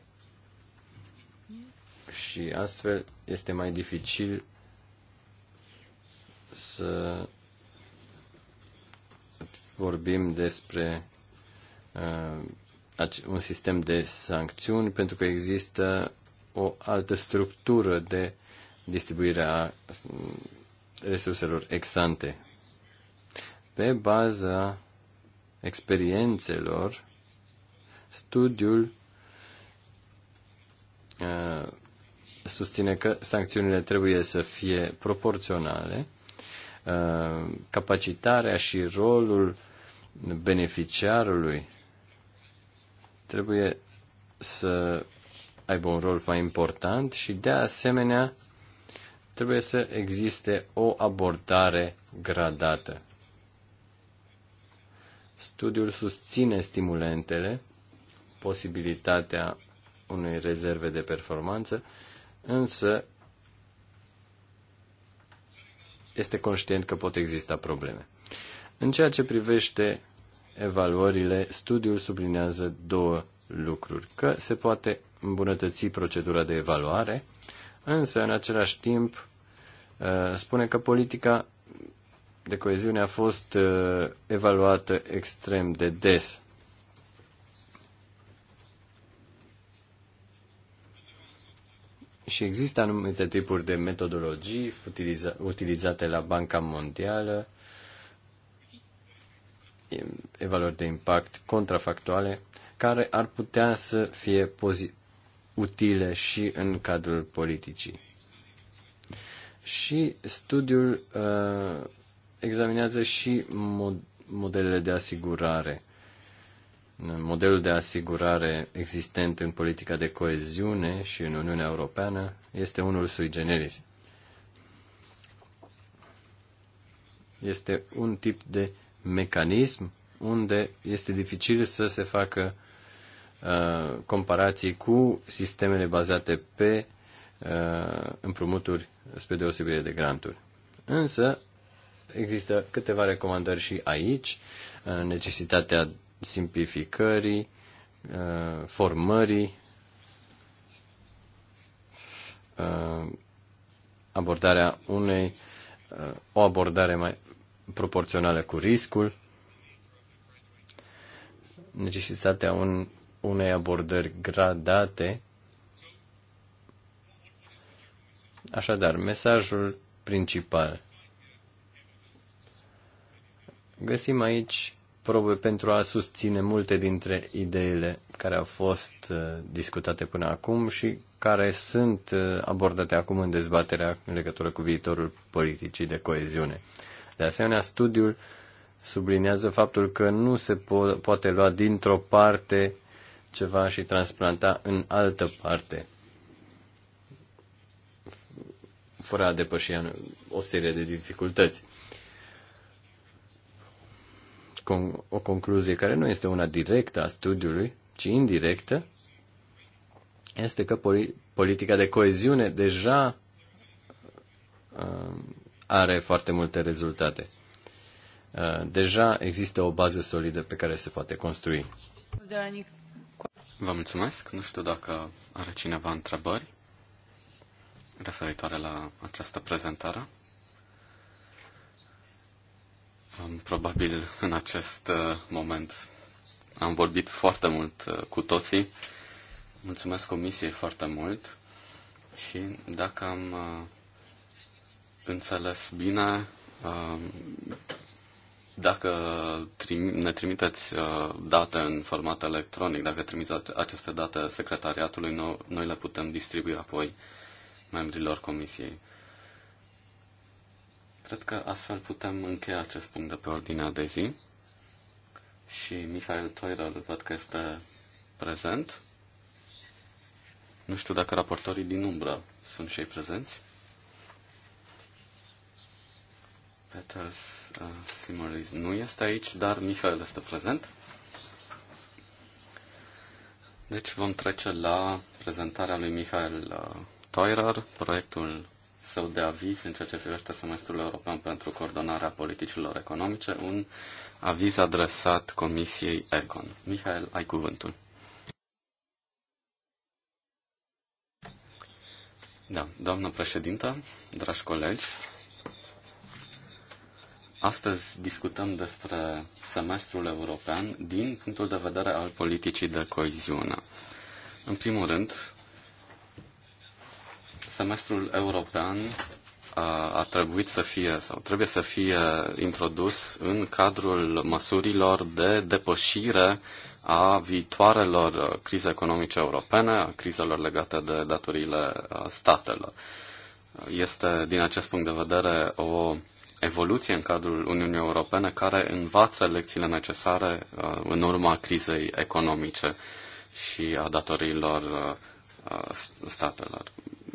Și astfel este mai dificil să vorbim despre uh, un sistem de sancțiuni pentru că există o altă structură de distribuire a mm, resurselor exante. Pe baza experiențelor Studiul uh, susține că sancțiunile trebuie să fie proporționale, uh, capacitarea și rolul beneficiarului trebuie să aibă un rol mai important și de asemenea trebuie să existe o abordare gradată. Studiul susține stimulentele posibilitatea unei rezerve de performanță, însă este conștient că pot exista probleme. În ceea ce privește evaluările, studiul sublinează două lucruri. Că se poate îmbunătăți procedura de evaluare, însă în același timp uh, spune că politica de coeziune a fost uh, evaluată extrem de des și există anumite tipuri de metodologii utiliza, utilizate la Banca Mondială, evaluări de impact contrafactuale, care ar putea să fie pozi- utile și în cadrul politicii. Și studiul uh, examinează și mod- modelele de asigurare modelul de asigurare existent în politica de coeziune și în Uniunea Europeană este unul sui generis. Este un tip de mecanism unde este dificil să se facă uh, comparații cu sistemele bazate pe uh, împrumuturi spre deosebire de granturi. Însă, există câteva recomandări și aici, uh, necesitatea simplificării, uh, formării, uh, abordarea unei, uh, o abordare mai proporțională cu riscul, necesitatea un, unei abordări gradate. Așadar, mesajul principal. Găsim aici probe pentru a susține multe dintre ideile care au fost uh, discutate până acum și care sunt uh, abordate acum în dezbaterea în legătură cu viitorul politicii de coeziune. De asemenea, studiul subliniază faptul că nu se po- poate lua dintr-o parte ceva și transplanta în altă parte fără a depăși o serie de dificultăți o concluzie care nu este una directă a studiului, ci indirectă, este că politica de coeziune deja um, are foarte multe rezultate. Uh, deja există o bază solidă pe care se poate construi. Vă mulțumesc. Nu știu dacă are cineva întrebări referitoare la această prezentare. Probabil în acest uh, moment am vorbit foarte mult uh, cu toții. Mulțumesc comisiei foarte mult și dacă am uh, înțeles bine, dacă ne trimiteți date în format electronic, dacă trimiteți aceste date secretariatului, noi le putem distribui apoi membrilor comisiei. Cred că astfel putem încheia acest punct de pe ordinea de zi. Și Mihail Toirel văd că este prezent. Nu știu dacă raportorii din umbră sunt și ei prezenți. Peter uh, Simoris nu este aici, dar Mihail este prezent. Deci vom trece la prezentarea lui Mihail uh, Toirer, proiectul său de aviz în ceea ce privește semestrul european pentru coordonarea politicilor economice, un aviz adresat Comisiei Econ. Mihail, ai cuvântul. Da, doamnă președintă, dragi colegi, astăzi discutăm despre semestrul european din punctul de vedere al politicii de coeziune. În primul rând, semestrul european a trebuit să fie sau trebuie să fie introdus în cadrul măsurilor de depășire a viitoarelor crize economice europene, a crizelor legate de datoriile statelor. Este, din acest punct de vedere, o evoluție în cadrul Uniunii Europene care învață lecțiile necesare în urma crizei economice și a datoriilor statelor.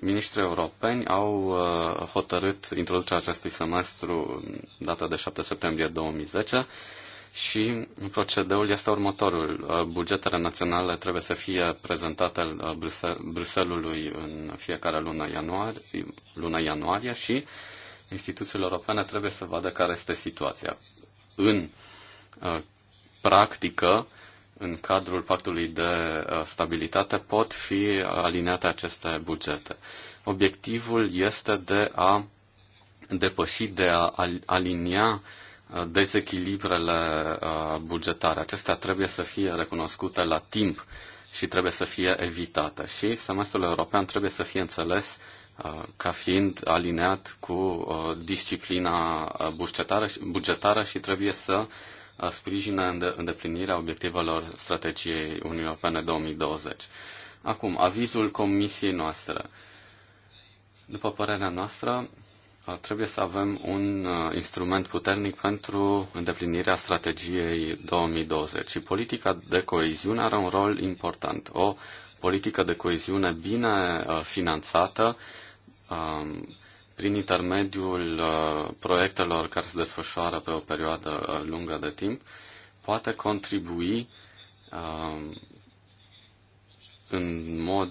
Ministrii europeni au uh, hotărât introducerea acestui semestru data de 7 septembrie 2010 și procedeul este următorul. Uh, bugetele naționale trebuie să fie prezentate uh, Bruselului în fiecare lună, ianuarie, lună ianuarie și instituțiile europene trebuie să vadă care este situația. În practică, în cadrul pactului de uh, stabilitate pot fi alineate aceste bugete. Obiectivul este de a depăși, de a alinia uh, dezechilibrele uh, bugetare. Acestea trebuie să fie recunoscute la timp și trebuie să fie evitate. Și semestrul european trebuie să fie înțeles ca fiind alineat cu disciplina bugetară și trebuie să sprijină îndeplinirea obiectivelor strategiei Uniunii Europene 2020. Acum, avizul comisiei noastre. După părerea noastră, trebuie să avem un instrument puternic pentru îndeplinirea strategiei 2020 și politica de coeziune are un rol important. O politică de coeziune bine finanțată prin intermediul uh, proiectelor care se desfășoară pe o perioadă uh, lungă de timp, poate contribui uh, în mod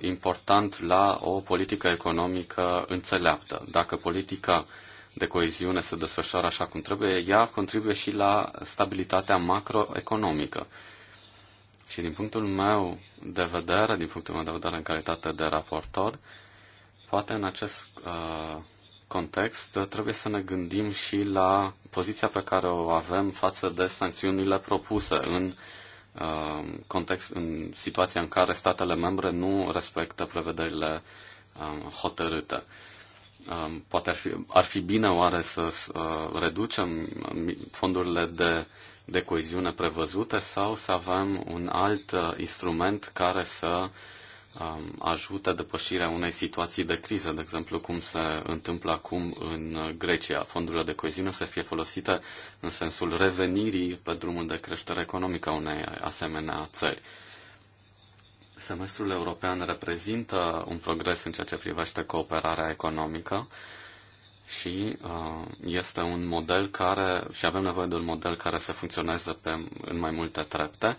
important la o politică economică înțeleaptă. Dacă politica de coeziune se desfășoară așa cum trebuie, ea contribuie și la stabilitatea macroeconomică. Și din punctul meu de vedere, din punctul meu de vedere în calitate de raportor, uh, Poate în acest uh, context uh, trebuie să ne gândim și la poziția pe care o avem față de sancțiunile propuse în uh, context, în situația în care statele membre nu respectă prevederile uh, hotărâte. Um, poate ar fi, ar fi bine oare să uh, reducem fondurile de, de coeziune prevăzute sau să avem un alt uh, instrument care să uh, Um, ajută depășirea unei situații de criză, de exemplu cum se întâmplă acum în Grecia. Fondurile de coeziune să fie folosite în sensul revenirii pe drumul de creștere economică a unei asemenea țări. Semestrul european reprezintă un progres în ceea ce privește cooperarea economică și uh, este un model care, și avem nevoie de un model care să funcționeze pe, în mai multe trepte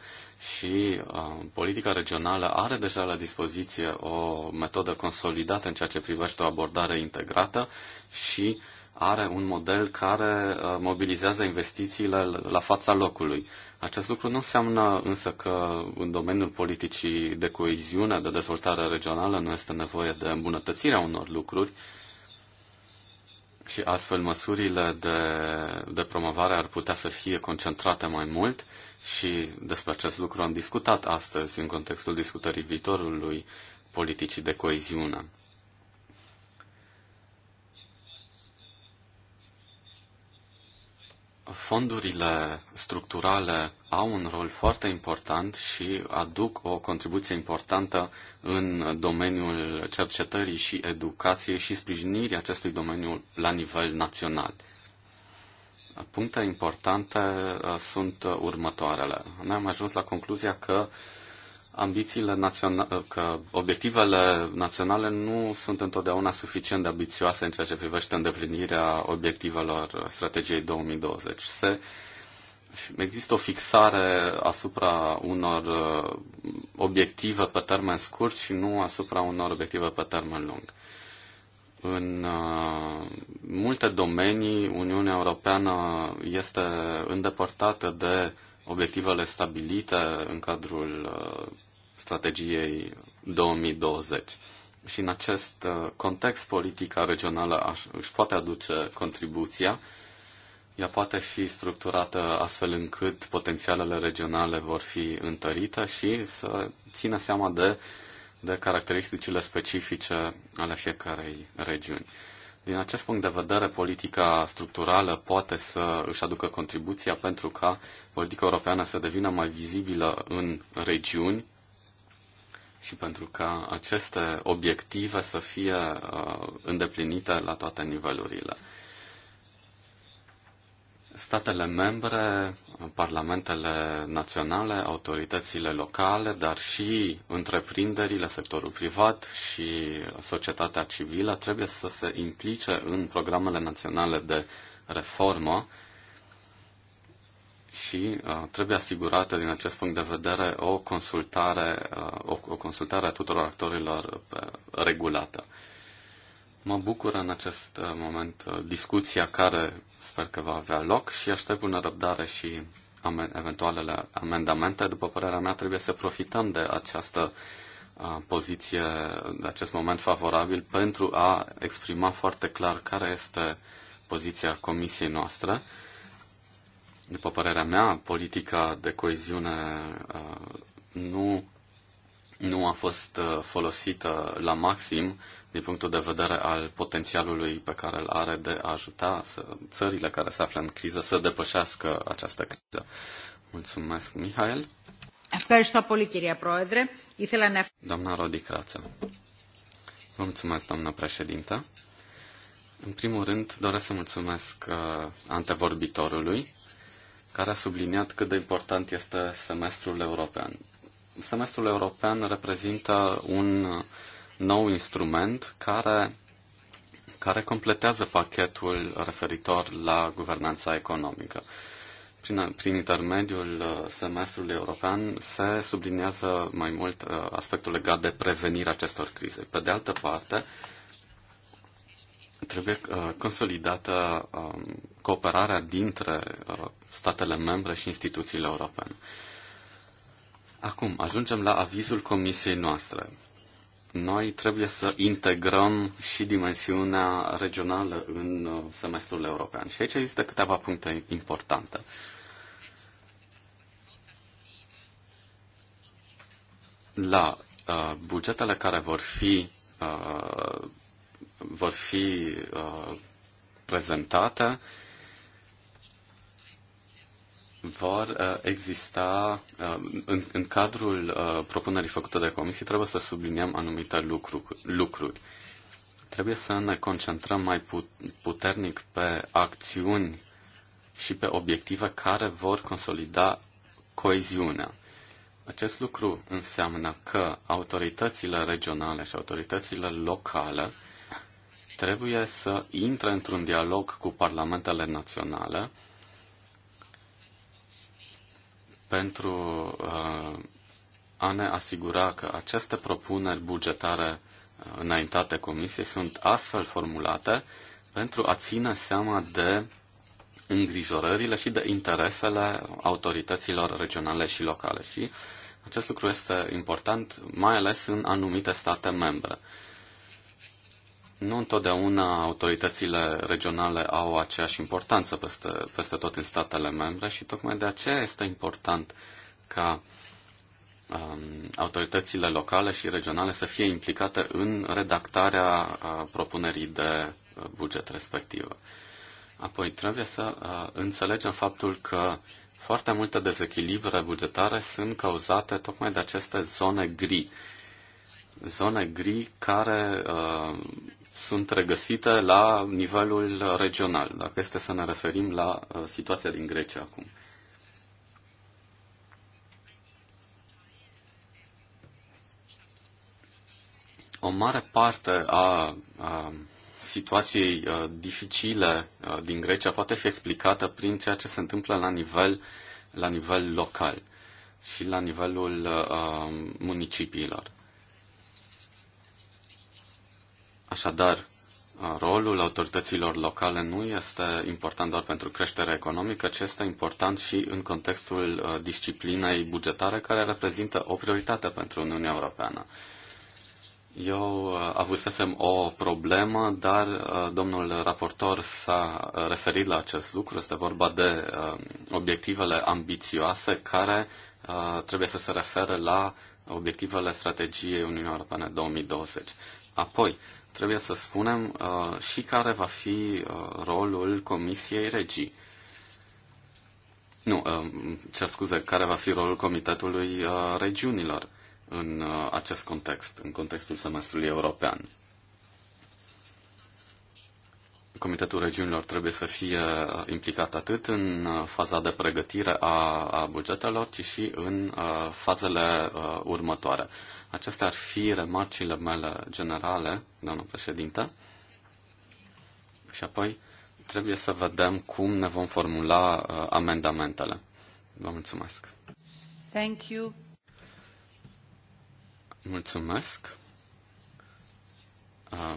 și uh, politica regională are deja la dispoziție o metodă consolidată în ceea ce privește o abordare integrată și are un model care uh, mobilizează investițiile la fața locului. Acest lucru nu înseamnă însă că în domeniul politicii de coeziune, de dezvoltare regională, nu este nevoie de îmbunătățirea unor lucruri, uh, și astfel măsurile de, de promovare ar putea să fie concentrate mai mult și despre acest lucru am discutat astăzi în contextul discutării viitorului politicii de coeziune. Fondurile structurale au un rol foarte important și aduc o contribuție importantă în domeniul cercetării și educației și sprijinirii acestui domeniu la nivel național. Puncte importante uh, sunt următoarele. Noi am ajuns la concluzia că uh, ambițiile naționale, că obiectivele naționale nu sunt întotdeauna suficient de ambițioase în ceea ce privește îndeplinirea obiectivelor strategiei 2020. Se, există o fixare asupra unor uh, obiective pe termen scurt și nu asupra unor obiective pe termen lung. În uh, multe domenii, Uniunea Europeană este îndepărtată de obiectivele stabilite în cadrul uh, strategiei 2020. Și în acest uh, context, politica regională își poate aduce contribuția. Ea poate fi structurată astfel încât potențialele regionale vor fi întărite și să țină seama de, de caracteristicile specifice ale fiecarei regiuni. Din acest punct de vedere, politica structurală poate să își aducă contribuția pentru ca politica europeană să devină mai vizibilă în regiuni și pentru ca aceste obiective să fie uh, îndeplinite la toate nivelurile. Statele membre, parlamentele naționale, autoritățile locale, dar și întreprinderile, sectorul privat și societatea civilă trebuie să se implice în programele naționale de reformă și uh, trebuie asigurată din acest punct de vedere o consultare, uh, o, o consultare a tuturor actorilor uh, regulată. Mă bucură în acest uh, moment uh, discuția care sper că va avea loc și aștept cu nerăbdare și amen- eventualele amendamente. După părerea mea, trebuie să profităm de această uh, poziție, de acest moment favorabil pentru a exprima foarte clar care este poziția comisiei noastre după părerea mea, politica de coeziune uh, nu, nu a fost uh, folosită la maxim din punctul de vedere al potențialului pe care îl are de a ajuta să, țările care se află în criză să depășească această criză. Mulțumesc, Mihail. Ευχαριστώ πολύ, κυρία Πρόεδρε. Ήθελα να... Doamna Rodicrață. Vă mulțumesc, doamnă președintă. În primul rând, doresc să mulțumesc uh, antevorbitorului care a subliniat cât de important este semestrul european. Semestrul european reprezintă un nou instrument care, care completează pachetul referitor la guvernanța economică. Prin, prin intermediul semestrului european se subliniază mai mult uh, aspectul legat de prevenirea acestor crize. Pe de altă parte, trebuie uh, consolidată um, cooperarea dintre uh, statele membre și instituțiile europene. Acum, ajungem la avizul comisiei noastre. Noi trebuie să integrăm și dimensiunea regională în uh, semestrul european. Și aici există câteva puncte importante. La uh, bugetele care vor fi uh, vor fi uh, prezentate, vor uh, exista, uh, în, în cadrul uh, propunerii făcute de comisie, trebuie să subliniem anumite lucru, lucruri. Trebuie să ne concentrăm mai put, puternic pe acțiuni și pe obiective care vor consolida coeziunea. Acest lucru înseamnă că autoritățile regionale și autoritățile locale trebuie să intre într-un dialog cu parlamentele naționale pentru uh, a ne asigura că aceste propuneri bugetare uh, înaintate Comisiei sunt astfel formulate pentru a ține seama de îngrijorările și de interesele autorităților regionale și locale. Și acest lucru este important, mai ales în anumite state membre. Nu întotdeauna autoritățile regionale au aceeași importanță peste, peste tot în statele membre și tocmai de aceea este important ca um, autoritățile locale și regionale să fie implicate în redactarea uh, propunerii de uh, buget respectivă. Apoi trebuie să uh, înțelegem faptul că foarte multe dezechilibre bugetare sunt cauzate tocmai de aceste zone gri. Zone gri care uh, sunt regăsite la nivelul regional, dacă este să ne referim la uh, situația din Grecia acum. O mare parte a, a situației a, uh, dificile a, uh, din Grecia poate fi explicată prin ceea ce se întâmplă la nivel, la nivel local și la nivelul a, municipiilor. Așadar, rolul autorităților locale nu este important doar pentru creșterea economică, ci este important și în contextul uh, disciplinei bugetare, care reprezintă o prioritate pentru Uniunea Europeană. Eu uh, avusesem o problemă, dar uh, domnul raportor s-a referit la acest lucru. Este vorba de obiectivele ambițioase care trebuie să se refere la obiectivele strategiei Uniunii Europene 2020. Apoi, trebuie să spunem uh, și care va fi uh, rolul Comisiei Regii. Nu, uh, ce scuze, care va fi rolul Comitetului Regiunilor în acest context, în contextul semestrului european. Comitetul Regiunilor trebuie să fie uh, implicat atât în uh, faza de pregătire a, a bugetelor, ci și în uh, fazele următoare. Acestea ar fi remarcile mele generale, doamnă președinte. Și apoi trebuie să vedem cum ne vom formula amendamentele. Vă mulțumesc. Thank you. Mulțumesc.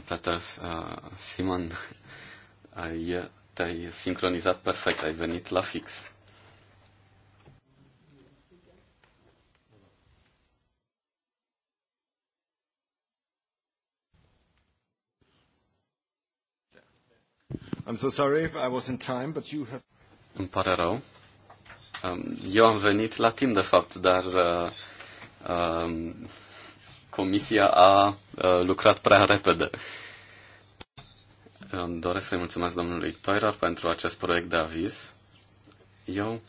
Peter uh, uh, Simon, ai, te-ai sincronizat perfect, ai venit la fix. I'm so sorry, I was in time, but you have... Îmi pare rău. Um, eu am venit la timp, de fapt, dar uh, uh, Comisia a lucrat prea repede. Îmi doresc să-i mulțumesc domnului Toirar pentru acest proiect de aviz. Eu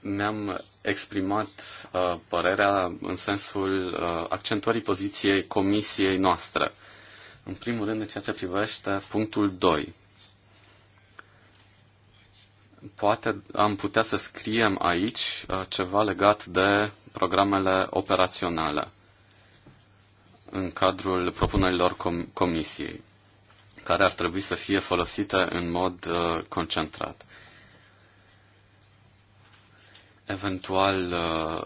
mi-am exprimat uh, părerea în sensul uh, accentuării poziției comisiei noastre. În primul rând, în ceea ce privește punctul 2, Poate am putea să scriem aici uh, ceva legat de programele operaționale în cadrul propunerilor com- comisiei, care ar trebui să fie folosite în mod uh, concentrat. Eventual,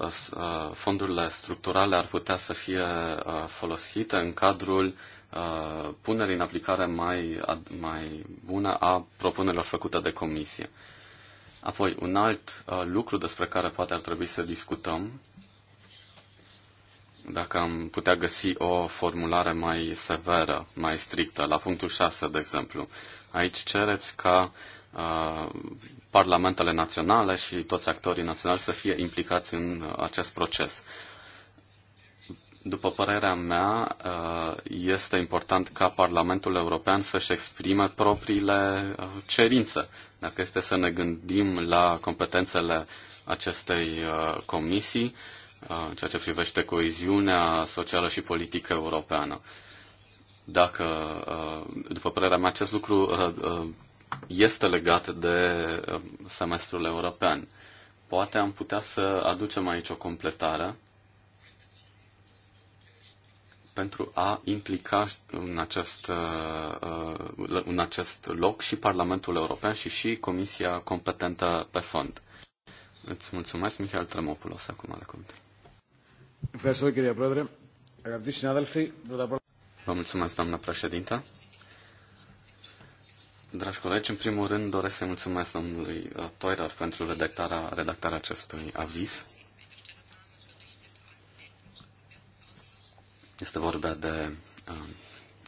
uh, uh, fondurile structurale ar putea să fie uh, folosite în cadrul uh, punerii în aplicare mai, mai bună a propunerilor făcute de comisie. Apoi, un alt uh, lucru despre care poate ar trebui să discutăm, dacă am putea găsi o formulare mai severă, mai strictă, la punctul 6, de exemplu. Aici cereți ca uh, parlamentele naționale și toți actorii naționali să fie implicați în uh, acest proces. După părerea mea, uh, este important ca Parlamentul European să-și exprime propriile uh, cerințe dacă este să ne gândim la competențele acestei uh, comisii, uh, ceea ce privește coeziunea socială și politică europeană. Dacă, uh, după părerea mea, acest lucru este legat de semestrul european, poate am putea să aducem aici o completare pentru a implica în acest, uh, în acest loc și Parlamentul European și și Comisia competentă pe fond. Îți mulțumesc, Mihail Tremopoulos, acum ale cuvântului. Vă mulțumesc, doamnă președintă. Dragi colegi, în primul rând doresc să mulțumesc domnului uh, Toirer pentru redactarea, redactarea acestui aviz Este vorba de uh,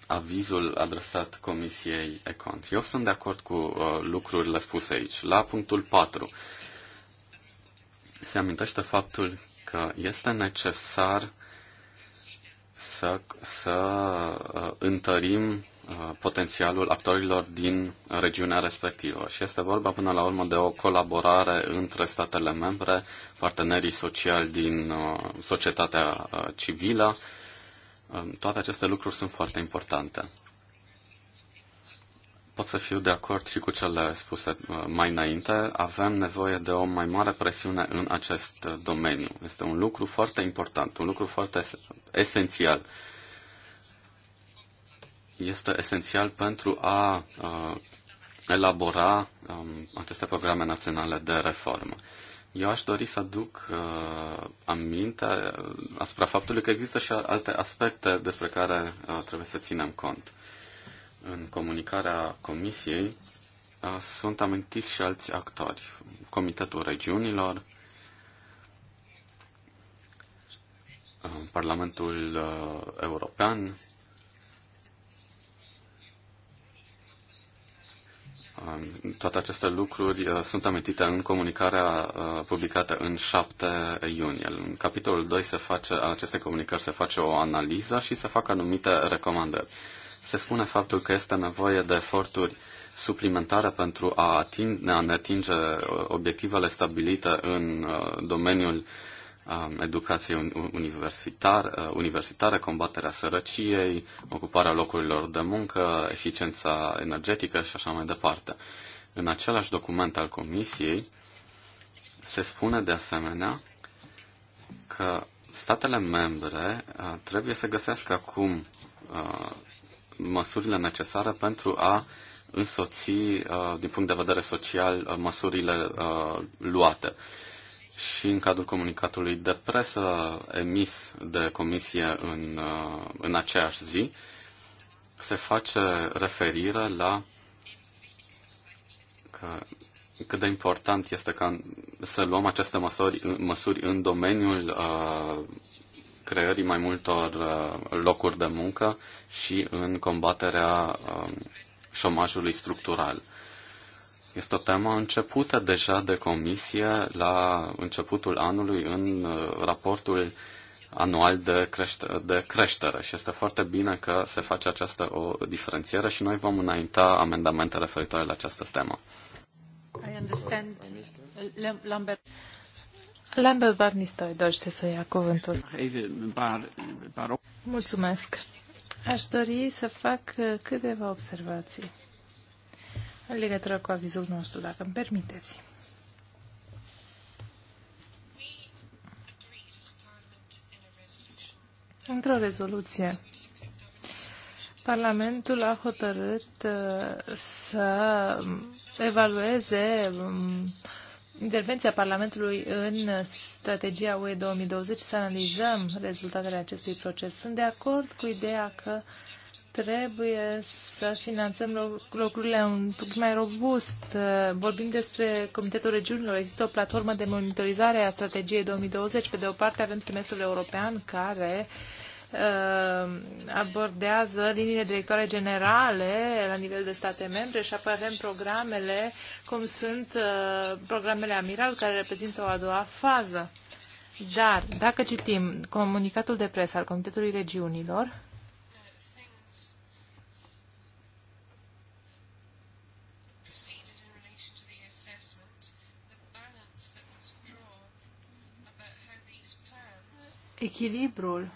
avizul adresat Comisiei Econ. Eu sunt de acord cu uh, lucrurile spuse aici. La punctul 4 se amintește faptul că este necesar să, să uh, întărim uh, potențialul actorilor din regiunea respectivă. Și este vorba până la urmă de o colaborare între statele membre, partenerii sociali din uh, societatea uh, civilă, toate aceste lucruri sunt foarte importante. Pot să fiu de acord și cu cele spuse uh, mai înainte. Avem nevoie de o mai mare presiune în acest uh, domeniu. Este un lucru foarte important, un lucru foarte esențial. Este esențial pentru a uh, elabora um, aceste programe naționale de reformă. Eu aș dori să aduc uh, aminte uh, asupra faptului că există și alte aspecte despre care uh, trebuie să ținem cont. În comunicarea Comisiei uh, sunt amintiți și alți actori, Comitetul Regiunilor, uh, Parlamentul uh, European, Um, toate aceste lucruri uh, sunt amintite în comunicarea uh, publicată în 7 iunie. În capitolul 2 se face, aceste comunicări se face o analiză și se fac anumite recomandări. Se spune faptul că este nevoie de eforturi suplimentare pentru a, atinge, a ne atinge uh, obiectivele stabilite în domeniul uh, Um, educație universitar, uh, universitară, combaterea sărăciei, ocuparea locurilor de muncă, eficiența energetică și așa mai departe. În același document al Comisiei se spune de asemenea că statele membre uh, trebuie să găsească acum uh, măsurile necesare pentru a însoți, din punct de vedere social, măsurile luate și în cadrul comunicatului de presă emis de comisie în, uh, în aceeași zi, se face referire la că cât de important este ca să luăm aceste măsuri, măsuri în domeniul uh, creării mai multor uh, locuri de muncă și în combaterea uh, șomajului structural. Este o temă începută deja de comisie la începutul anului în uh, raportul anual de, crește- de creștere și este foarte bine că se face această o diferențiere și noi vom înainta amendamente referitoare la această temă. I understand. Lambert. Lambert Barnistoi dorește să ia cuvântul. Mulțumesc. Aș dori să fac câteva observații în legătură cu avizul nostru, dacă îmi permiteți. Într-o rezoluție, Parlamentul a hotărât uh, să evalueze um, intervenția Parlamentului în strategia UE 2020 să analizăm rezultatele acestui proces. Sunt de acord cu ideea că uh, trebuie să finanțăm lucrurile un pic mai robust. Vorbim despre Comitetul Regiunilor. Există o platformă de monitorizare a strategiei 2020. Pe de o parte avem semestrul european care uh, abordează liniile directoare generale la nivel de state membre și apoi avem programele, cum sunt uh, programele Amiral, care reprezintă o a doua fază. Dar, dacă citim comunicatul de presă al Comitetului Regiunilor, echilibrul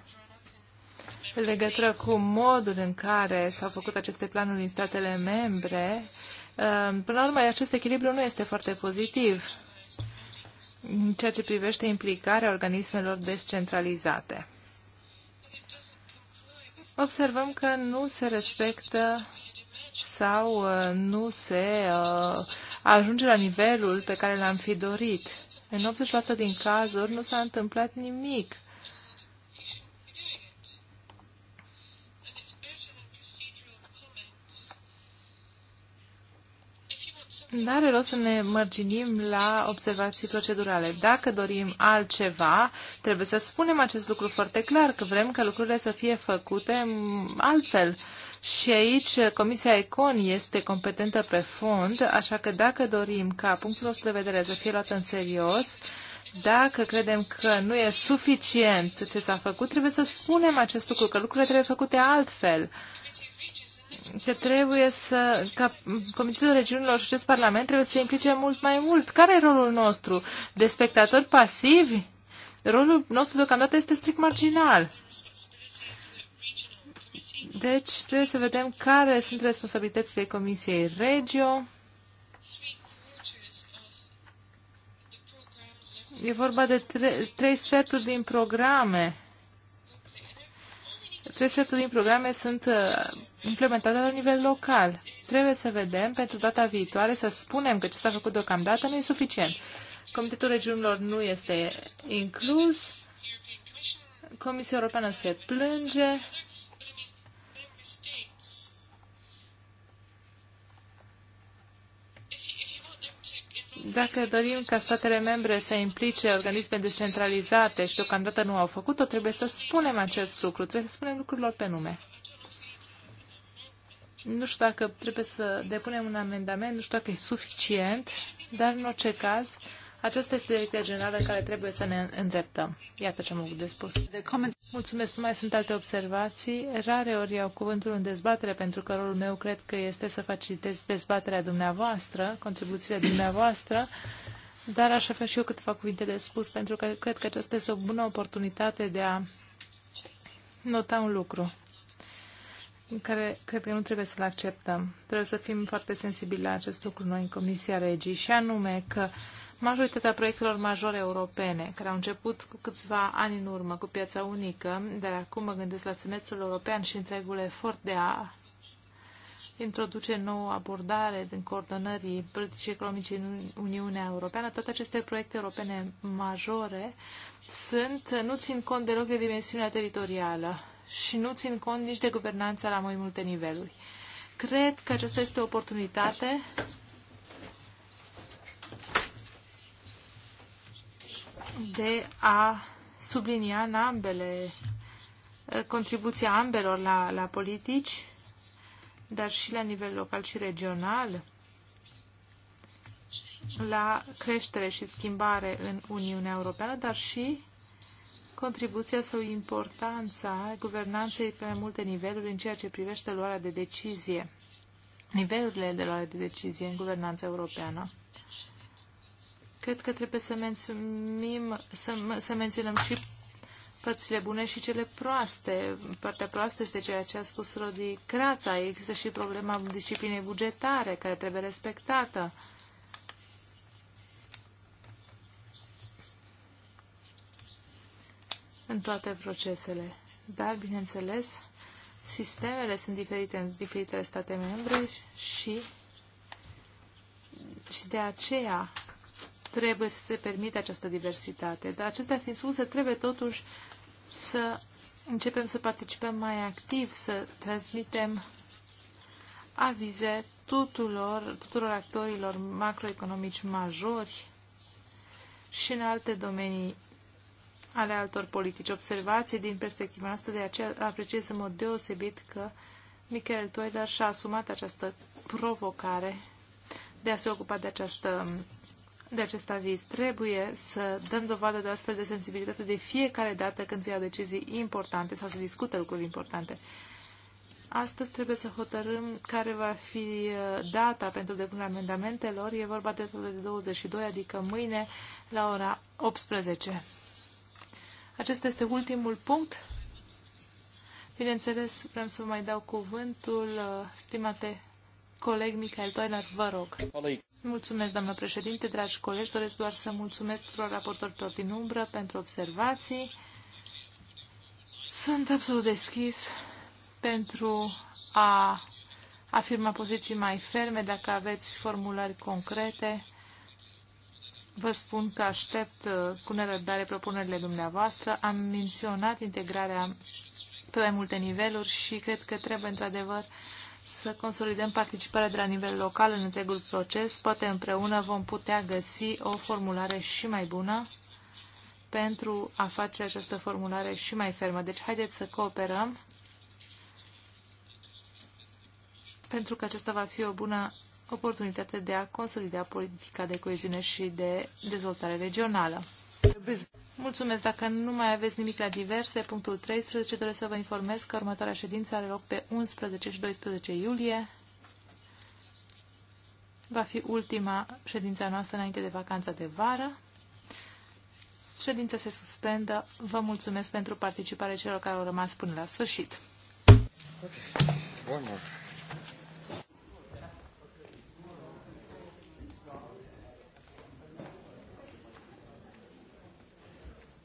în legătură cu modul în care s-au făcut aceste planuri în statele membre, um, până la urmă acest echilibru nu este foarte pozitiv în ceea ce privește implicarea organismelor descentralizate. Observăm că nu se respectă sau uh, nu se uh, ajunge la nivelul pe care l-am fi dorit. În 80% din cazuri nu s-a întâmplat nimic Nu are rost să ne mărginim la observații procedurale. Dacă dorim altceva, trebuie să spunem acest lucru foarte clar, că vrem ca lucrurile să fie făcute altfel. Și aici Comisia ECON este competentă pe fond, așa că dacă dorim ca punctul nostru de vedere să fie luat în serios, dacă credem că nu e suficient ce s-a făcut, trebuie să spunem acest lucru, că lucrurile trebuie făcute altfel că trebuie să, ca Comitetul Regiunilor și acest Parlament trebuie să se implice mult mai mult. Care e rolul nostru? De spectatori pasivi? Rolul nostru deocamdată este strict marginal. Deci trebuie să vedem care sunt responsabilitățile Comisiei Regio. E vorba de tre- trei sferturi din programe. Trei sferturi din programe sunt uh, implementată la nivel local. Trebuie să vedem pentru data viitoare, să spunem că ce s-a făcut deocamdată nu e suficient. Comitetul regiunilor nu este inclus, Comisia Europeană se plânge, Dacă dorim ca statele membre să implice organisme descentralizate și deocamdată nu au făcut-o, trebuie să spunem acest lucru, trebuie să spunem lucrurilor pe nume. Nu știu dacă trebuie să depunem un amendament, nu știu dacă e suficient, dar în orice caz, aceasta este direcția generală care trebuie să ne îndreptăm. Iată ce am avut de spus. Mulțumesc, mai sunt alte observații. Rare ori iau cuvântul în dezbatere, pentru că rolul meu cred că este să facilitez dezbaterea dumneavoastră, contribuțiile dumneavoastră, dar aș avea și eu câteva cuvinte de spus, pentru că cred că aceasta este o bună oportunitate de a nota un lucru în care cred că nu trebuie să-l acceptăm. Trebuie să fim foarte sensibili la acest lucru noi în Comisia Regii și anume că majoritatea proiectelor majore europene, care au început cu câțiva ani în urmă cu piața unică, dar acum mă gândesc la semestrul european și întregul efort de a introduce nouă abordare din coordonării politicii economice în Uniunea Europeană, toate aceste proiecte europene majore sunt, nu țin cont deloc de dimensiunea teritorială și nu țin cont nici de guvernanța la mai multe niveluri. Cred că aceasta este o oportunitate de a sublinia în ambele eh, contribuția ambelor la, la politici, dar și la nivel local și regional, la creștere și schimbare în Uniunea Europeană, dar și contribuția sau importanța guvernanței pe mai multe niveluri în ceea ce privește luarea de decizie, nivelurile de luare de decizie în guvernanța europeană. Cred că trebuie să, mențumim, să, să menționăm și părțile bune și cele proaste. Partea proastă este ceea ce a spus Rodi Crața. Există și problema disciplinei bugetare, care trebuie respectată. în toate procesele. Dar, bineînțeles, sistemele sunt diferite în diferitele state membre și, și de aceea trebuie să se permite această diversitate. Dar acestea fiind spuse, trebuie totuși să începem să participăm mai activ, să transmitem avize tuturor, tuturor actorilor macroeconomici majori și în alte domenii ale altor politici. Observații din perspectiva noastră, de aceea apreciez în mod deosebit că Michael Toiler și-a asumat această provocare de a se ocupa de, această, de acest aviz. Trebuie să dăm dovadă de astfel de sensibilitate de fiecare dată când se iau decizii importante sau se discută lucruri importante. Astăzi trebuie să hotărâm care va fi uh, data pentru depunerea amendamentelor. E vorba de 22, adică mâine la ora 18. Acesta este ultimul punct. Bineînțeles, vreau să mai dau cuvântul, uh, stimate coleg Michael Toiner, vă rog. Mulțumesc, doamnă președinte, dragi colegi, doresc doar să mulțumesc tuturor raportorilor din umbră pentru observații. Sunt absolut deschis pentru a afirma poziții mai ferme dacă aveți formulări concrete Vă spun că aștept uh, cu nerăbdare propunerile dumneavoastră. Am menționat integrarea pe mai multe niveluri și cred că trebuie într-adevăr să consolidăm participarea de la nivel local în întregul proces. Poate împreună vom putea găsi o formulare și mai bună pentru a face această formulare și mai fermă. Deci haideți să cooperăm pentru că aceasta va fi o bună oportunitate de a consolida politica de coeziune și de dezvoltare regională. Mulțumesc. Dacă nu mai aveți nimic la diverse, punctul 13, doresc să vă informez că următoarea ședință are loc pe 11 și 12 iulie. Va fi ultima ședința noastră înainte de vacanța de vară. Ședința se suspendă. Vă mulțumesc pentru participare celor care au rămas până la sfârșit. Okay.